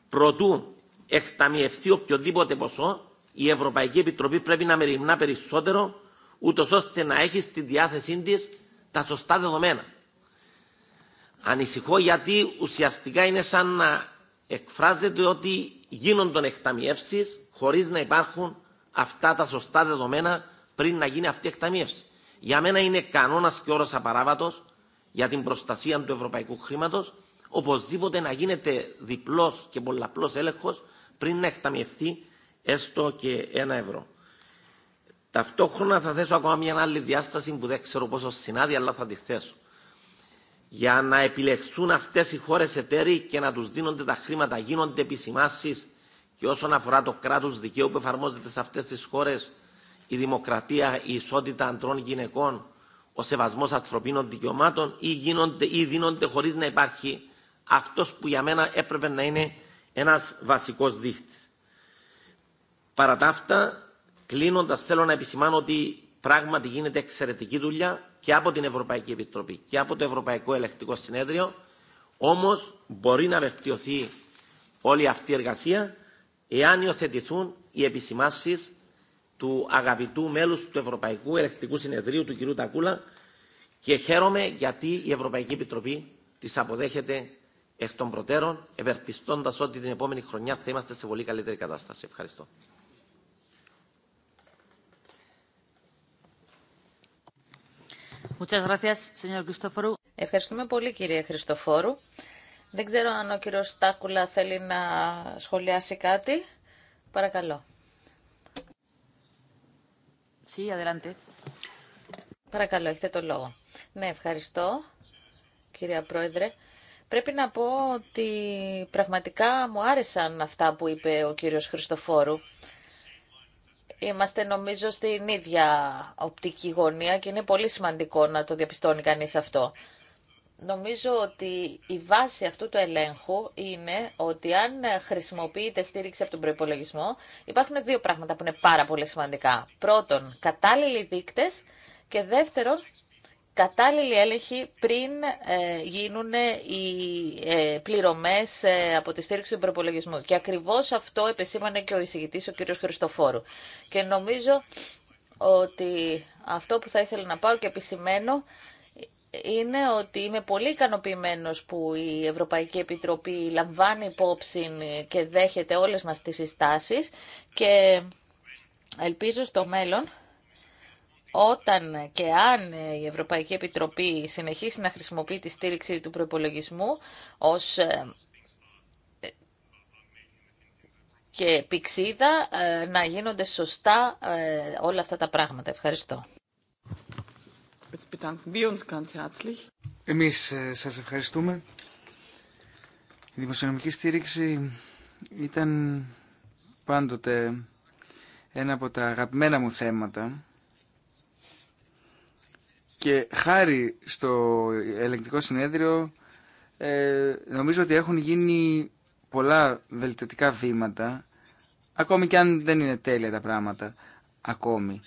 προτού εκταμιευθεί οποιοδήποτε ποσό, η Ευρωπαϊκή Επιτροπή πρέπει να μεριμνά περισσότερο, ούτω ώστε να έχει στη διάθεσή τη τα σωστά δεδομένα. Ανησυχώ γιατί ουσιαστικά είναι σαν να εκφράζεται ότι γίνονται εκταμιεύσει χωρίς να υπάρχουν αυτά τα σωστά δεδομένα πριν να γίνει αυτή η εκταμίευση. Για μένα είναι κανόνας και όρο απαράβατος για την προστασία του ευρωπαϊκού χρήματος οπωσδήποτε να γίνεται διπλός και πολλαπλός έλεγχος πριν να εκταμιευθεί έστω και ένα ευρώ. Ταυτόχρονα θα θέσω ακόμα μια άλλη διάσταση που δεν ξέρω πόσο συνάδει, αλλά θα τη θέσω για να επιλεχθούν αυτές οι χώρες εταίροι και να τους δίνονται τα χρήματα. Γίνονται επισημάσεις και όσον αφορά το κράτος δικαίου που εφαρμόζεται σε αυτές τις χώρες, η δημοκρατία, η ισότητα αντρών γυναικών, ο σεβασμός ανθρωπίνων δικαιωμάτων ή, γίνονται, ή δίνονται χωρίς να υπάρχει αυτός που για μένα έπρεπε να είναι ένας βασικός δείχτης. Παρά τα αυτά, κλείνοντας θέλω να επισημάνω ότι πράγματι γίνεται εξαιρετική δουλειά και από την Ευρωπαϊκή Επιτροπή και από το Ευρωπαϊκό Ελεκτικό Συνέδριο, όμως μπορεί να βελτιωθεί όλη αυτή η εργασία εάν υιοθετηθούν οι επισημάσει του αγαπητού μέλους του Ευρωπαϊκού Ελεκτικού Συνεδρίου του κ. Τακούλα και χαίρομαι γιατί η Ευρωπαϊκή Επιτροπή τις αποδέχεται εκ των προτέρων, ευερπιστώντα ότι την επόμενη χρονιά θα είμαστε σε πολύ καλύτερη κατάσταση. Ευχαριστώ. Ευχαριστούμε πολύ κύριε Χριστοφόρου. Δεν ξέρω αν ο κύριος Στάκουλα θέλει να σχολιάσει κάτι. Παρακαλώ. Sí, Παρακαλώ, έχετε το λόγο. Ναι, ευχαριστώ, κυρία Πρόεδρε. Πρέπει να πω ότι πραγματικά μου άρεσαν αυτά που είπε ο κύριος Χριστοφόρου. Είμαστε νομίζω στην ίδια οπτική γωνία και είναι πολύ σημαντικό να το διαπιστώνει κανείς αυτό. Νομίζω ότι η βάση αυτού του ελέγχου είναι ότι αν χρησιμοποιείται στήριξη από τον προϋπολογισμό, υπάρχουν δύο πράγματα που είναι πάρα πολύ σημαντικά. Πρώτον, κατάλληλοι δείκτες και δεύτερον, κατάλληλοι έλεγχοι πριν ε, γίνουν οι ε, πληρωμές ε, από τη στήριξη του προπολογισμού. Και ακριβώς αυτό επεσήμανε και ο εισηγητής, ο κύριος Χριστοφόρου. Και νομίζω ότι αυτό που θα ήθελα να πάω και επισημαίνω είναι ότι είμαι πολύ ικανοποιημένο που η Ευρωπαϊκή Επιτροπή λαμβάνει υπόψη και δέχεται όλες μας τις συστάσεις και ελπίζω στο μέλλον όταν και αν η Ευρωπαϊκή Επιτροπή συνεχίσει να χρησιμοποιεί τη στήριξη του προπολογισμού ως ε, και πηξίδα ε, να γίνονται σωστά ε, όλα αυτά τα πράγματα. Ευχαριστώ. Εμείς σας ευχαριστούμε. Η δημοσιονομική στήριξη ήταν πάντοτε ένα από τα αγαπημένα μου θέματα και χάρη στο ελεγκτικό συνέδριο ε, νομίζω ότι έχουν γίνει πολλά βελτιωτικά βήματα ακόμη και αν δεν είναι τέλεια τα πράγματα ακόμη.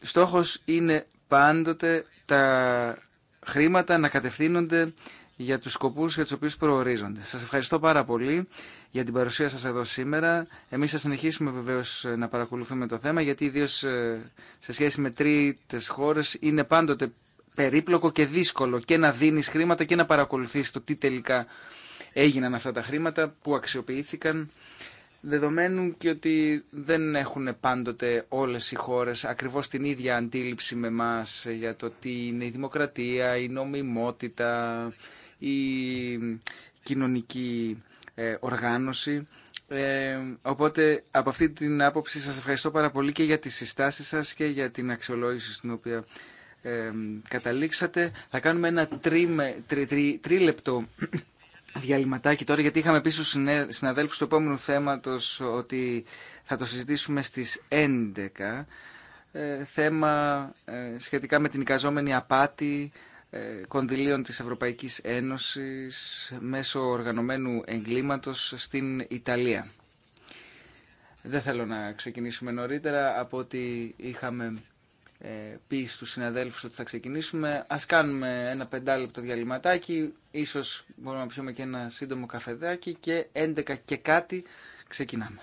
Στόχος είναι πάντοτε τα χρήματα να κατευθύνονται για τους σκοπούς για τους οποίους προορίζονται. Σας ευχαριστώ πάρα πολύ για την παρουσία σας εδώ σήμερα. Εμείς θα συνεχίσουμε βεβαίως ε, να παρακολουθούμε το θέμα, γιατί ιδίω ε, σε σχέση με τρίτες χώρες είναι πάντοτε περίπλοκο και δύσκολο και να δίνεις χρήματα και να παρακολουθείς το τι τελικά έγιναν αυτά τα χρήματα, που αξιοποιήθηκαν δεδομένου και ότι δεν έχουν πάντοτε όλες οι χώρες ακριβώς την ίδια αντίληψη με μας για το τι είναι η δημοκρατία, η νομιμότητα, η κοινωνική ε, οργάνωση. Ε, οπότε από αυτή την άποψη σας ευχαριστώ πάρα πολύ και για τις συστάσεις σας και για την αξιολόγηση στην οποία ε, καταλήξατε. Θα κάνουμε ένα τρίλεπτο διαλυματάκι τώρα, γιατί είχαμε πίσω στους συναδέλφους του επόμενου θέματος ότι θα το συζητήσουμε στις 11, θέμα σχετικά με την εικαζόμενη απάτη, ε, κονδυλίων της Ευρωπαϊκής Ένωσης μέσω οργανωμένου εγκλήματος στην Ιταλία. Δεν θέλω να ξεκινήσουμε νωρίτερα από ότι είχαμε ε, πει στους συναδέλφους ότι θα ξεκινήσουμε. Ας κάνουμε ένα πεντάλεπτο διαλυματάκι, ίσως μπορούμε να πιούμε και ένα σύντομο καφεδάκι και 11 και κάτι ξεκινάμε.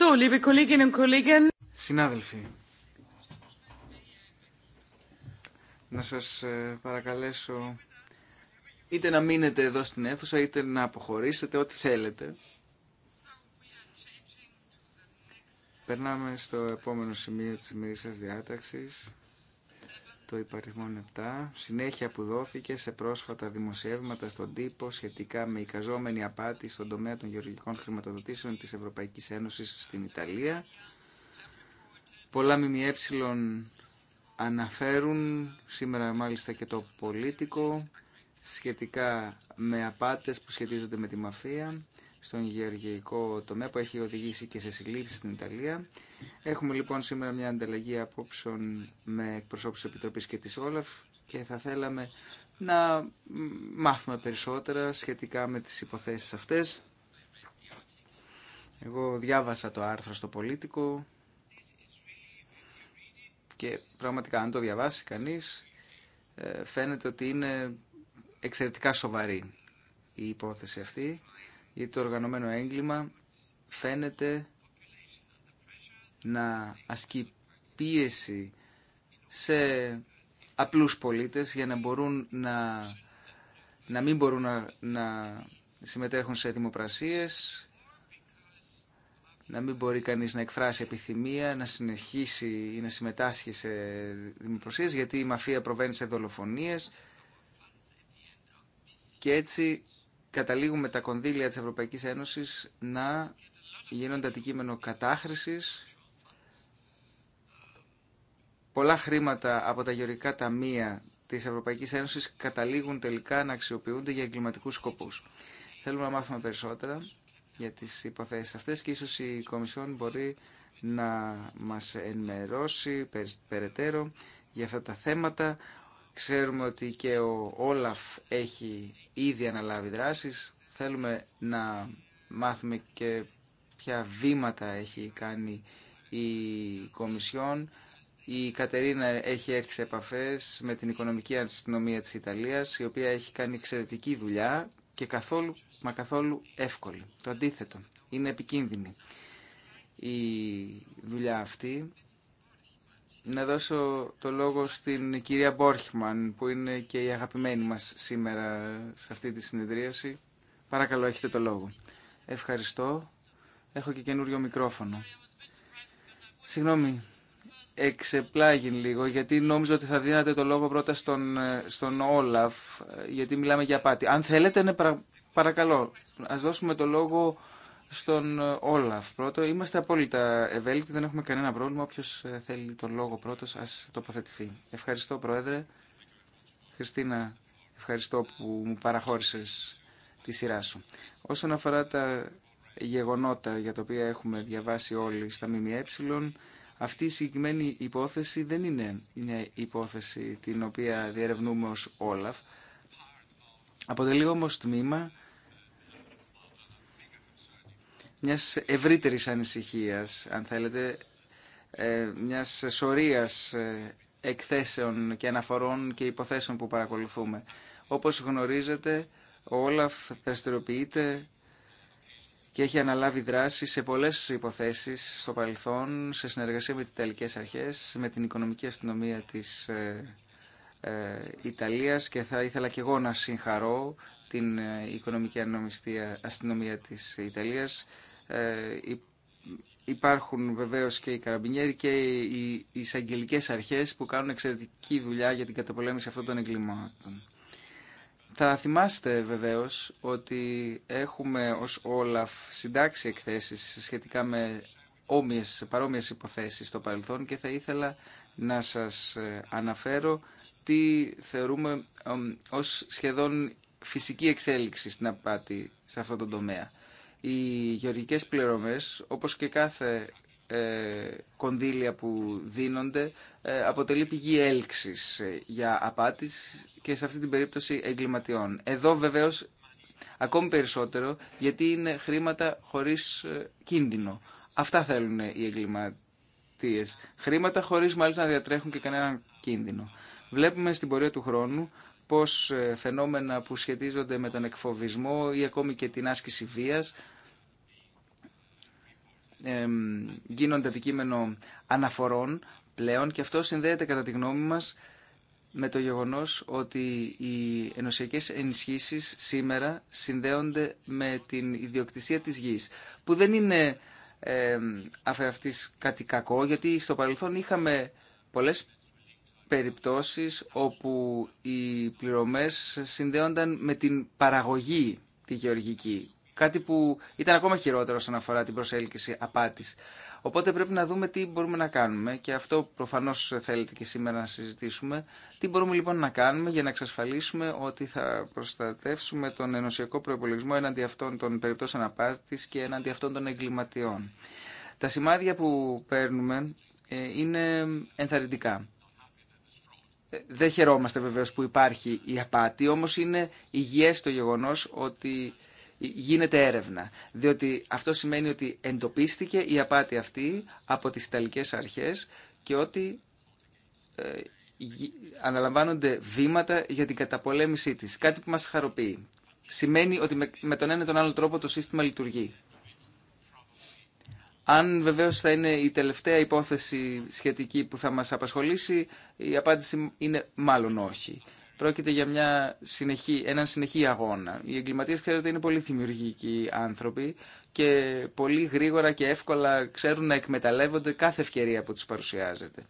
So, liebe Kolleginnen und Kollegen. Συνάδελφοι, να σας ε, παρακαλέσω είτε να μείνετε εδώ στην αίθουσα είτε να αποχωρήσετε ό,τι θέλετε. Περνάμε στο επόμενο σημείο της σα διάταξης το υπαριθμόν 7, συνέχεια που δόθηκε σε πρόσφατα δημοσιεύματα στον τύπο σχετικά με εικαζόμενη απάτη στον τομέα των γεωργικών χρηματοδοτήσεων της Ευρωπαϊκής Ένωσης στην Ιταλία. Πολλά ΜΜΕ αναφέρουν, σήμερα μάλιστα και το πολίτικο, σχετικά με απάτες που σχετίζονται με τη μαφία στον γεωργιακό τομέα που έχει οδηγήσει και σε συλλήψει στην Ιταλία. Έχουμε λοιπόν σήμερα μια ανταλλαγή απόψεων με εκπροσώπους της Επιτροπής και της Όλαφ και θα θέλαμε να μάθουμε περισσότερα σχετικά με τις υποθέσεις αυτές. Εγώ διάβασα το άρθρο στο Πολίτικο και πραγματικά αν το διαβάσει κανείς ε, φαίνεται ότι είναι εξαιρετικά σοβαρή η υπόθεση αυτή γιατί το οργανωμένο έγκλημα φαίνεται να ασκεί πίεση σε απλούς πολίτες για να μπορούν να, να μην μπορούν να, να συμμετέχουν σε δημοπρασίες, να μην μπορεί κανείς να εκφράσει επιθυμία, να συνεχίσει ή να συμμετάσχει σε δημοπρασίες, γιατί η μαφία προβαίνει σε δολοφονίες και έτσι καταλήγουμε τα κονδύλια της Ευρωπαϊκής Ένωσης να γίνονται αντικείμενο κατάχρησης. Πολλά χρήματα από τα γεωρικά ταμεία της Ευρωπαϊκής Ένωσης καταλήγουν τελικά να αξιοποιούνται για εγκληματικούς σκοπούς. Θέλουμε να μάθουμε περισσότερα για τις υποθέσεις αυτές και ίσως η Κομισιόν μπορεί να μας ενημερώσει περαιτέρω για αυτά τα θέματα. Ξέρουμε ότι και ο Όλαφ έχει ήδη αναλάβει δράσεις. Θέλουμε να μάθουμε και ποια βήματα έχει κάνει η Κομισιόν. Η Κατερίνα έχει έρθει σε επαφές με την οικονομική αστυνομία της Ιταλίας, η οποία έχει κάνει εξαιρετική δουλειά και καθόλου, μα καθόλου εύκολη. Το αντίθετο, είναι επικίνδυνη η δουλειά αυτή να δώσω το λόγο στην κυρία Μπόρχμαν που είναι και η αγαπημένη μας σήμερα σε αυτή τη συνεδρίαση. Παρακαλώ έχετε το λόγο. Ευχαριστώ. Έχω και καινούριο μικρόφωνο. Συγγνώμη, εξεπλάγει λίγο γιατί νόμιζα ότι θα δίνατε το λόγο πρώτα στον, στον Όλαφ γιατί μιλάμε για πάτη. Αν θέλετε, ναι, παρακαλώ, ας δώσουμε το λόγο στον ε, Όλαφ πρώτο. Είμαστε απόλυτα ευέλικτοι, δεν έχουμε κανένα πρόβλημα. Όποιο ε, θέλει τον λόγο πρώτο, α τοποθετηθεί. Ευχαριστώ, Πρόεδρε. Χριστίνα, ευχαριστώ που μου παραχώρησε τη σειρά σου. Όσον αφορά τα γεγονότα για τα οποία έχουμε διαβάσει όλοι στα ΜΜΕ, αυτή η συγκεκριμένη υπόθεση δεν είναι μια υπόθεση την οποία διερευνούμε ως Όλαφ. Αποτελεί όμως τμήμα μιας ευρύτερης ανησυχίας, αν θέλετε, ε, μιας σωρίας ε, εκθέσεων και αναφορών και υποθέσεων που παρακολουθούμε. Όπως γνωρίζετε, ο Όλαφ δραστηριοποιείται και έχει αναλάβει δράση σε πολλές υποθέσεις στο παρελθόν, σε συνεργασία με τις Ιταλικές Αρχές, με την Οικονομική Αστυνομία της ε, Ιταλίας και θα ήθελα και εγώ να συγχαρώ την Οικονομική Αστυνομία της Ιταλίας ε, υπάρχουν βεβαίως και οι καραμπινιέροι και οι εισαγγελικές αρχές που κάνουν εξαιρετική δουλειά για την καταπολέμηση αυτών των εγκλημάτων. Θα θυμάστε βεβαίως ότι έχουμε ως Όλαφ συντάξει εκθέσεις σχετικά με όμοιες, παρόμοιες υποθέσεις στο παρελθόν και θα ήθελα να σας ε, αναφέρω τι θεωρούμε ως σχεδόν φυσική εξέλιξη στην απάτη σε αυτό τον τομέα οι γεωργικές πληρωμές, όπως και κάθε ε, κονδύλια που δίνονται ε, αποτελεί πηγή έλξης ε, για απάτης και σε αυτή την περίπτωση εγκληματιών. Εδώ βεβαίως ακόμη περισσότερο γιατί είναι χρήματα χωρίς ε, κίνδυνο. Αυτά θέλουν οι εγκληματίες. Χρήματα χωρίς μάλιστα να διατρέχουν και κανέναν κίνδυνο. Βλέπουμε στην πορεία του χρόνου πως ε, φαινόμενα που σχετίζονται με τον εκφοβισμό ή ακόμη και την άσκηση βίας γίνονται αντικείμενο αναφορών πλέον και αυτό συνδέεται κατά τη γνώμη μας με το γεγονός ότι οι ενωσιακές ενισχύσεις σήμερα συνδέονται με την ιδιοκτησία της γης που δεν είναι ε, αφ' κάτι κακό γιατί στο παρελθόν είχαμε πολλές περιπτώσεις όπου οι πληρωμές συνδέονταν με την παραγωγή τη γεωργική. Κάτι που ήταν ακόμα χειρότερο όσον αφορά την προσέλκυση απάτης. Οπότε πρέπει να δούμε τι μπορούμε να κάνουμε και αυτό προφανώς θέλετε και σήμερα να συζητήσουμε. Τι μπορούμε λοιπόν να κάνουμε για να εξασφαλίσουμε ότι θα προστατεύσουμε τον ενωσιακό προπολογισμό εναντί αυτών των περιπτώσεων απάτης και εναντί αυτών των εγκληματιών. Τα σημάδια που παίρνουμε ε, είναι ενθαρρυντικά δεν χαιρόμαστε βεβαίω που υπάρχει η απάτη, όμως είναι υγιές το γεγονός ότι γίνεται έρευνα. Διότι αυτό σημαίνει ότι εντοπίστηκε η απάτη αυτή από τις ιταλικέ αρχές και ότι ε, αναλαμβάνονται βήματα για την καταπολέμησή της. Κάτι που μας χαροποιεί. Σημαίνει ότι με, με τον ένα ή τον άλλο τρόπο το σύστημα λειτουργεί. Αν βεβαίως θα είναι η τελευταία υπόθεση σχετική που θα μας απασχολήσει, η απάντηση είναι μάλλον όχι. Πρόκειται για μια συνεχή, έναν συνεχή αγώνα. Οι εγκληματίες, ξέρετε, είναι πολύ δημιουργικοί άνθρωποι και πολύ γρήγορα και εύκολα ξέρουν να εκμεταλλεύονται κάθε ευκαιρία που τους παρουσιάζεται.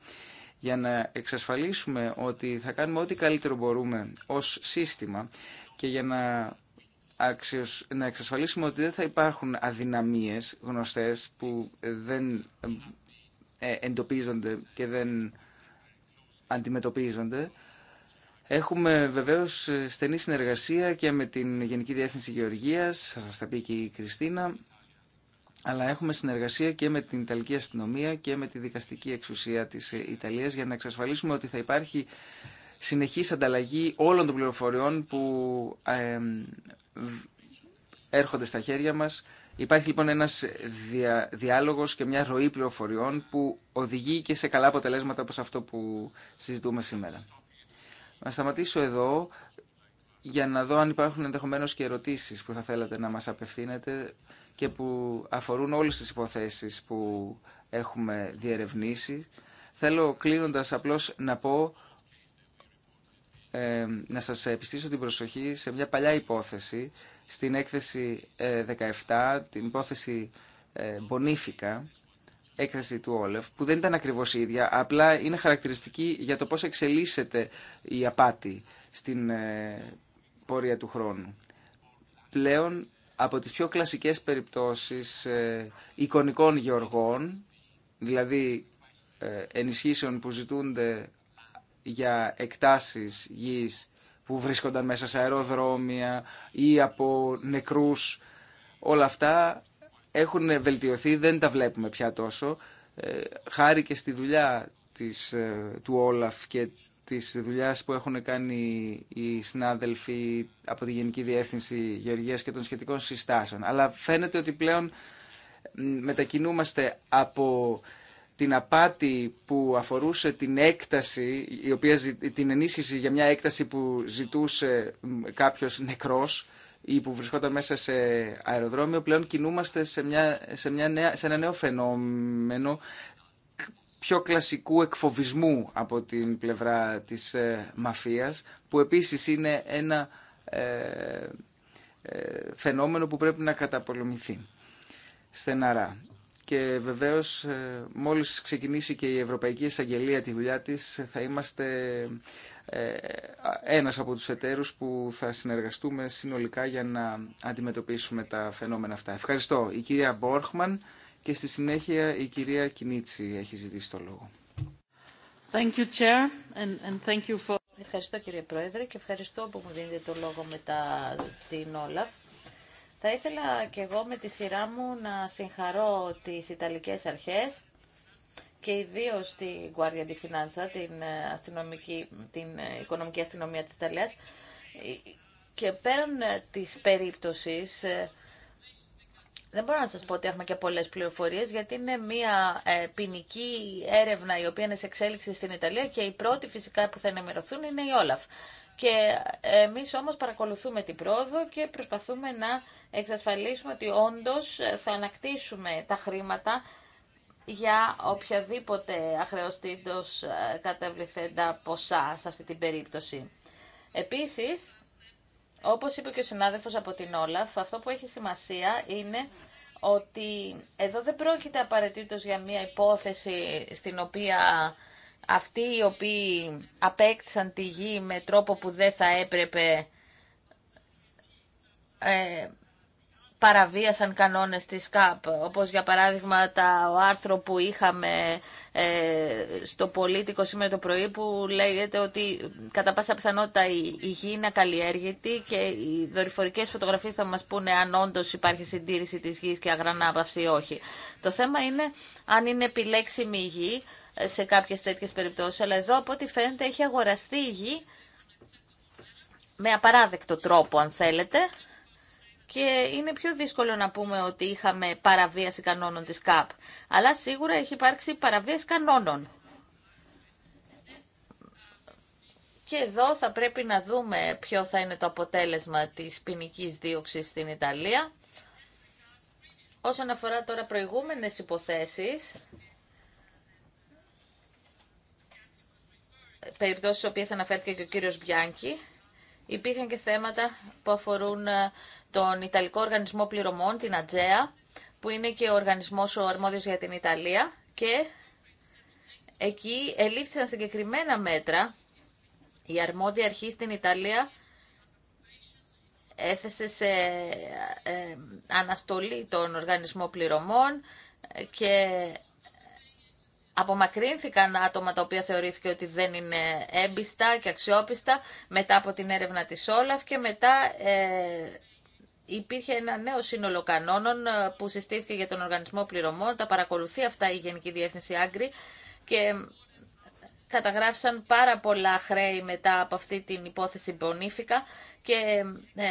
Για να εξασφαλίσουμε ότι θα κάνουμε ό,τι καλύτερο μπορούμε ως σύστημα και για να άξιος να εξασφαλίσουμε ότι δεν θα υπάρχουν αδυναμίες γνωστές που δεν ε, εντοπίζονται και δεν αντιμετωπίζονται. Έχουμε βεβαίως ε, στενή συνεργασία και με την Γενική Διεύθυνση Γεωργίας, θα σας τα πει και η Κριστίνα, αλλά έχουμε συνεργασία και με την Ιταλική αστυνομία και με τη δικαστική εξουσία της ε, Ιταλίας για να εξασφαλίσουμε ότι θα υπάρχει συνεχής ανταλλαγή όλων των πληροφοριών που έρχονται στα χέρια μας. Υπάρχει λοιπόν ένας δια, διάλογος και μια ροή πληροφοριών που οδηγεί και σε καλά αποτελέσματα όπως αυτό που συζητούμε σήμερα. Να σταματήσω εδώ για να δω αν υπάρχουν ενδεχομένως και ερωτήσεις που θα θέλατε να μας απευθύνετε και που αφορούν όλες τις υποθέσεις που έχουμε διερευνήσει. Θέλω κλείνοντας απλώς να πω ε, να σας επιστήσω την προσοχή σε μια παλιά υπόθεση στην έκθεση 17, ε, την υπόθεση ε, Μπονίφικα, έκθεση του Όλεφ, που δεν ήταν ακριβώς η ίδια, απλά είναι χαρακτηριστική για το πώς εξελίσσεται η απάτη στην ε, πορεία του χρόνου. Πλέον, από τις πιο κλασικές περιπτώσεις εικονικών γεωργών, δηλαδή ενισχύσεων που ζητούνται για εκτάσεις γης που βρίσκονταν μέσα σε αεροδρόμια ή από νεκρούς. Όλα αυτά έχουν βελτιωθεί, δεν τα βλέπουμε πια τόσο. Ε, χάρη και στη δουλειά της, ε, του Όλαφ και της δουλειάς που έχουν κάνει οι συνάδελφοι από τη Γενική Διεύθυνση Γεωργίας και των σχετικών συστάσεων. Αλλά φαίνεται ότι πλέον μετακινούμαστε από την απάτη που αφορούσε την έκταση, η οποία, την ενίσχυση για μια έκταση που ζητούσε κάποιος νεκρός ή που βρισκόταν μέσα σε αεροδρόμιο, πλέον κινούμαστε σε, μια, σε, ένα νέο φαινόμενο πιο κλασικού εκφοβισμού από την πλευρά της ε, μαφίας, που επίσης είναι ένα ε, ε, φαινόμενο που πρέπει να καταπολεμηθεί στεναρά και βεβαίως ε, μόλις ξεκινήσει και η Ευρωπαϊκή Εισαγγελία τη δουλειά της θα είμαστε ε, ένας από τους εταίρους που θα συνεργαστούμε συνολικά για να αντιμετωπίσουμε τα φαινόμενα αυτά. Ευχαριστώ. Η κυρία Μπόρχμαν και στη συνέχεια η κυρία Κινίτσι έχει ζητήσει το λόγο. Thank you, Chair, and thank you for... Ευχαριστώ κύριε Πρόεδρε και ευχαριστώ που μου δίνετε το λόγο μετά την Όλαφ. Θα ήθελα και εγώ με τη σειρά μου να συγχαρώ τις Ιταλικές αρχές και ιδίω την Guardia di Finanza, την, ε, την ε, οικονομική αστυνομία της Ιταλίας. Ε, και πέραν της περίπτωσης, δεν μπορώ να σας πω ότι έχουμε και πολλές πληροφορίες, γιατί είναι μια ποινική έρευνα η οποία είναι σε εξέλιξη στην Ιταλία και η πρώτη φυσικά που θα ενημερωθούν είναι η Όλαφ. Και εμείς όμως παρακολουθούμε την πρόοδο και προσπαθούμε να εξασφαλίσουμε ότι όντως θα ανακτήσουμε τα χρήματα για οποιαδήποτε αχρεωστήτως καταβληθέντα ποσά σε αυτή την περίπτωση. Επίσης, όπως είπε και ο συνάδελφος από την Όλαφ, αυτό που έχει σημασία είναι ότι εδώ δεν πρόκειται απαραίτητο για μια υπόθεση στην οποία αυτοί οι οποίοι απέκτησαν τη γη με τρόπο που δεν θα έπρεπε ε, παραβίασαν κανόνες της ΚΑΠ, όπως για παράδειγμα τα, ο άρθρο που είχαμε ε, στο Πολίτικο σήμερα το πρωί που λέγεται ότι κατά πάσα πιθανότητα η, η γη είναι ακαλλιέργητη και οι δορυφορικές φωτογραφίες θα μας πούνε αν όντω υπάρχει συντήρηση της γης και αγρανάπαυση ή όχι. Το θέμα είναι αν είναι επιλέξιμη η γη, σε κάποιες τέτοιες περιπτώσεις, αλλά εδώ από ό,τι φαίνεται έχει αγοραστεί η γη με απαράδεκτο τρόπο αν θέλετε και είναι πιο δύσκολο να πούμε ότι είχαμε παραβίαση κανόνων της ΚΑΠ, αλλά σίγουρα έχει υπάρξει παραβίαση κανόνων. Και εδώ θα πρέπει να δούμε ποιο θα είναι το αποτέλεσμα της ποινική δίωξης στην Ιταλία. Όσον αφορά τώρα προηγούμενες υποθέσεις, περιπτώσεις στις οποίες αναφέρθηκε και ο κύριος Μπιάνκι. Υπήρχαν και θέματα που αφορούν ε, τον Ιταλικό Οργανισμό Πληρωμών, την ΑΤΖΕΑ, που είναι και ο οργανισμός ο αρμόδιος για την Ιταλία και εκεί ελήφθησαν συγκεκριμένα μέτρα. Η αρμόδια αρχή στην Ιταλία έθεσε σε ε, ε, αναστολή τον οργανισμό πληρωμών και απομακρύνθηκαν άτομα τα οποία θεωρήθηκε ότι δεν είναι έμπιστα και αξιόπιστα μετά από την έρευνα της Όλαφ και μετά ε, υπήρχε ένα νέο σύνολο κανόνων ε, που συστήθηκε για τον οργανισμό πληρωμών. Τα παρακολουθεί αυτά η Γενική Διεύθυνση Άγκρη και καταγράφησαν πάρα πολλά χρέη μετά από αυτή την υπόθεση Μπονίφικα και ε,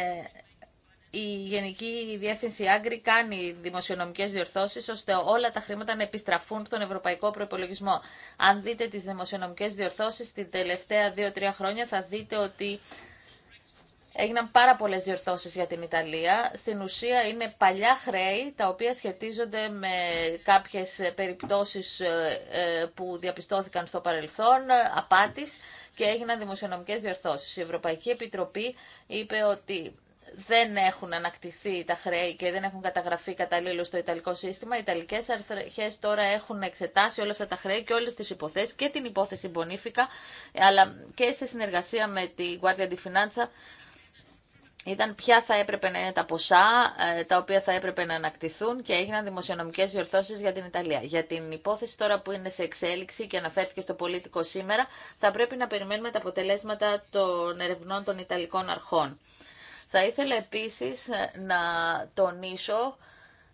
η Γενική Διεύθυνση Άγκρη κάνει δημοσιονομικέ διορθώσει, ώστε όλα τα χρήματα να επιστραφούν στον ευρωπαϊκό προπολογισμό. Αν δείτε τι δημοσιονομικέ διορθώσει την τελευταία δύο-τρία χρόνια θα δείτε ότι έγιναν πάρα πολλέ διορθώσει για την Ιταλία. Στην ουσία είναι παλιά χρέη τα οποία σχετίζονται με κάποιε περιπτώσει ε, ε, που διαπιστώθηκαν στο παρελθόν, απάτη και έγιναν δημοσιονομικές διορθώσεις. Η Ευρωπαϊκή Επιτροπή είπε ότι δεν έχουν ανακτηθεί τα χρέη και δεν έχουν καταγραφεί καταλήλω στο Ιταλικό σύστημα. Οι Ιταλικέ αρχέ τώρα έχουν εξετάσει όλα αυτά τα χρέη και όλε τι υποθέσει και την υπόθεση Μπονίφικα, αλλά και σε συνεργασία με τη Guardia di Finanza ήταν ποια θα έπρεπε να είναι τα ποσά ε, τα οποία θα έπρεπε να ανακτηθούν και έγιναν δημοσιονομικέ διορθώσει για την Ιταλία. Για την υπόθεση τώρα που είναι σε εξέλιξη και αναφέρθηκε στο πολίτικο σήμερα, θα πρέπει να περιμένουμε τα αποτελέσματα των ερευνών των Ιταλικών αρχών. Θα ήθελα επίσης ε, να τονίσω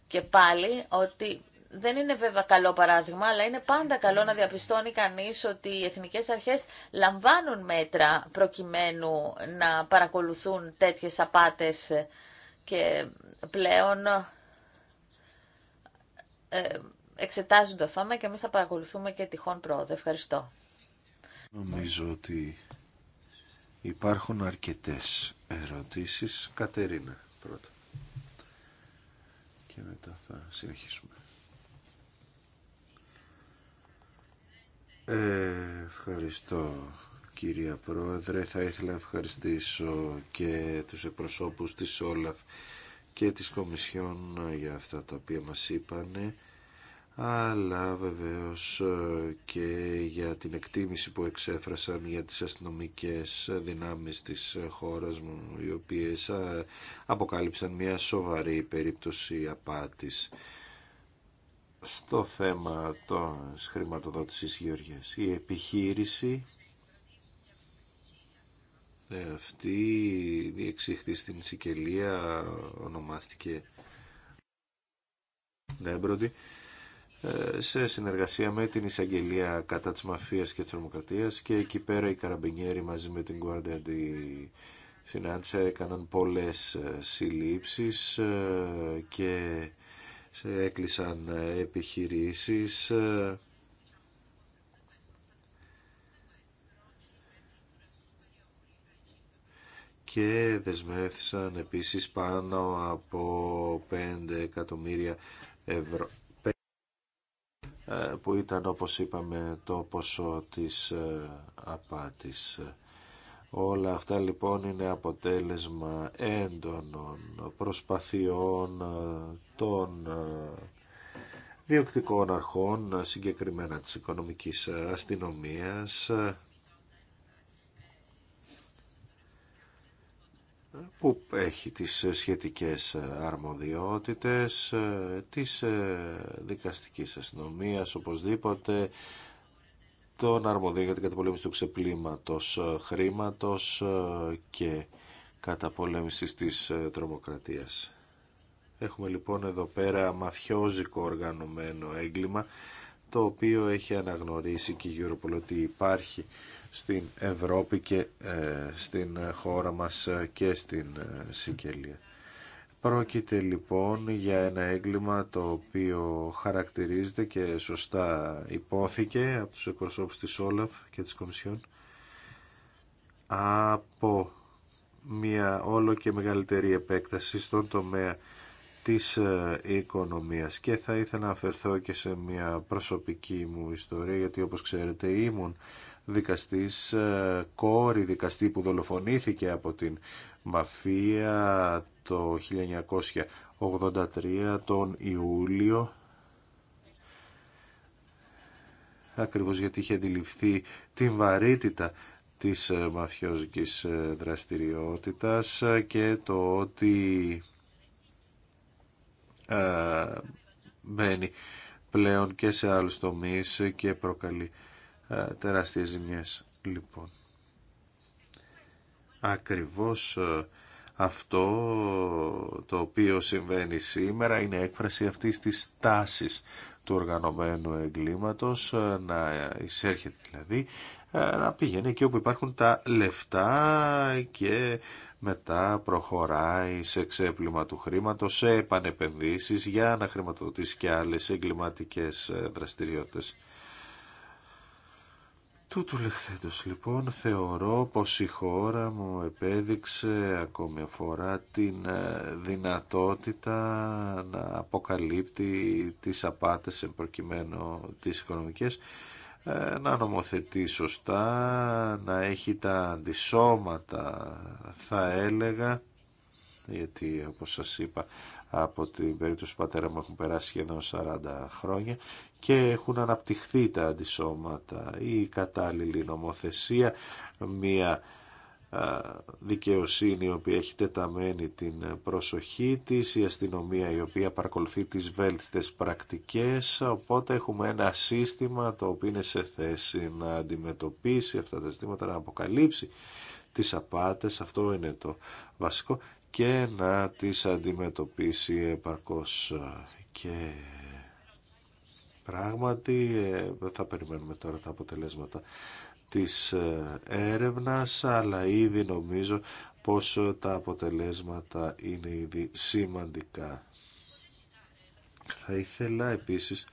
και πάλι ότι δεν είναι βέβαια καλό παράδειγμα, αλλά είναι πάντα καλό να διαπιστώνει κανείς ότι οι εθνικές αρχές λαμβάνουν μέτρα προκειμένου να παρακολουθούν τέτοιες απάτες και πλέον ε, εξετάζουν το θέμα και εμείς θα παρακολουθούμε και τυχόν πρόοδο. Ευχαριστώ. Νομίζω ότι υπάρχουν αρκετές ερωτήσεις. Κατερίνα πρώτα. Και μετά θα συνεχίσουμε. Ε, ευχαριστώ κυρία Πρόεδρε. Θα ήθελα να ευχαριστήσω και τους εκπροσώπους της Όλαφ και της Κομισιόν για αυτά τα οποία μας είπανε αλλά βεβαίως ε, και για την εκτίμηση που εξέφρασαν για τις αστυνομικές δυνάμεις της χώρας μου, οι οποίες ε, αποκάλυψαν μια σοβαρή περίπτωση απάτης στο θέμα της χρηματοδότησης Γεωργίας. Η επιχείρηση ε, αυτή διεξήχθη στην Σικελία, ονομάστηκε Νέμπροντι. Ε, σε συνεργασία με την εισαγγελία κατά της μαφίας και της τρομοκρατίας και εκεί πέρα οι καραμπινιέροι μαζί με την Guardia di Finanza έκαναν πολλές ε, συλλήψεις ε, και έκλεισαν επιχειρήσεις και δεσμεύθησαν επίσης πάνω από 5 εκατομμύρια ευρώ ε, που ήταν όπως είπαμε το ποσό της ε, απάτης. Όλα αυτά λοιπόν είναι αποτέλεσμα έντονων προσπαθειών ε, των διοκτικών αρχών, συγκεκριμένα της οικονομικής αστυνομίας, που έχει τις σχετικές αρμοδιότητες ε, της ε, δικαστικής αστυνομίας οπωσδήποτε τον αρμοδίο για την καταπολέμηση του ξεπλήματος ε, χρήματος και καταπολέμησης της τρομοκρατίας. Έχουμε λοιπόν εδώ πέρα μαφιόζικο οργανωμένο έγκλημα το οποίο έχει αναγνωρίσει και η Europol υπάρχει στην Ευρώπη και ε, στην χώρα μας και στην ε, Σικελία. Πρόκειται λοιπόν για ένα έγκλημα το οποίο χαρακτηρίζεται και σωστά υπόθηκε από τους εκπροσώπους της Όλαφ και της Κομισιόν από μια όλο και μεγαλύτερη επέκταση στον τομέα της ε, οικονομίας και θα ήθελα να αφαιρθώ και σε μια προσωπική μου ιστορία γιατί όπως ξέρετε ήμουν δικαστής, ε, κόρη δικαστή που δολοφονήθηκε από την μαφία το 1983 τον Ιούλιο ακριβώς γιατί είχε αντιληφθεί την βαρύτητα της ε, μαφιόζικης δραστηριότητας και το ότι ε, μπαίνει πλέον και σε άλλους τομείς και προκαλεί ε, τεράστιες ζημιές. Λοιπόν, ακριβώς ε, αυτό το οποίο συμβαίνει σήμερα είναι έκφραση αυτής της τάσης του οργανωμένου εγκλήματος να εισέρχεται δηλαδή ε, να πηγαίνει εκεί όπου υπάρχουν τα λεφτά και μετά προχωράει σε ξέπλυμα του χρήματος, σε επανεπενδύσεις για να χρηματοδοτήσει και άλλες εγκληματικές ε, δραστηριότητες. Τούτου λεχθέντος λοιπόν θεωρώ πως η χώρα μου επέδειξε ακόμη φορά την ε, δυνατότητα να αποκαλύπτει τις απάτες προκειμένου τις οικονομικές να νομοθετεί σωστά, να έχει τα αντισώματα θα έλεγα γιατί όπως σας είπα από την περίπτωση του πατέρα μου έχουν περάσει σχεδόν 40 χρόνια και έχουν αναπτυχθεί τα αντισώματα ή η κατάλληλη νομοθεσία, μια δικαιοσύνη η οποία έχει τεταμένη την προσοχή της, η αστυνομία η οποία παρακολουθεί τις βέλτιστες πρακτικές, οπότε έχουμε ένα σύστημα το οποίο είναι σε θέση να αντιμετωπίσει αυτά τα ζητήματα, να αποκαλύψει τις απάτες, αυτό είναι το βασικό, και να τις αντιμετωπίσει επαρκώς και πράγματι ε, θα περιμένουμε τώρα τα αποτελέσματα της ε, έρευνας, αλλά ήδη νομίζω πως ε, τα αποτελέσματα είναι ήδη σημαντικά. Θα ήθελα επίσης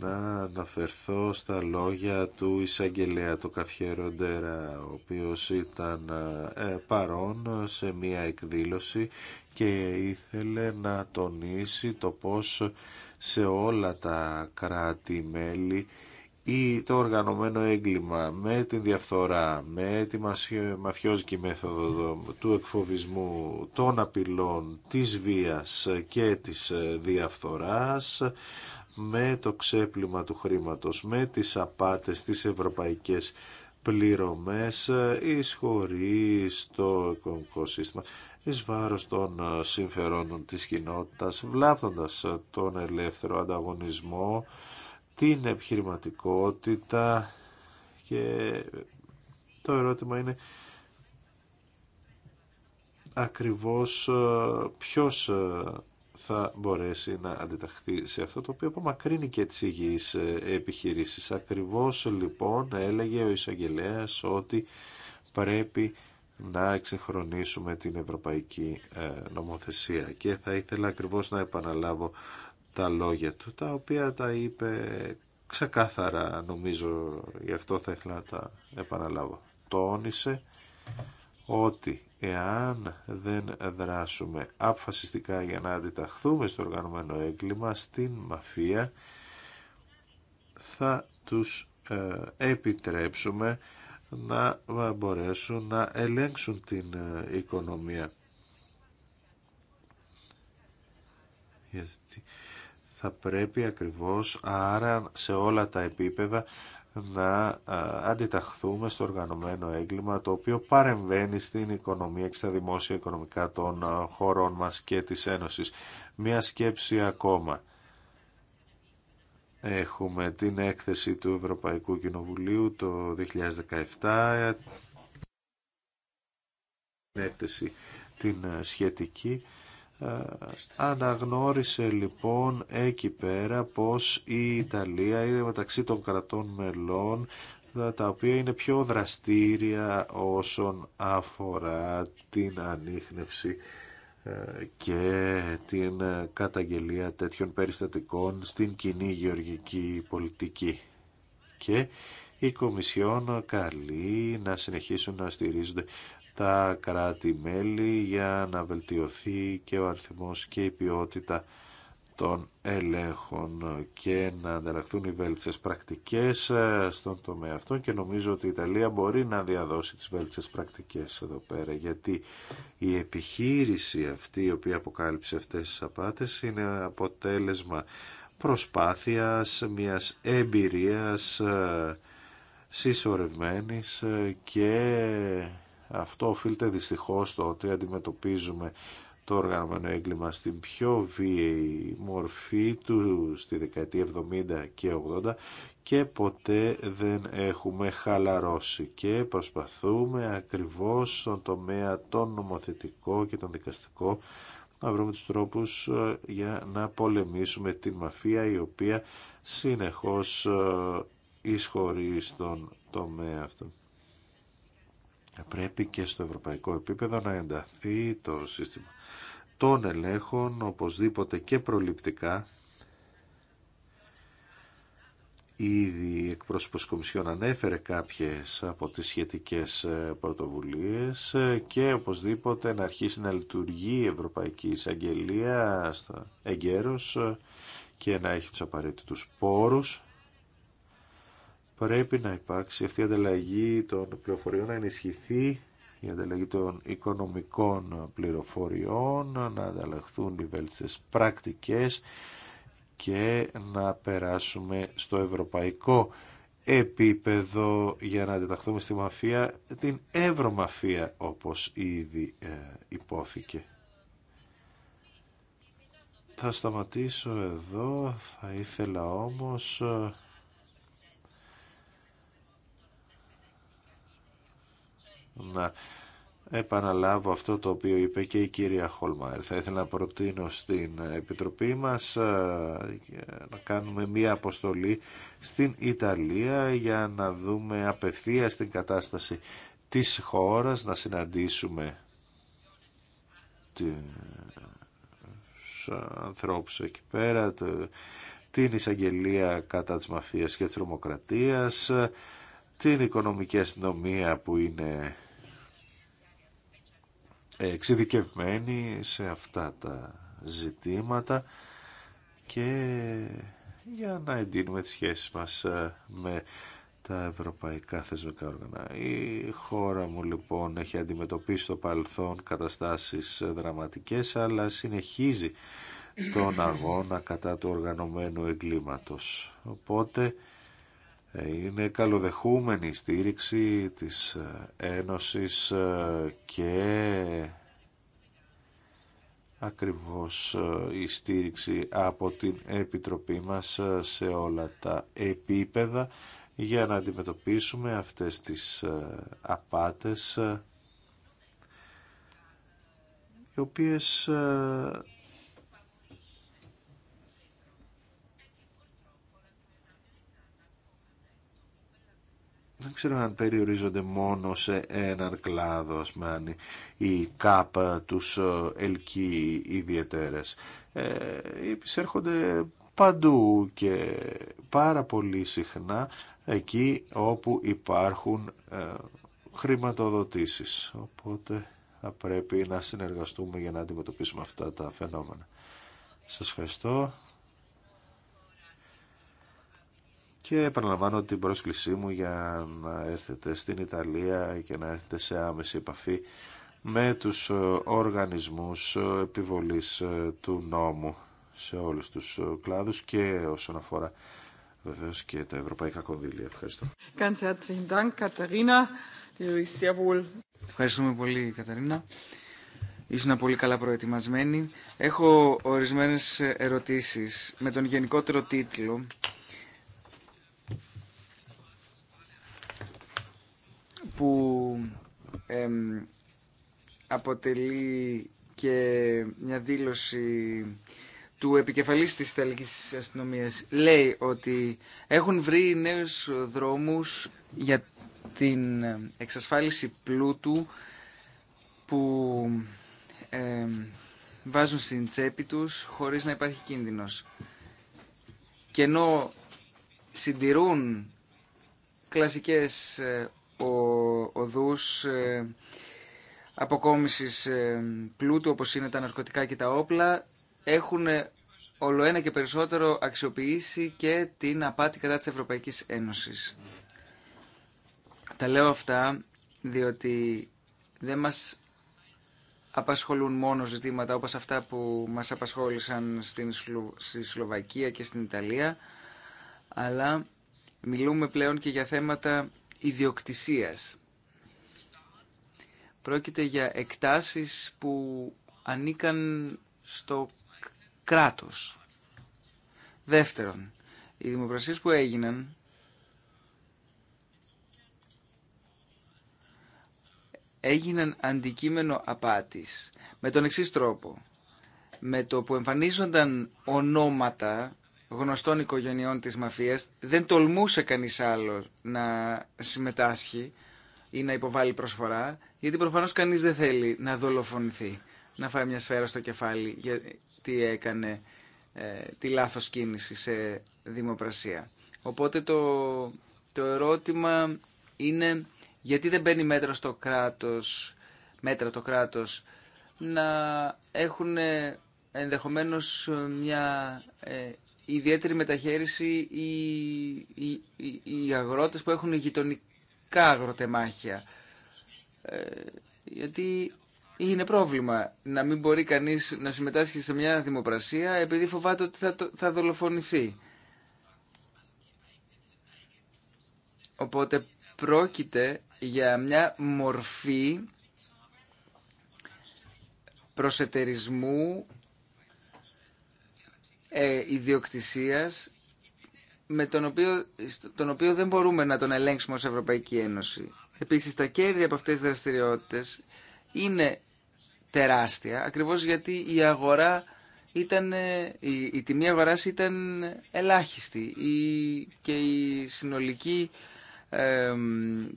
να αναφερθώ στα λόγια του εισαγγελέα το Καφιεροντέρα ο οποίος ήταν ε, παρόν σε μία εκδήλωση και ήθελε να τονίσει το πως σε όλα τα κράτη-μέλη ή το οργανωμένο έγκλημα με την διαφθορά, με τη μαφιόζικη μέθοδο του εκφοβισμού, των απειλών, της βίας και της ε, διαφθοράς, με το ξέπλυμα του χρήματος, με τις απάτες, τις ευρωπαϊκές πληρωμές ε, εις χωρίς το οικονομικό σύστημα εις βάρος των ε, συμφερόντων της κοινότητας βλάπτοντας τον ελεύθερο ανταγωνισμό την επιχειρηματικότητα και το ερώτημα είναι ακριβώς ε, ποιος ε, θα μπορέσει να αντιταχθεί σε αυτό το οποίο απομακρύνει και τις υγιείς ε, επιχειρήσεις. Ακριβώς λοιπόν έλεγε ο εισαγγελέα ότι πρέπει να εξεχρονίσουμε την ευρωπαϊκή νομοθεσία και θα ήθελα ακριβώς να επαναλάβω τα λόγια του, τα οποία τα είπε ξεκάθαρα νομίζω, γι' αυτό θα ήθελα να τα επαναλάβω. Τόνισε ότι εάν δεν δράσουμε αποφασιστικά για να αντιταχθούμε στο οργανωμένο έγκλημα, στην μαφία, θα τους ε, επιτρέψουμε να ε, μπορέσουν να ελέγξουν την ε, οικονομία. Θα πρέπει ακριβώς άρα σε όλα τα επίπεδα να αντιταχθούμε στο οργανωμένο έγκλημα το οποίο παρεμβαίνει στην οικονομία και στα δημόσια οικονομικά των χωρών μας και της Ένωσης. Μία σκέψη ακόμα. Έχουμε την έκθεση του Ευρωπαϊκού Κοινοβουλίου το 2017, την έκθεση την σχετική ε, αναγνώρισε λοιπόν εκεί πέρα πως η Ιταλία είναι μεταξύ των κρατών μελών ε, τα οποία είναι πιο δραστήρια όσον αφορά την ανείχνευση ε, και την καταγγελία τέτοιων περιστατικών στην κοινή γεωργική πολιτική. Και η Κομισιόν καλεί να συνεχίσουν να στηρίζονται τα κράτη-μέλη για να βελτιωθεί και ο αριθμός και η ποιότητα των ελέγχων και να ανταλλαχθούν οι βέλτισες πρακτικές ε, στον τομέα αυτό και νομίζω ότι η Ιταλία μπορεί να διαδώσει τις βέλτισες πρακτικές εδώ πέρα γιατί η επιχείρηση αυτή η οποία αποκάλυψε αυτές τις απάτες είναι αποτέλεσμα προσπάθειας, μιας εμπειρίας ε, συσσωρευμένης ε, και αυτό οφείλεται δυστυχώς στο ότι αντιμετωπίζουμε το οργανωμένο έγκλημα στην πιο βίαιη μορφή του στη δεκαετία 70 και 80 και ποτέ δεν έχουμε χαλαρώσει και προσπαθούμε ακριβώς στον τομέα τον νομοθετικό και τον δικαστικό να βρούμε τους τρόπους ε, για να πολεμήσουμε την μαφία η οποία συνεχώς ε, εισχωρεί στον τομέα αυτό πρέπει και στο ευρωπαϊκό επίπεδο να ενταθεί το σύστημα των ελέγχων οπωσδήποτε και προληπτικά Ήδη η εκπρόσωπος Κομισιόν ανέφερε κάποιες από τις σχετικές ε, πρωτοβουλίες ε, και οπωσδήποτε να αρχίσει να λειτουργεί η Ευρωπαϊκή Εισαγγελία εγκαίρως ε, και να έχει τους απαραίτητους πόρους πρέπει να υπάρξει αυτή η ανταλλαγή των πληροφοριών να ενισχυθεί η ανταλλαγή των οικονομικών πληροφοριών, να ανταλλαχθούν οι βέλτιστες πρακτικές και να περάσουμε στο ευρωπαϊκό επίπεδο για να αντιταχθούμε στη μαφία, την ευρωμαφία όπως ήδη ε, υπόθηκε. Θα σταματήσω εδώ, θα ήθελα όμως ε, να επαναλάβω αυτό το οποίο είπε και η κυρία Χολμάερ. Θα ήθελα να προτείνω στην Επιτροπή μας ε, να κάνουμε μία αποστολή στην Ιταλία για να δούμε απευθείας την κατάσταση της χώρας, να συναντήσουμε τους ανθρώπους εκεί πέρα, την εισαγγελία κατά της μαφίας και της τρομοκρατίας, την οικονομική αστυνομία που είναι εξειδικευμένοι σε αυτά τα ζητήματα και για να εντείνουμε τις σχέσεις μας ε, με τα ευρωπαϊκά θεσμικά όργανα. Η χώρα μου λοιπόν έχει αντιμετωπίσει στο παρελθόν καταστάσεις ε, δραματικές αλλά συνεχίζει τον αγώνα κατά του οργανωμένου εγκλήματος. Οπότε είναι καλοδεχούμενη η στήριξη της ε, Ένωσης ε, και ακριβώς ε, η στήριξη από την Επιτροπή μας σε όλα τα επίπεδα για να αντιμετωπίσουμε αυτές τις απάτες οι οποίες δεν ξέρω αν περιορίζονται μόνο σε έναν κλάδο, ας πούμε, αν η ΚΑΠ τους ε, ελκύει ιδιαίτερες. Ε, επισέρχονται παντού και πάρα πολύ συχνά εκεί όπου υπάρχουν ε, χρηματοδοτήσεις. Οπότε θα πρέπει να συνεργαστούμε για να αντιμετωπίσουμε αυτά τα φαινόμενα. Σας ευχαριστώ. και επαναλαμβάνω την πρόσκλησή μου για να έρθετε στην Ιταλία και να έρθετε σε άμεση επαφή με τους ε, οργανισμούς ε, επιβολής ε, του νόμου σε όλους τους κλάδους και όσον αφορά βεβαίω και τα ευρωπαϊκά κονδύλια. Ευχαριστώ. Ευχαριστούμε πολύ Καταρίνα. Ήσουν πολύ καλά προετοιμασμένη. Έχω ορισμένες ερωτήσεις με τον γενικότερο τίτλο που αποτελεί και μια δήλωση του επικεφαλής της Ιταλικής Αστυνομίας λέει ότι έχουν βρει νέους δρόμους για την εξασφάλιση πλούτου που βάζουν στην τσέπη τους χωρίς να υπάρχει κίνδυνος. Και ενώ συντηρούν κλασικές ε, οδούς ε, αποκόμισης ε, πλούτου όπως είναι τα ναρκωτικά και τα όπλα έχουν ε, ένα και περισσότερο αξιοποιήσει και την απάτη κατά της Ευρωπαϊκής Ένωσης. Τα λέω αυτά διότι δεν μας απασχολούν μόνο ζητήματα όπως αυτά που μας απασχόλησαν στην στη Σλοβακία και στην Ιταλία, αλλά μιλούμε πλέον και για θέματα ιδιοκτησίας. Πρόκειται για εκτάσεις που ανήκαν στο κράτος. Δεύτερον, οι δημοπρασίες που έγιναν έγιναν αντικείμενο απάτης με τον εξής τρόπο. Με το που εμφανίζονταν ονόματα γνωστών οικογενειών της μαφίας, δεν τολμούσε κανείς άλλο να συμμετάσχει ή να υποβάλει προσφορά, γιατί προφανώς κανείς δεν θέλει να δολοφονηθεί, να φάει μια σφαίρα στο κεφάλι γιατί έκανε ε, τη λάθος κίνηση σε δημοπρασία. Οπότε το, το ερώτημα είναι γιατί δεν μπαίνει μέτρα, στο κράτος, μέτρα το κράτος να έχουν ενδεχομένως μια ε, ιδιαίτερη μεταχείριση οι, οι, αγρότες που έχουν γειτονικά αγροτεμάχια. Ε, γιατί είναι πρόβλημα να μην μπορεί κανείς να συμμετάσχει σε μια δημοπρασία επειδή φοβάται ότι θα, θα δολοφονηθεί. Οπότε πρόκειται για μια μορφή προσετερισμού ε, ιδιοκτησίας με τον οποίο, τον οποίο δεν μπορούμε να τον ελέγξουμε ως Ευρωπαϊκή Ένωση. Επίσης τα κέρδη από αυτές τις δραστηριότητες είναι τεράστια ακριβώς γιατί η αγορά ήταν, ε, η, η τιμή αγοράς ήταν ελάχιστη η, και η συνολική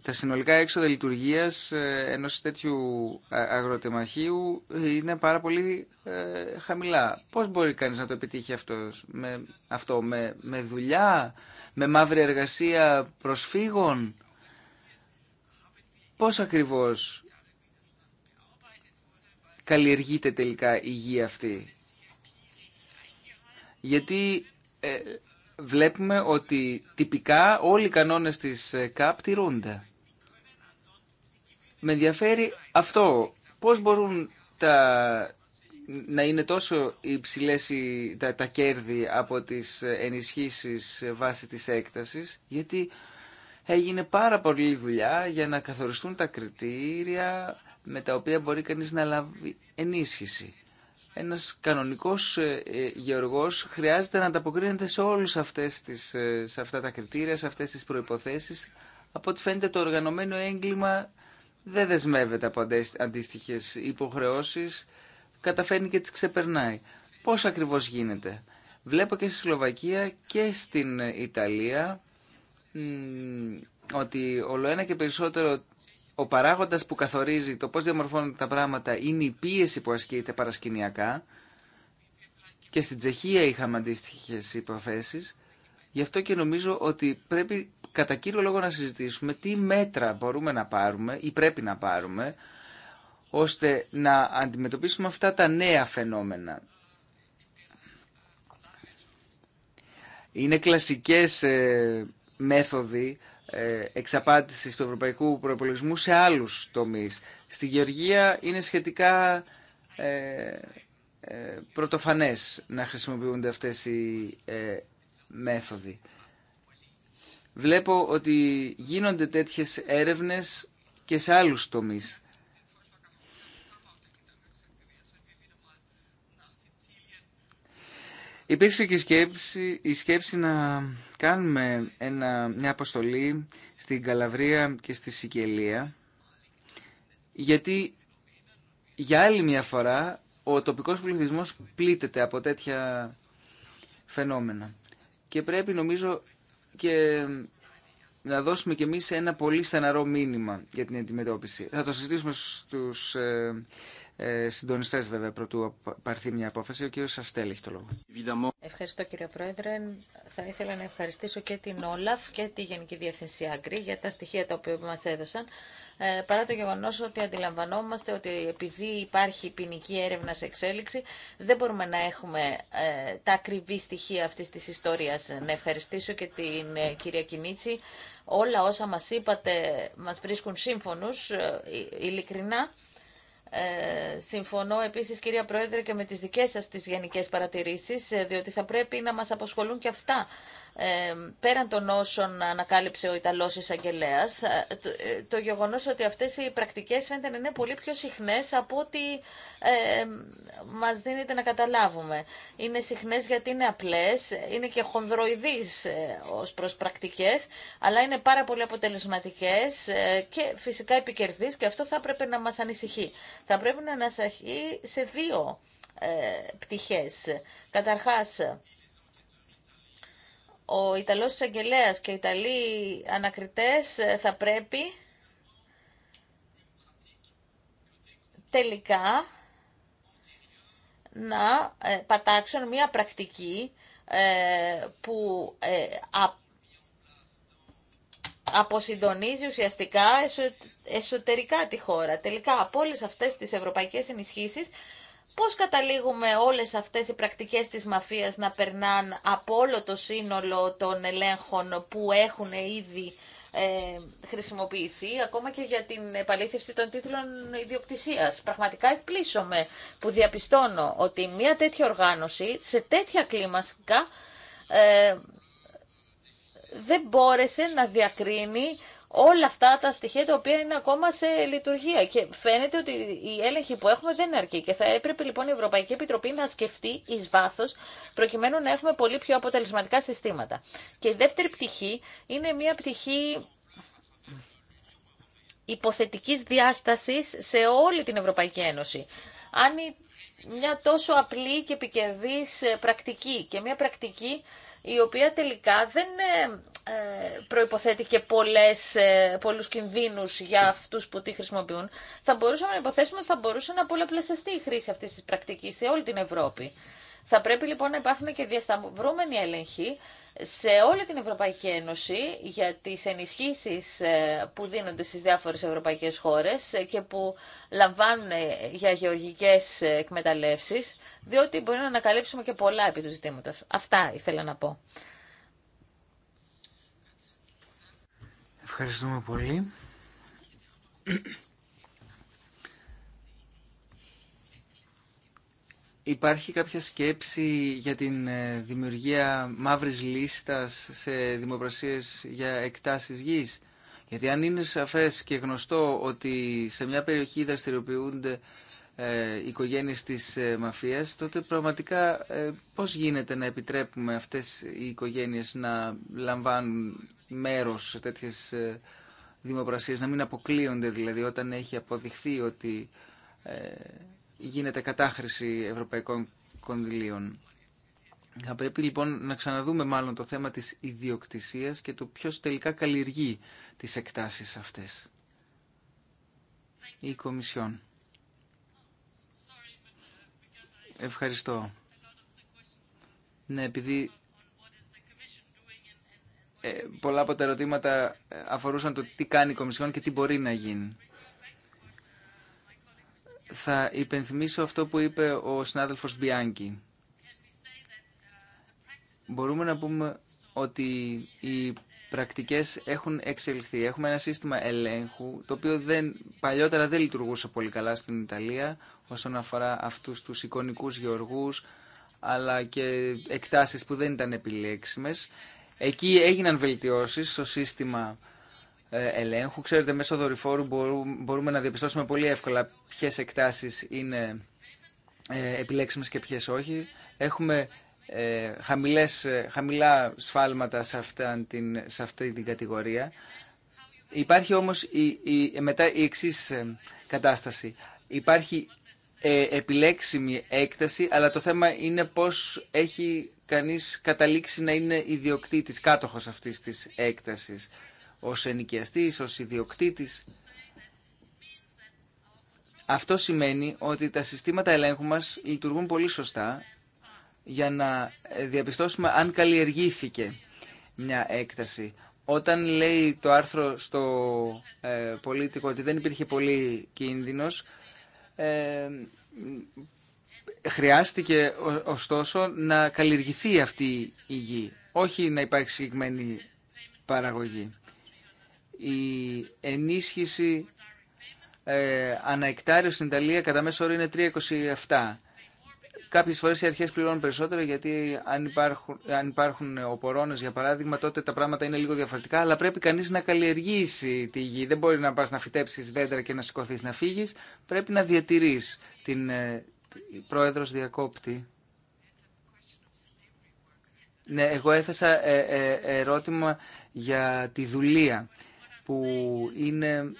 τα συνολικά έξοδα λειτουργίας ε, ενός τέτοιου αγροτεμαχίου είναι πάρα πολύ ε, χαμηλά. Πώς μπορεί κανείς να το επιτύχει αυτός, με, αυτό, με, με δουλειά, με μαύρη εργασία προσφύγων. Πώς ακριβώς καλλιεργείται τελικά η γη αυτή. Γιατί ε, βλέπουμε ότι τυπικά όλοι οι κανόνες της ε, ΚΑΠ τηρούνται. Με ενδιαφέρει αυτό. Πώς μπορούν τα, να είναι τόσο υψηλές τα, κέρδη από τις ε, ενισχύσεις ε, βάσει της έκτασης, γιατί έγινε πάρα πολύ δουλειά για να καθοριστούν τα κριτήρια με τα οποία μπορεί κανείς να λάβει ενίσχυση ένας κανονικός ε, ε, γεωργός χρειάζεται να ανταποκρίνεται σε όλες αυτές τις, ε, σε αυτά τα κριτήρια, σε αυτές τις προϋποθέσεις. Από ό,τι φαίνεται το οργανωμένο έγκλημα δεν δεσμεύεται από αντίστοιχες υποχρεώσεις, καταφέρνει και τις ξεπερνάει. Πώς ακριβώς γίνεται. Βλέπω και στη Σλοβακία και στην Ιταλία ότι όλο ένα και περισσότερο ο παράγοντας που καθορίζει το πώς διαμορφώνονται τα πράγματα είναι η πίεση που ασκείται παρασκηνιακά και στην Τσεχία είχαμε αντίστοιχε υποθέσει. Γι' αυτό και νομίζω ότι πρέπει κατά κύριο λόγο να συζητήσουμε τι μέτρα μπορούμε να πάρουμε ή πρέπει να πάρουμε ώστε να αντιμετωπίσουμε αυτά τα νέα φαινόμενα. Είναι κλασικές ε, μέθοδοι ε, Εξαπάτηση του ευρωπαϊκού προπολογισμού σε άλλους τομεί. Στη Γεωργία είναι σχετικά ε, ε, πρωτοφανέ να χρησιμοποιούνται αυτές οι μέθοδοι. Βλέπω ότι γίνονται τέτοιες έρευνες και σε άλλους τομείς. Υπήρξε και η σκέψη, η σκέψη να κάνουμε ένα, μια αποστολή στην Καλαβρία και στη Σικελία γιατί για άλλη μια φορά ο τοπικός πληθυσμός πλήττεται από τέτοια φαινόμενα. Και πρέπει νομίζω και να δώσουμε κι εμείς ένα πολύ στεναρό μήνυμα για την αντιμετώπιση. Θα το συζητήσουμε στους ε, ε, συντονιστές βέβαια πρωτού πάρθει μια απόφαση. Ο κύριο Αστέλ έχει το λόγο. Ευχαριστώ κύριε Πρόεδρε. Θα ήθελα να ευχαριστήσω και την Όλαφ και τη Γενική Διευθυνσία Άγκρη για τα στοιχεία τα οποία μα έδωσαν. Ε, παρά το γεγονό ότι αντιλαμβανόμαστε ότι επειδή υπάρχει ποινική έρευνα σε εξέλιξη δεν μπορούμε να έχουμε ε, τα ακριβή στοιχεία αυτή τη ιστορία. Να ευχαριστήσω και την ε, κυρία Κινίτσι. Όλα όσα μας είπατε μας βρίσκουν σύμφωνους, ε, ε, ειλικρινά. Ε, συμφωνώ επίσης κυρία Πρόεδρε και με τις δικές σας τις γενικές παρατηρήσεις, ε, διότι θα πρέπει να μας απασχολούν και αυτά πέραν των όσων ανακάλυψε ο Ιταλός εισαγγελέα, ε, το, ε, το γεγονός ότι αυτές οι πρακτικές φαίνεται να είναι πολύ πιο συχνές από ό,τι ε, μας δίνεται να καταλάβουμε. Είναι συχνές γιατί είναι απλές, είναι και χονδροειδείς ε, ως προς πρακτικές, αλλά είναι πάρα πολύ αποτελεσματικές ε, και φυσικά επικερδείς και αυτό θα πρέπει να μας ανησυχεί. Θα πρέπει να ανησυχεί σε δύο πτυχές. Καταρχάς, ο Ιταλός εισαγγελέα και οι Ιταλοί ανακριτές ε, θα πρέπει τελικά να ε, πατάξουν μια πρακτική ε, που αποσυντονίζει ουσιαστικά εσωτερικά τη χώρα. Τελικά από όλε αυτές τις ευρωπαϊκές ενισχύσεις Πώς καταλήγουμε όλες αυτές οι πρακτικές της μαφίας να περνάν από όλο το σύνολο των ελέγχων που έχουν ήδη ε, χρησιμοποιηθεί ακόμα και για την επαλήθευση των τίτλων ιδιοκτησίας. Πραγματικά εκπλήσωμαι που διαπιστώνω ότι μια τέτοια οργάνωση σε τέτοια κλίμακα ε, δεν μπόρεσε να διακρίνει όλα αυτά τα στοιχεία τα οποία είναι ακόμα σε λειτουργία. Και φαίνεται ότι η έλεγχη που έχουμε δεν αρκεί. Και θα έπρεπε λοιπόν η Ευρωπαϊκή Επιτροπή να σκεφτεί ει βάθο, προκειμένου να έχουμε πολύ πιο αποτελεσματικά συστήματα. Και η δεύτερη πτυχή είναι μια πτυχή υποθετικής διάστασης σε όλη την Ευρωπαϊκή Ένωση. Αν μια τόσο απλή και επικερδής ε, πρακτική και μια πρακτική η οποία τελικά δεν ε, ε, προϋποθέτει και πολλές, ε, πολλούς κινδύνους για αυτούς που τη χρησιμοποιούν. Θα μπορούσαμε να υποθέσουμε ότι θα μπορούσε να πολλαπλασιαστεί η χρήση αυτής της πρακτικής σε όλη την Ευρώπη. Θα πρέπει λοιπόν να υπάρχουν και διασταυρούμενοι έλεγχοι σε όλη την Ευρωπαϊκή Ένωση για τις ενισχύσεις ε, που δίνονται στις διάφορες ευρωπαϊκές χώρες ε, και που λαμβάνουν ε, για γεωργικές εκμεταλλεύσεις, διότι μπορεί να ανακαλύψουμε και πολλά επί του ζητήματος. Αυτά ήθελα να πω. Ευχαριστούμε πολύ. Υπάρχει κάποια σκέψη για την ε, δημιουργία μαύρης λίστας σε δημοπρασίες για εκτάσεις γης. Γιατί αν είναι σαφές και γνωστό ότι σε μια περιοχή δραστηριοποιούνται ε, οικογένειες της ε, μαφίας, τότε πραγματικά ε, πώς γίνεται να επιτρέπουμε αυτές οι οικογένειες να λαμβάνουν μέρος σε τέτοιες ε, δημοπρασίες, να μην αποκλείονται δηλαδή όταν έχει αποδειχθεί ότι γίνεται κατάχρηση ευρωπαϊκών κονδυλίων. Θα πρέπει λοιπόν να ξαναδούμε μάλλον το θέμα της ιδιοκτησίας και το ποιος τελικά καλλιεργεί τις εκτάσεις αυτές. Η Κομισιόν. Ευχαριστώ. Ναι, επειδή ε, πολλά από τα ερωτήματα ε, αφορούσαν το τι κάνει η Κομισιόν και τι μπορεί να γίνει. Θα υπενθυμίσω αυτό που είπε ο συνάδελφος Μπιάνκι. Μπορούμε να πούμε ότι οι πρακτικές έχουν εξελιχθεί. Έχουμε ένα σύστημα ελέγχου, το οποίο δεν, παλιότερα δεν λειτουργούσε πολύ καλά στην Ιταλία, όσον αφορά αυτούς τους εικονικούς γεωργούς, αλλά και εκτάσεις που δεν ήταν επιλέξιμες. Εκεί έγιναν βελτιώσεις στο σύστημα ε, ελέγχου. Ξέρετε, μέσω δορυφόρου μπορούμε να διαπιστώσουμε πολύ εύκολα ποιε εκτάσεις είναι ε, επιλέξιμες και ποιε όχι. Έχουμε ε, χαμηλές, χαμηλά σφάλματα σε, την, σε αυτή την κατηγορία. Υπάρχει όμως η, η, μετά η εξή κατάσταση. Υπάρχει ε, επιλέξιμη έκταση, αλλά το θέμα είναι πώς έχει κανείς καταλήξει να είναι ιδιοκτήτης, κάτοχος αυτής της έκτασης ως ενοικιαστής, ως ιδιοκτήτης. Αυτό σημαίνει ότι τα συστήματα ελέγχου μας λειτουργούν πολύ σωστά για να διαπιστώσουμε αν καλλιεργήθηκε μια έκταση. Όταν λέει το άρθρο στο ε, πολίτικο ότι δεν υπήρχε πολύ κίνδυνος, ε, χρειάστηκε ωστόσο να καλλιεργηθεί αυτή η γη, όχι να υπάρξει συγκεκριμένη παραγωγή η ενίσχυση ε, αναεκτάριο στην Ιταλία κατά μέσο όρο είναι 3,27. Κάποιες φορές οι αρχές πληρώνουν περισσότερο γιατί αν υπάρχουν, αν υπάρχουν οπορώνες για παράδειγμα τότε τα πράγματα είναι λίγο διαφορετικά αλλά πρέπει κανείς να καλλιεργήσει τη γη. Δεν μπορεί να πας να φυτέψεις δέντρα και να σηκωθεί να φύγεις. Πρέπει να διατηρείς την ε, πρόεδρος διακόπτη. Ναι, εγώ έθεσα ε, ε, ερώτημα για τη δουλεία που είναι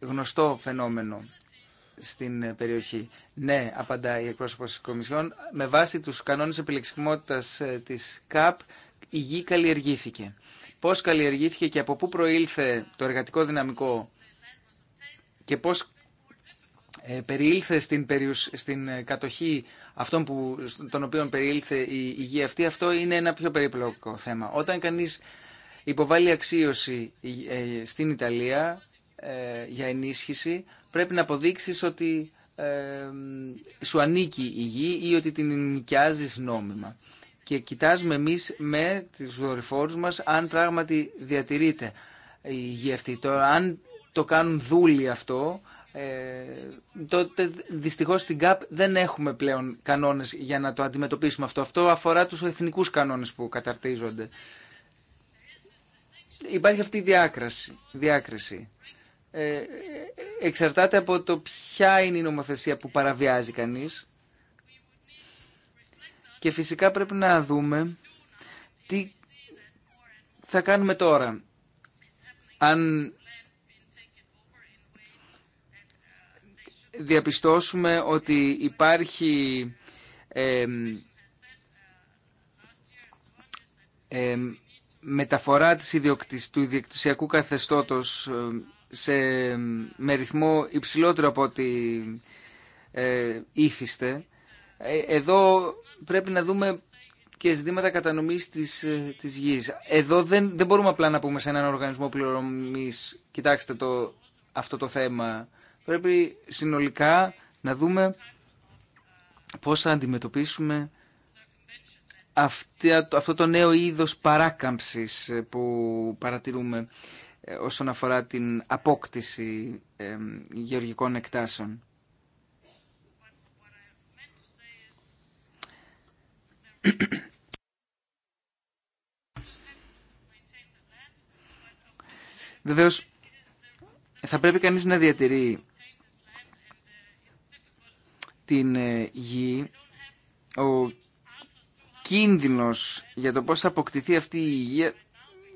γνωστό φαινόμενο στην περιοχή. Ναι, απαντά η εκπρόσωπο τη Κομισιόν. Με βάση του κανόνε επιλεξιμότητα ε, τη ΚΑΠ, η γη καλλιεργήθηκε. Πώ καλλιεργήθηκε και από πού προήλθε το εργατικό δυναμικό και πώ ε, περιήλθε στην, περιουσ... στην ε, κατοχή αυτών που... των οποίων περιήλθε η, η γη αυτή, αυτό είναι ένα πιο περίπλοκο θέμα. Όταν κανείς υποβάλει αξίωση ε, στην Ιταλία ε, για ενίσχυση, πρέπει να αποδείξεις ότι ε, σου ανήκει η γη ή ότι την νοικιάζεις νόμιμα. Και κοιτάζουμε εμείς με τους δορυφόρους μας αν πράγματι διατηρείται η γη αυτή. Τώρα, αν το κάνουν δούλοι αυτό, τότε δυστυχώς στην ΚΑΠ δεν έχουμε πλέον κανόνες για να το αντιμετωπίσουμε αυτό. Αυτό αφορά τους εθνικούς κανόνες που καταρτίζονται υπάρχει αυτή η διάκριση. διάκριση. Ε, εξαρτάται από το ποια είναι η νομοθεσία που παραβιάζει κανείς και φυσικά πρέπει να δούμε τι θα κάνουμε τώρα. Αν διαπιστώσουμε ότι υπάρχει μεταφορά της ιδιοκτησ... του ιδιοκτησιακού καθεστώτος ε, σε... με ρυθμό υψηλότερο από ό,τι ε, ήθιστε. Ε, εδώ πρέπει να δούμε και ζητήματα κατανομής της, ε, της γης. Εδώ δεν, δεν μπορούμε απλά να πούμε σε έναν οργανισμό πληρωμής «Κοιτάξτε το, αυτό το θέμα». Πρέπει συνολικά να δούμε πώς θα αντιμετωπίσουμε αυτό το νέο είδος παράκαμψης ε, που παρατηρούμε ε, όσον αφορά την απόκτηση ε, γεωργικών εκτάσεων. Βεβαίως, θα πρέπει κανείς να διατηρεί την γη. Ο κίνδυνος για το πώς θα αποκτηθεί αυτή η υγεία,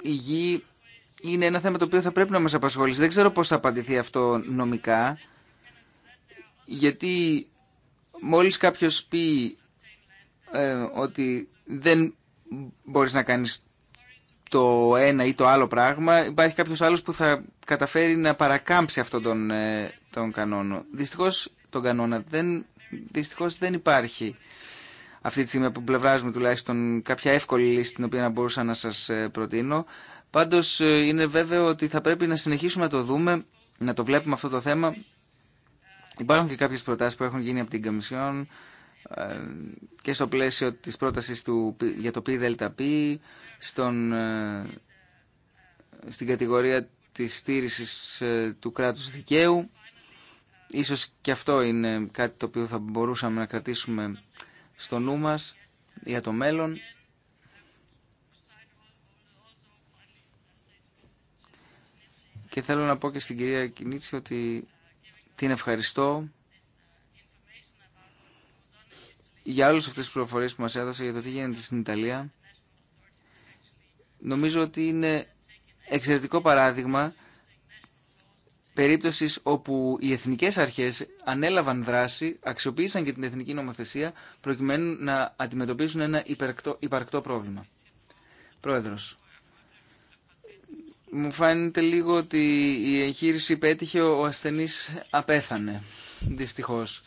η γη είναι ένα θέμα το οποίο θα πρέπει να μας απασχολήσει. Δεν ξέρω πώς θα απαντηθεί αυτό νομικά, γιατί μόλις κάποιος πει ε, ότι δεν μπορείς να κάνεις το ένα ή το άλλο πράγμα, υπάρχει κάποιος άλλος που θα καταφέρει να παρακάμψει αυτόν τον, ε, τον κανόνα. Δυστυχώς τον κανόνα δεν, δεν υπάρχει αυτή τη στιγμή από πλευρά μου τουλάχιστον κάποια εύκολη λύση την οποία να μπορούσα να σας ε, προτείνω. Πάντως ε, είναι βέβαιο ότι θα πρέπει να συνεχίσουμε να το δούμε, να το βλέπουμε αυτό το θέμα. Υπάρχουν και κάποιες προτάσεις που έχουν γίνει από την Καμισιόν ε, και στο πλαίσιο τη πρόταση για το ΠΔΠ, στον, στην κατηγορία τη στήριξη του κράτου δικαίου. Ίσως και αυτό είναι κάτι το οποίο θα μπορούσαμε να κρατήσουμε στο νου μας για το μέλλον. Και θέλω να πω και στην κυρία Κινίτση ότι την ευχαριστώ για όλες αυτές τις πληροφορίες που μας έδωσε για το τι γίνεται στην Ιταλία. Νομίζω ότι είναι εξαιρετικό παράδειγμα Περίπτωση όπου οι εθνικές αρχές ανέλαβαν δράση, αξιοποίησαν και την εθνική νομοθεσία προκειμένου να αντιμετωπίσουν ένα υπαρκτό, υπαρκτό πρόβλημα. Πρόεδρος, μου φαίνεται λίγο ότι η εγχείρηση πέτυχε, ο ασθενής απέθανε, δυστυχώς.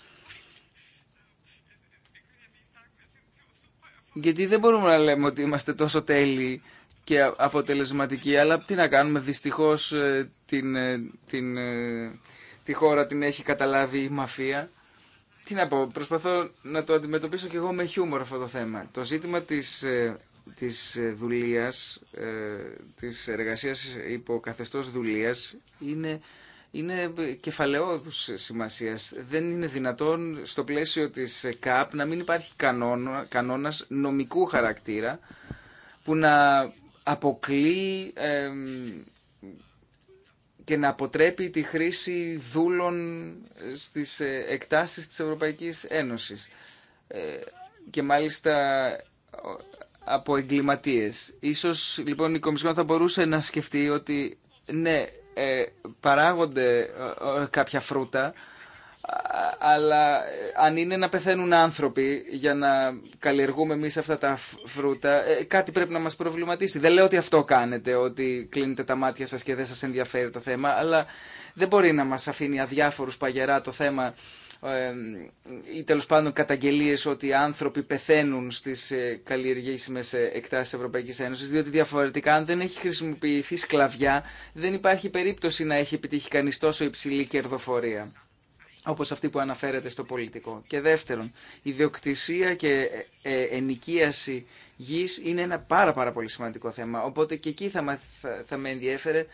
Γιατί δεν μπορούμε να λέμε ότι είμαστε τόσο τέλειοι και αποτελεσματική. Αλλά τι να κάνουμε, δυστυχώς ε, την, ε, την, ε, τη χώρα την έχει καταλάβει η μαφία. Τι να πω, προσπαθώ να το αντιμετωπίσω και εγώ με χιούμορ αυτό το θέμα. Το ζήτημα της, της δουλείας, της εργασίας υπό καθεστώς δουλείας είναι είναι κεφαλαιόδους σημασίας. Δεν είναι δυνατόν στο πλαίσιο της ΚΑΠ να μην υπάρχει κανόνα, κανόνας νομικού χαρακτήρα που να αποκλεί και να αποτρέπει τη χρήση δούλων ε, στις ε, εκτάσεις της Ευρωπαϊκής Ένωσης ε, και μάλιστα από εγκληματίες. Ίσως λοιπόν η Κομισιόν θα μπορούσε να σκεφτεί ότι ναι, παράγονται κάποια φρούτα αλλά ε, αν είναι να πεθαίνουν άνθρωποι για να καλλιεργούμε εμεί αυτά τα φρούτα, ε, κάτι πρέπει να μα προβληματίσει. Δεν λέω ότι αυτό κάνετε, ότι κλείνετε τα μάτια σα και δεν σα ενδιαφέρει το θέμα, αλλά δεν μπορεί να μα αφήνει αδιάφορου παγερά το θέμα ή τέλο πάντων καταγγελίες ότι άνθρωποι πεθαίνουν στις ε, καλλιεργήσιμες εκτάσεις της Ευρωπαϊκής Ένωσης διότι διαφορετικά αν δεν έχει χρησιμοποιηθεί σκλαβιά δεν υπάρχει περίπτωση να έχει επιτύχει κανείς τόσο υψηλή κερδοφορία όπω αυτή που αναφέρεται στο πολιτικό. Και δεύτερον, η διοκτησία και ε, ε, ενοικίαση γης είναι ένα πάρα πάρα πολύ σημαντικό θέμα. Οπότε και εκεί θα, με, θα με ενδιέφερε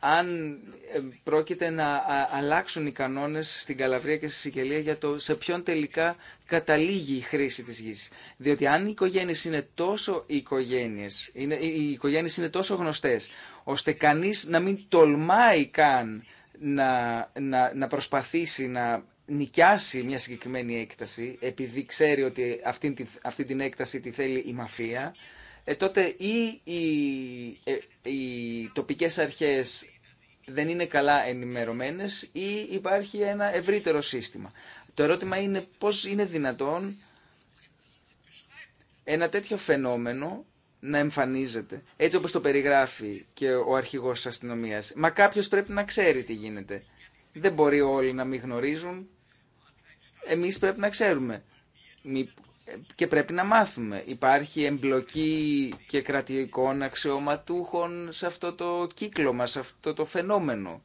αν ε, πρόκειται να αλλάξουν οι κανόνες στην Καλαβρία και στη Σικελία για το σε ποιον τελικά καταλήγει η χρήση της γης. Διότι αν οι οικογένειες είναι τόσο οικογένειες, οι οικογένειες είναι τόσο γνωστές, ώστε κανείς να μην τολμάει καν να, να, να προσπαθήσει να νοικιάσει μια συγκεκριμένη έκταση επειδή ξέρει ότι αυτή, αυτή την έκταση τη θέλει η μαφία ε, τότε ή οι, ε, οι τοπικές αρχές δεν είναι καλά ενημερωμένες ή υπάρχει ένα ευρύτερο σύστημα. Το ερώτημα είναι πώς είναι δυνατόν ένα τέτοιο φαινόμενο να εμφανίζεται. Έτσι όπως το περιγράφει και ο αρχηγός της αστυνομίας. Μα κάποιος πρέπει να ξέρει τι γίνεται. Δεν μπορεί όλοι να μην γνωρίζουν. Εμείς πρέπει να ξέρουμε και πρέπει να μάθουμε. Υπάρχει εμπλοκή και κρατικών αξιωματούχων σε αυτό το κύκλωμα, σε αυτό το φαινόμενο.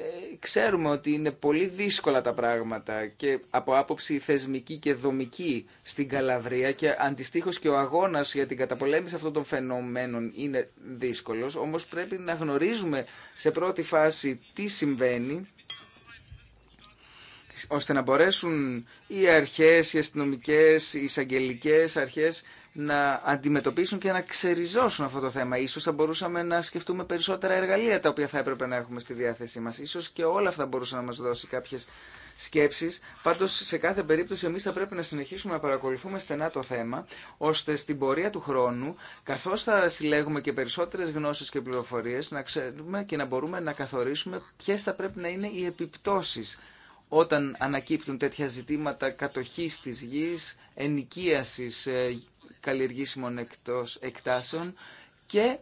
Ε, ξέρουμε ότι είναι πολύ δύσκολα τα πράγματα και από άποψη θεσμική και δομική στην Καλαβρία και αντιστοίχως και ο αγώνας για την καταπολέμηση αυτών των φαινομένων είναι δύσκολος, όμως πρέπει να γνωρίζουμε σε πρώτη φάση τι συμβαίνει ώστε να μπορέσουν οι αρχές, οι αστυνομικές, οι εισαγγελικέ αρχές να αντιμετωπίσουν και να ξεριζώσουν αυτό το θέμα. Ίσως θα μπορούσαμε να σκεφτούμε περισσότερα εργαλεία τα οποία θα έπρεπε να έχουμε στη διάθεσή μας. Ίσως και όλα αυτά μπορούσαν να μας δώσει κάποιες σκέψεις. Πάντως σε κάθε περίπτωση εμείς θα πρέπει να συνεχίσουμε να παρακολουθούμε στενά το θέμα, ώστε στην πορεία του χρόνου, καθώς θα συλλέγουμε και περισσότερες γνώσεις και πληροφορίες, να ξέρουμε και να μπορούμε να καθορίσουμε ποιε θα πρέπει να είναι οι επιπτώσεις όταν ανακύπτουν τέτοια ζητήματα κατοχής της γης, ενοικίασης ε, καλλιεργήσιμων εκτός, εκτάσεων και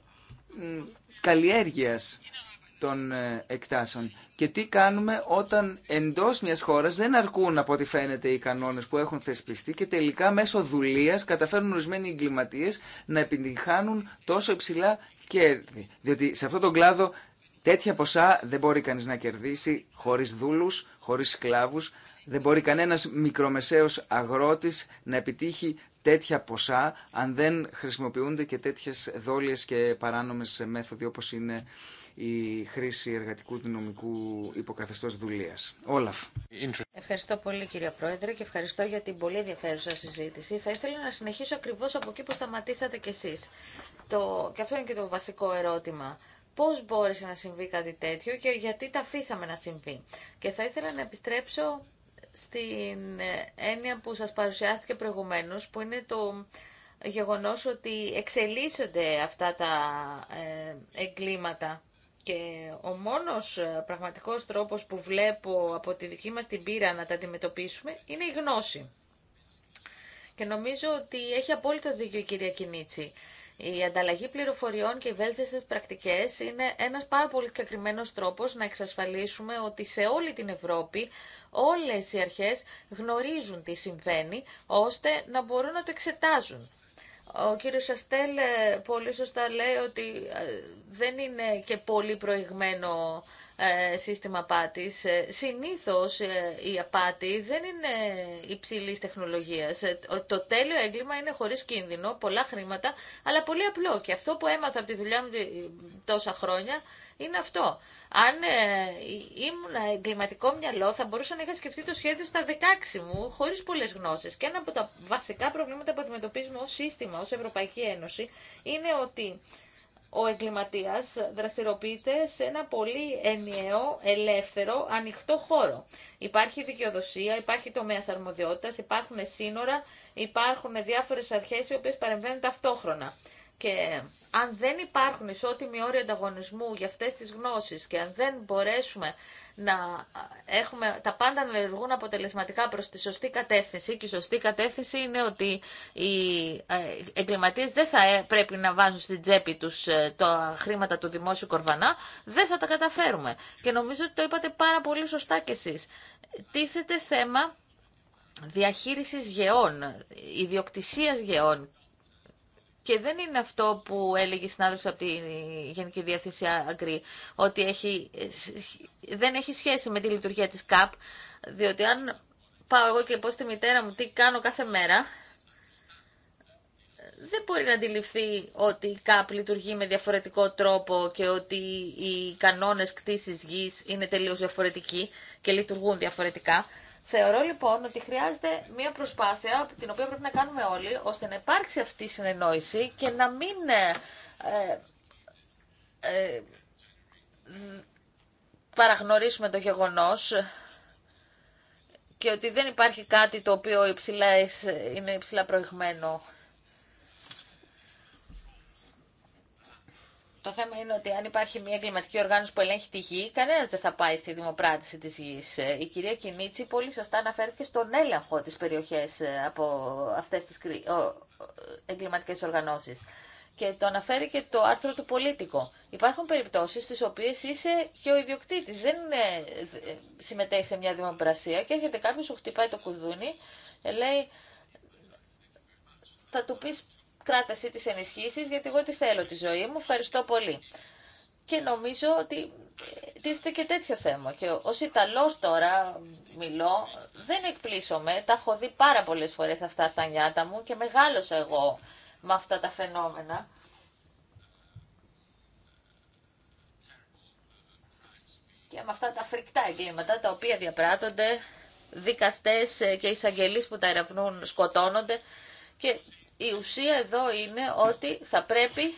καλλιέργειας των ε, εκτάσεων. Και τι κάνουμε όταν εντός μιας χώρας δεν αρκούν από ό,τι φαίνεται οι κανόνες που έχουν θεσπιστεί και τελικά μέσω δουλείας καταφέρνουν ορισμένοι εγκληματίε να επιτυγχάνουν τόσο υψηλά κέρδη. Διότι σε αυτόν τον κλάδο τέτοια ποσά δεν μπορεί κανείς να κερδίσει χωρίς δούλους, χωρίς σκλάβους, δεν μπορεί κανένας μικρομεσαίος αγρότης να επιτύχει τέτοια ποσά αν δεν χρησιμοποιούνται και τέτοιες δόλειες και παράνομες μέθοδοι όπως είναι η χρήση εργατικού δυνομικού υποκαθεστώς δουλείας. Όλαφ. Ευχαριστώ πολύ κύριε Πρόεδρε και ευχαριστώ για την πολύ ενδιαφέρουσα συζήτηση. Θα ήθελα να συνεχίσω ακριβώς από εκεί που σταματήσατε κι εσείς. Το... Και αυτό είναι και το βασικό ερώτημα πώς μπόρεσε να συμβεί κάτι τέτοιο και γιατί τα αφήσαμε να συμβεί. Και θα ήθελα να επιστρέψω στην έννοια που σας παρουσιάστηκε προηγουμένως, που είναι το γεγονός ότι εξελίσσονται αυτά τα ε, εγκλήματα. Και ο μόνος ε, πραγματικός τρόπος που βλέπω από τη δική μας την πείρα να τα αντιμετωπίσουμε είναι η γνώση. Και νομίζω ότι έχει απόλυτο δίκιο η κυρία Κινίτσι. Η ανταλλαγή πληροφοριών και οι βέλτιστες πρακτικές είναι ένας πάρα πολύ συγκεκριμένο τρόπος να εξασφαλίσουμε ότι σε όλη την Ευρώπη όλες οι αρχές γνωρίζουν τι συμβαίνει ώστε να μπορούν να το εξετάζουν. Ο κύριος Αστέλ ε, πολύ σωστά λέει ότι ε, δεν είναι και πολύ προηγμένο ε, σύστημα απάτη. Συνήθως η απάτη δεν είναι υψηλή τεχνολογίας. Το τέλειο έγκλημα είναι χωρίς κίνδυνο, πολλά χρήματα, αλλά πολύ απλό. Και αυτό που έμαθα από τη δουλειά μου τόσα χρόνια είναι αυτό. Αν ε, ε, ήμουν εγκληματικό μυαλό, θα μπορούσα να είχα σκεφτεί το σχέδιο στα 16 μου, χωρί πολλέ γνώσει. Και ένα από τα βασικά προβλήματα που αντιμετωπίζουμε ω σύστημα, ω Ευρωπαϊκή Ένωση, είναι ότι ο εγκληματία δραστηριοποιείται σε ένα πολύ ενιαίο, ελεύθερο, ανοιχτό χώρο. Υπάρχει δικαιοδοσία, υπάρχει τομέα αρμοδιότητα, υπάρχουν σύνορα, υπάρχουν διάφορε αρχέ οι οποίε παρεμβαίνουν ταυτόχρονα. Και αν δεν υπάρχουν ισότιμοι όροι ανταγωνισμού για αυτές τις γνώσεις και αν δεν μπορέσουμε να έχουμε τα πάντα να λειτουργούν αποτελεσματικά προς τη σωστή κατεύθυνση και η σωστή κατεύθυνση είναι ότι οι ε, εγκληματίες δεν θα ε, πρέπει να βάζουν στην τσέπη τους ε, τα χρήματα του δημόσιου κορβανά, δεν θα τα καταφέρουμε. Και νομίζω ότι το είπατε πάρα πολύ σωστά κι εσείς. Τίθεται θέμα διαχείρισης γεών, ιδιοκτησίας γεών και δεν είναι αυτό που έλεγε η συνάδελφος από τη Γενική Διεύθυνση Αγκρή, ότι έχει, δεν έχει σχέση με τη λειτουργία της ΚΑΠ, διότι αν πάω εγώ και πω στη μητέρα μου τι κάνω κάθε μέρα, δεν μπορεί να αντιληφθεί ότι η ΚΑΠ λειτουργεί με διαφορετικό τρόπο και ότι οι κανόνες κτήσης γης είναι τελείως διαφορετικοί και λειτουργούν διαφορετικά. Θεωρώ λοιπόν ότι χρειάζεται μια προσπάθεια την οποία πρέπει να κάνουμε όλοι ώστε να υπάρξει αυτή η συνεννόηση και να μην ε, ε, ε, παραγνωρίσουμε το γεγονός και ότι δεν υπάρχει κάτι το οποίο υψηλά, είναι υψηλά προηγμένο Το θέμα είναι ότι αν υπάρχει μια εγκληματική οργάνωση που ελέγχει τη γη, κανένα δεν θα πάει στη δημοπράτηση τη γη. Ε, η κυρία Κινίτσι πολύ σωστά αναφέρθηκε στον έλεγχο τη περιοχή ε, από αυτέ τι εγκληματικέ οργανώσει. Και το αναφέρει και το άρθρο του Πολίτικο. Υπάρχουν περιπτώσει στι οποίε είσαι και ο ιδιοκτήτη. Δεν είναι, ε, συμμετέχει σε μια δημοπρασία και έρχεται κάποιο, που χτυπάει το κουδούνι, λέει. Θα του πει κράτα εσύ τις γιατί εγώ τι θέλω τη ζωή μου, ευχαριστώ πολύ. Και νομίζω ότι τίθεται και τέτοιο θέμα. Και ω Ιταλός τώρα μιλώ, δεν εκπλήσωμαι. Τα έχω δει πάρα πολλές φορές αυτά στα νιάτα μου και μεγάλωσα εγώ με αυτά τα φαινόμενα. Και με αυτά τα φρικτά εγκλήματα τα οποία διαπράττονται, δικαστές και εισαγγελείς που τα ερευνούν σκοτώνονται. Και η ουσία εδώ είναι ότι θα πρέπει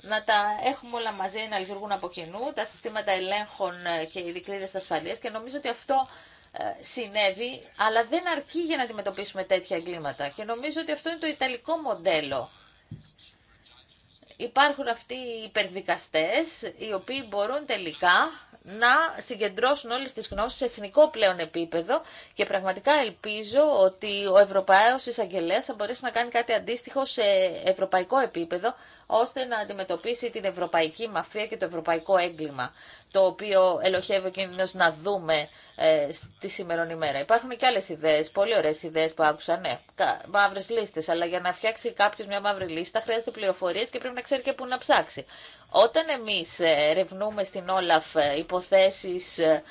να τα έχουμε όλα μαζί, να λειτουργούν από κοινού, τα συστήματα ελέγχων ε, και οι δικλείδες ασφαλείας και νομίζω ότι αυτό ε, συνέβη, αλλά δεν αρκεί για να αντιμετωπίσουμε τέτοια εγκλήματα. Και νομίζω ότι αυτό είναι το ιταλικό μοντέλο υπάρχουν αυτοί οι υπερδικαστές οι οποίοι μπορούν τελικά να συγκεντρώσουν όλες τις γνώσεις σε εθνικό πλέον επίπεδο και πραγματικά ελπίζω ότι ο Ευρωπαίος Εισαγγελέας θα μπορέσει να κάνει κάτι αντίστοιχο σε ευρωπαϊκό επίπεδο ώστε να αντιμετωπίσει την ευρωπαϊκή μαφία και το ευρωπαϊκό έγκλημα, το οποίο ελοχεύει ο κίνδυνο να δούμε ε, στη σήμερον ημέρα. Υπάρχουν και άλλε ιδέε, πολύ ωραίε ιδέε που άκουσα, ναι, μαύρε λίστε, αλλά για να φτιάξει κάποιο μια μαύρη λίστα χρειάζεται πληροφορίε και πρέπει να ξέρει και πού να ψάξει. Όταν εμείς ε, ερευνούμε στην Όλαφ ε, υποθέσεις ε,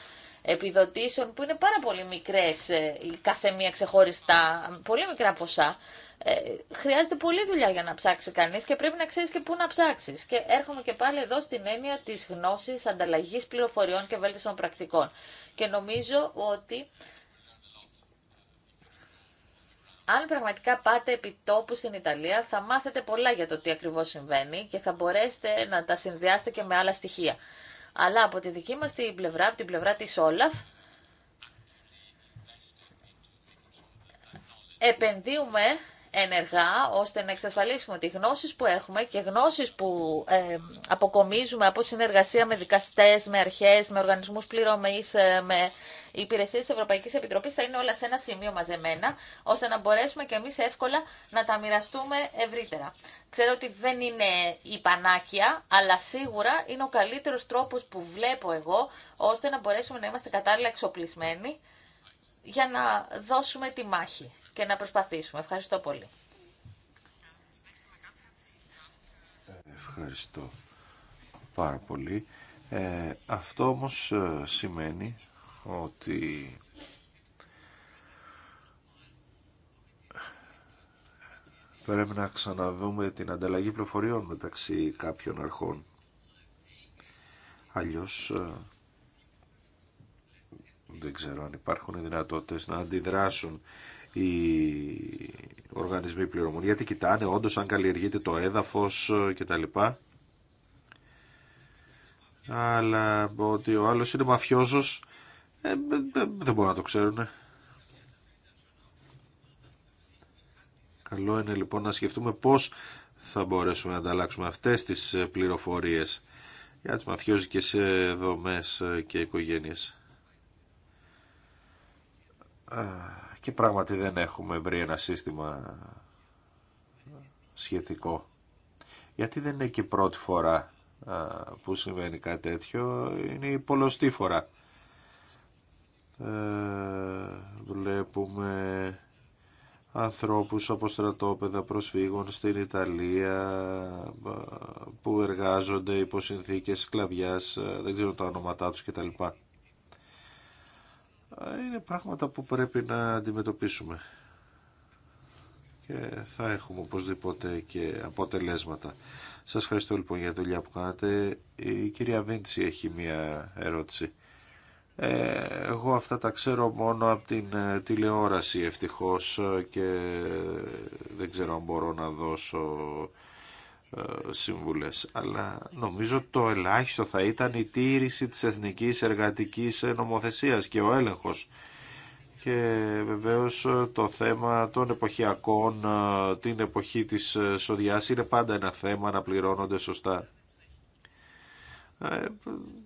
επιδοτήσεων που να ψαξει οταν εμεί πάρα πολύ μικρές η κάθε μία ξεχωριστά, πολύ μικρά ποσά, ε, χρειάζεται πολλή δουλειά για να ψάξει κανείς και πρέπει να ξέρει και πού να ψάξει. Και έρχομαι και πάλι εδώ στην έννοια της γνώσης, ανταλλαγής πληροφοριών και των πρακτικών. Και νομίζω ότι αν πραγματικά πάτε επί τόπου στην Ιταλία, θα μάθετε πολλά για το τι ακριβώς συμβαίνει και θα μπορέσετε να τα συνδυάσετε και με άλλα στοιχεία. Αλλά από τη δική μα την πλευρά, από την πλευρά τη Όλαφ, επενδύουμε ενεργά ώστε να εξασφαλίσουμε ότι οι γνώσει που έχουμε και γνώσει που αποκομίζουμε από συνεργασία με δικαστέ, με αρχέ, με οργανισμούς πληρωμής, ε, με υπηρεσίε τη Ευρωπαϊκή Επιτροπή θα είναι όλα σε ένα σημείο μαζεμένα, ώστε να μπορέσουμε και εμεί εύκολα να τα μοιραστούμε ευρύτερα. Ξέρω ότι δεν είναι η πανάκια, αλλά σίγουρα είναι ο καλύτερο τρόπο που βλέπω εγώ, ώστε να μπορέσουμε να είμαστε κατάλληλα εξοπλισμένοι για να δώσουμε τη μάχη και να προσπαθήσουμε. Ευχαριστώ πολύ. Ευχαριστώ πάρα πολύ. Ε, αυτό όμως ε, σημαίνει ότι πρέπει να ξαναδούμε την ανταλλαγή πληροφοριών μεταξύ κάποιων αρχών. Αλλιώς ε, δεν ξέρω αν υπάρχουν δυνατότητες να αντιδράσουν οι οργανισμοί πληρωμών. Γιατί κοιτάνε όντω αν καλλιεργείται το έδαφος κτλ. Αλλά ότι ο άλλο είναι μαφιόζο ε, ε, ε, δεν μπορούν να το ξέρουν. Καλό είναι λοιπόν να σκεφτούμε πώς θα μπορέσουμε να ανταλλάξουμε αυτές τις πληροφορίες για τις μαφιόζικες δομές και οικογένειες. Και πράγματι δεν έχουμε βρει ένα σύστημα σχετικό. Γιατί δεν είναι και πρώτη φορά που συμβαίνει κάτι τέτοιο, είναι η πολλωστή φορά. Ε, βλέπουμε ανθρώπους από στρατόπεδα προσφύγων στην Ιταλία που εργάζονται υπό συνθήκες σκλαβιάς, δεν ξέρω τα ονόματά τους κτλ είναι πράγματα που πρέπει να αντιμετωπίσουμε και θα έχουμε οπωσδήποτε και αποτελέσματα. Σας ευχαριστώ λοιπόν για τη δουλειά που κάνατε. Η κυρία Βίντσι έχει μία ερώτηση. Ε, εγώ αυτά τα ξέρω μόνο από την ε, τηλεόραση ευτυχώς ε, και δεν ξέρω αν μπορώ να δώσω ε, συμβουλές αλλά νομίζω το ελάχιστο θα ήταν η τήρηση της εθνικής εργατικής νομοθεσίας και ο έλεγχος και βεβαίως ε, το θέμα των εποχιακών ε, την εποχή της σοδιάς είναι πάντα ένα θέμα να πληρώνονται σωστά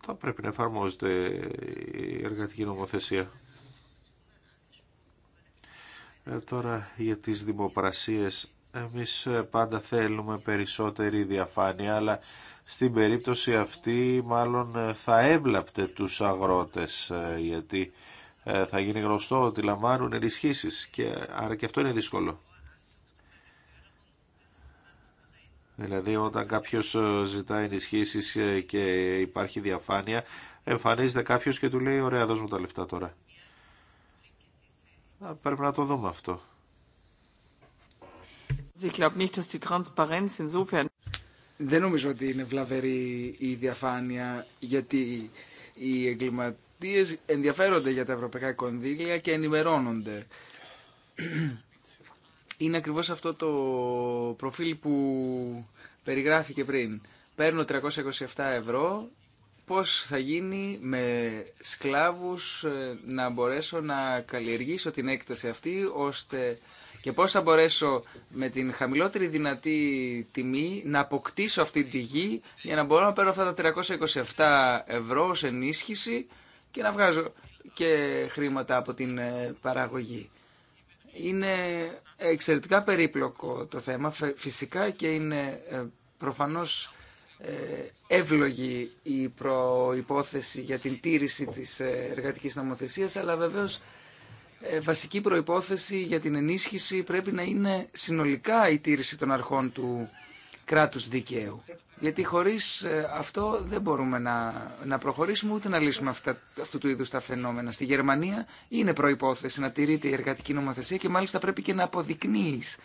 θα πρέπει να εφαρμόζεται η εργατική νομοθεσία τώρα για τις δημοπρασίες εμείς ε, πάντα θέλουμε περισσότερη διαφάνεια, αλλά στην περίπτωση αυτή μάλλον ε, θα έβλαπτε τους αγρότες, ε, γιατί θα γίνει γνωστό ότι λαμβάνουν ενισχύσει και άρα και αυτό είναι δύσκολο. Δηλαδή όταν κάποιος ζητά ενισχύσεις και υπάρχει διαφάνεια, εμφανίζεται κάποιος και του λέει «Ωραία, δώσ' μου τα λεφτά τώρα». Πρέπει να το δούμε αυτό. Δεν νομίζω ότι είναι βλαβερή η διαφάνεια γιατί οι εγκληματίε ενδιαφέρονται για τα ευρωπαϊκά κονδύλια και ενημερώνονται. Είναι ακριβώς αυτό το προφίλ που περιγράφηκε πριν. Παίρνω 327 ευρώ, πώς θα γίνει με σκλάβους ε, να μπορέσω να καλλιεργήσω την έκταση αυτή ώστε και πώς θα μπορέσω με την χαμηλότερη δυνατή τιμή να αποκτήσω αυτή τη γη για να μπορώ να παίρνω αυτά τα 327 ευρώ ως ενίσχυση και να βγάζω και χρήματα από την ε, παραγωγή. Είναι εξαιρετικά περίπλοκο το θέμα φυσικά και είναι ε, προφανώς ε, εύλογη η προϋπόθεση για την τήρηση της εργατικής νομοθεσίας αλλά βεβαίως ε, βασική προϋπόθεση για την ενίσχυση πρέπει να είναι συνολικά η τήρηση των αρχών του κράτους δικαίου. Γιατί χωρίς ε, αυτό δεν μπορούμε να, να προχωρήσουμε ούτε να λύσουμε αυτά, αυτού του είδους τα φαινόμενα. Στη Γερμανία είναι προϋπόθεση να τηρείται η εργατική νομοθεσία και μάλιστα πρέπει και να αποδεικνύεις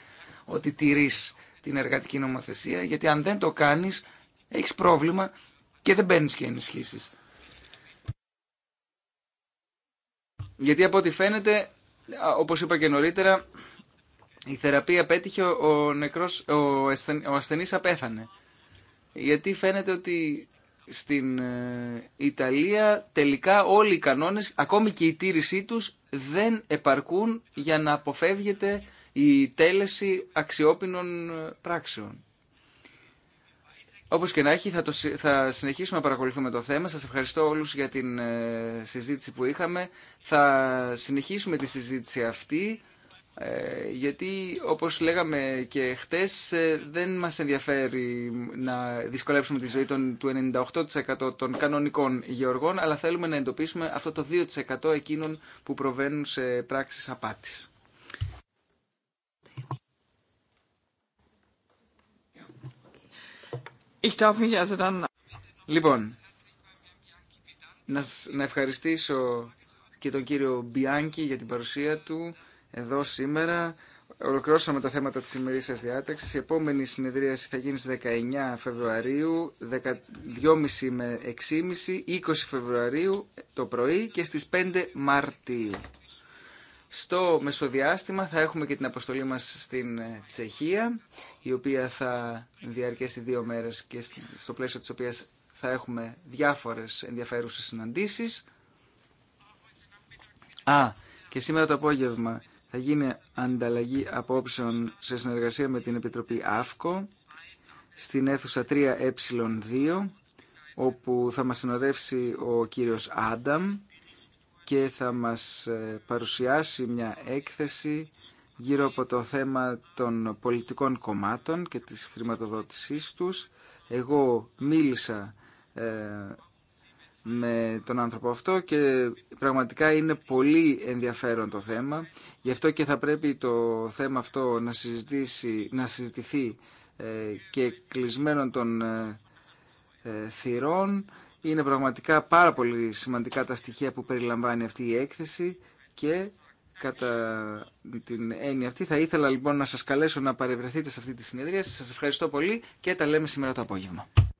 ότι τηρείς την εργατική νομοθεσία γιατί αν δεν το κάνεις έχεις πρόβλημα και δεν παίρνει και ενισχύσεις. Γιατί από ό,τι φαίνεται, όπως είπα και νωρίτερα, η θεραπεία πέτυχε, ο, νεκρός, ο, ο ασθενής απέθανε. Γιατί φαίνεται ότι στην ε, Ιταλία τελικά όλοι οι κανόνες, ακόμη και η τήρησή τους, δεν επαρκούν για να αποφεύγεται η τέλεση αξιόπινων ε, πράξεων. Όπως και να έχει, θα, θα συνεχίσουμε να παρακολουθούμε το θέμα. Σας ευχαριστώ όλους για την ε, συζήτηση που είχαμε. Θα συνεχίσουμε τη συζήτηση αυτή, ε, γιατί όπως λέγαμε και χτες, ε, δεν μας ενδιαφέρει να δυσκολέψουμε τη ζωή των, του 98% των κανονικών γεωργών, αλλά θέλουμε να εντοπίσουμε αυτό το 2% εκείνων που προβαίνουν σε πράξεις απάτης. Ich darf mich also dann... Λοιπόν, να, ευχαριστήσω και τον κύριο Μπιάνκι για την παρουσία του εδώ σήμερα. Ολοκληρώσαμε τα θέματα της σας διάταξης. Η επόμενη συνεδρίαση θα γίνει στις 19 Φεβρουαρίου, 2.30 με 6.30, 20 Φεβρουαρίου το πρωί και στις 5 Μαρτίου. Στο μεσοδιάστημα θα έχουμε και την αποστολή μας στην ε, Τσεχία, η οποία θα διαρκέσει δύο μέρες και στο πλαίσιο της οποίας θα έχουμε διάφορες ενδιαφέρουσες συναντήσεις. Α, και σήμερα το απόγευμα θα γίνει ανταλλαγή απόψεων σε συνεργασία με την Επιτροπή ΑΦΚΟ στην αίθουσα 3Ε2, όπου θα μας συνοδεύσει ο κύριος Άνταμ και θα μας ε, παρουσιάσει μια έκθεση γύρω από το θέμα των πολιτικών κομμάτων και της χρηματοδότησής τους. Εγώ μίλησα ε, με τον άνθρωπο αυτό και πραγματικά είναι πολύ ενδιαφέρον το θέμα. Γι' αυτό και θα πρέπει το θέμα αυτό να, συζητήσει, να συζητηθεί ε, και κλεισμένων των θυρών είναι πραγματικά πάρα πολύ σημαντικά τα στοιχεία που περιλαμβάνει αυτή η έκθεση και κατά την έννοια αυτή θα ήθελα λοιπόν να σας καλέσω να παρευρεθείτε σε αυτή τη συνεδρία. Σας ευχαριστώ πολύ και τα λέμε σήμερα το απόγευμα.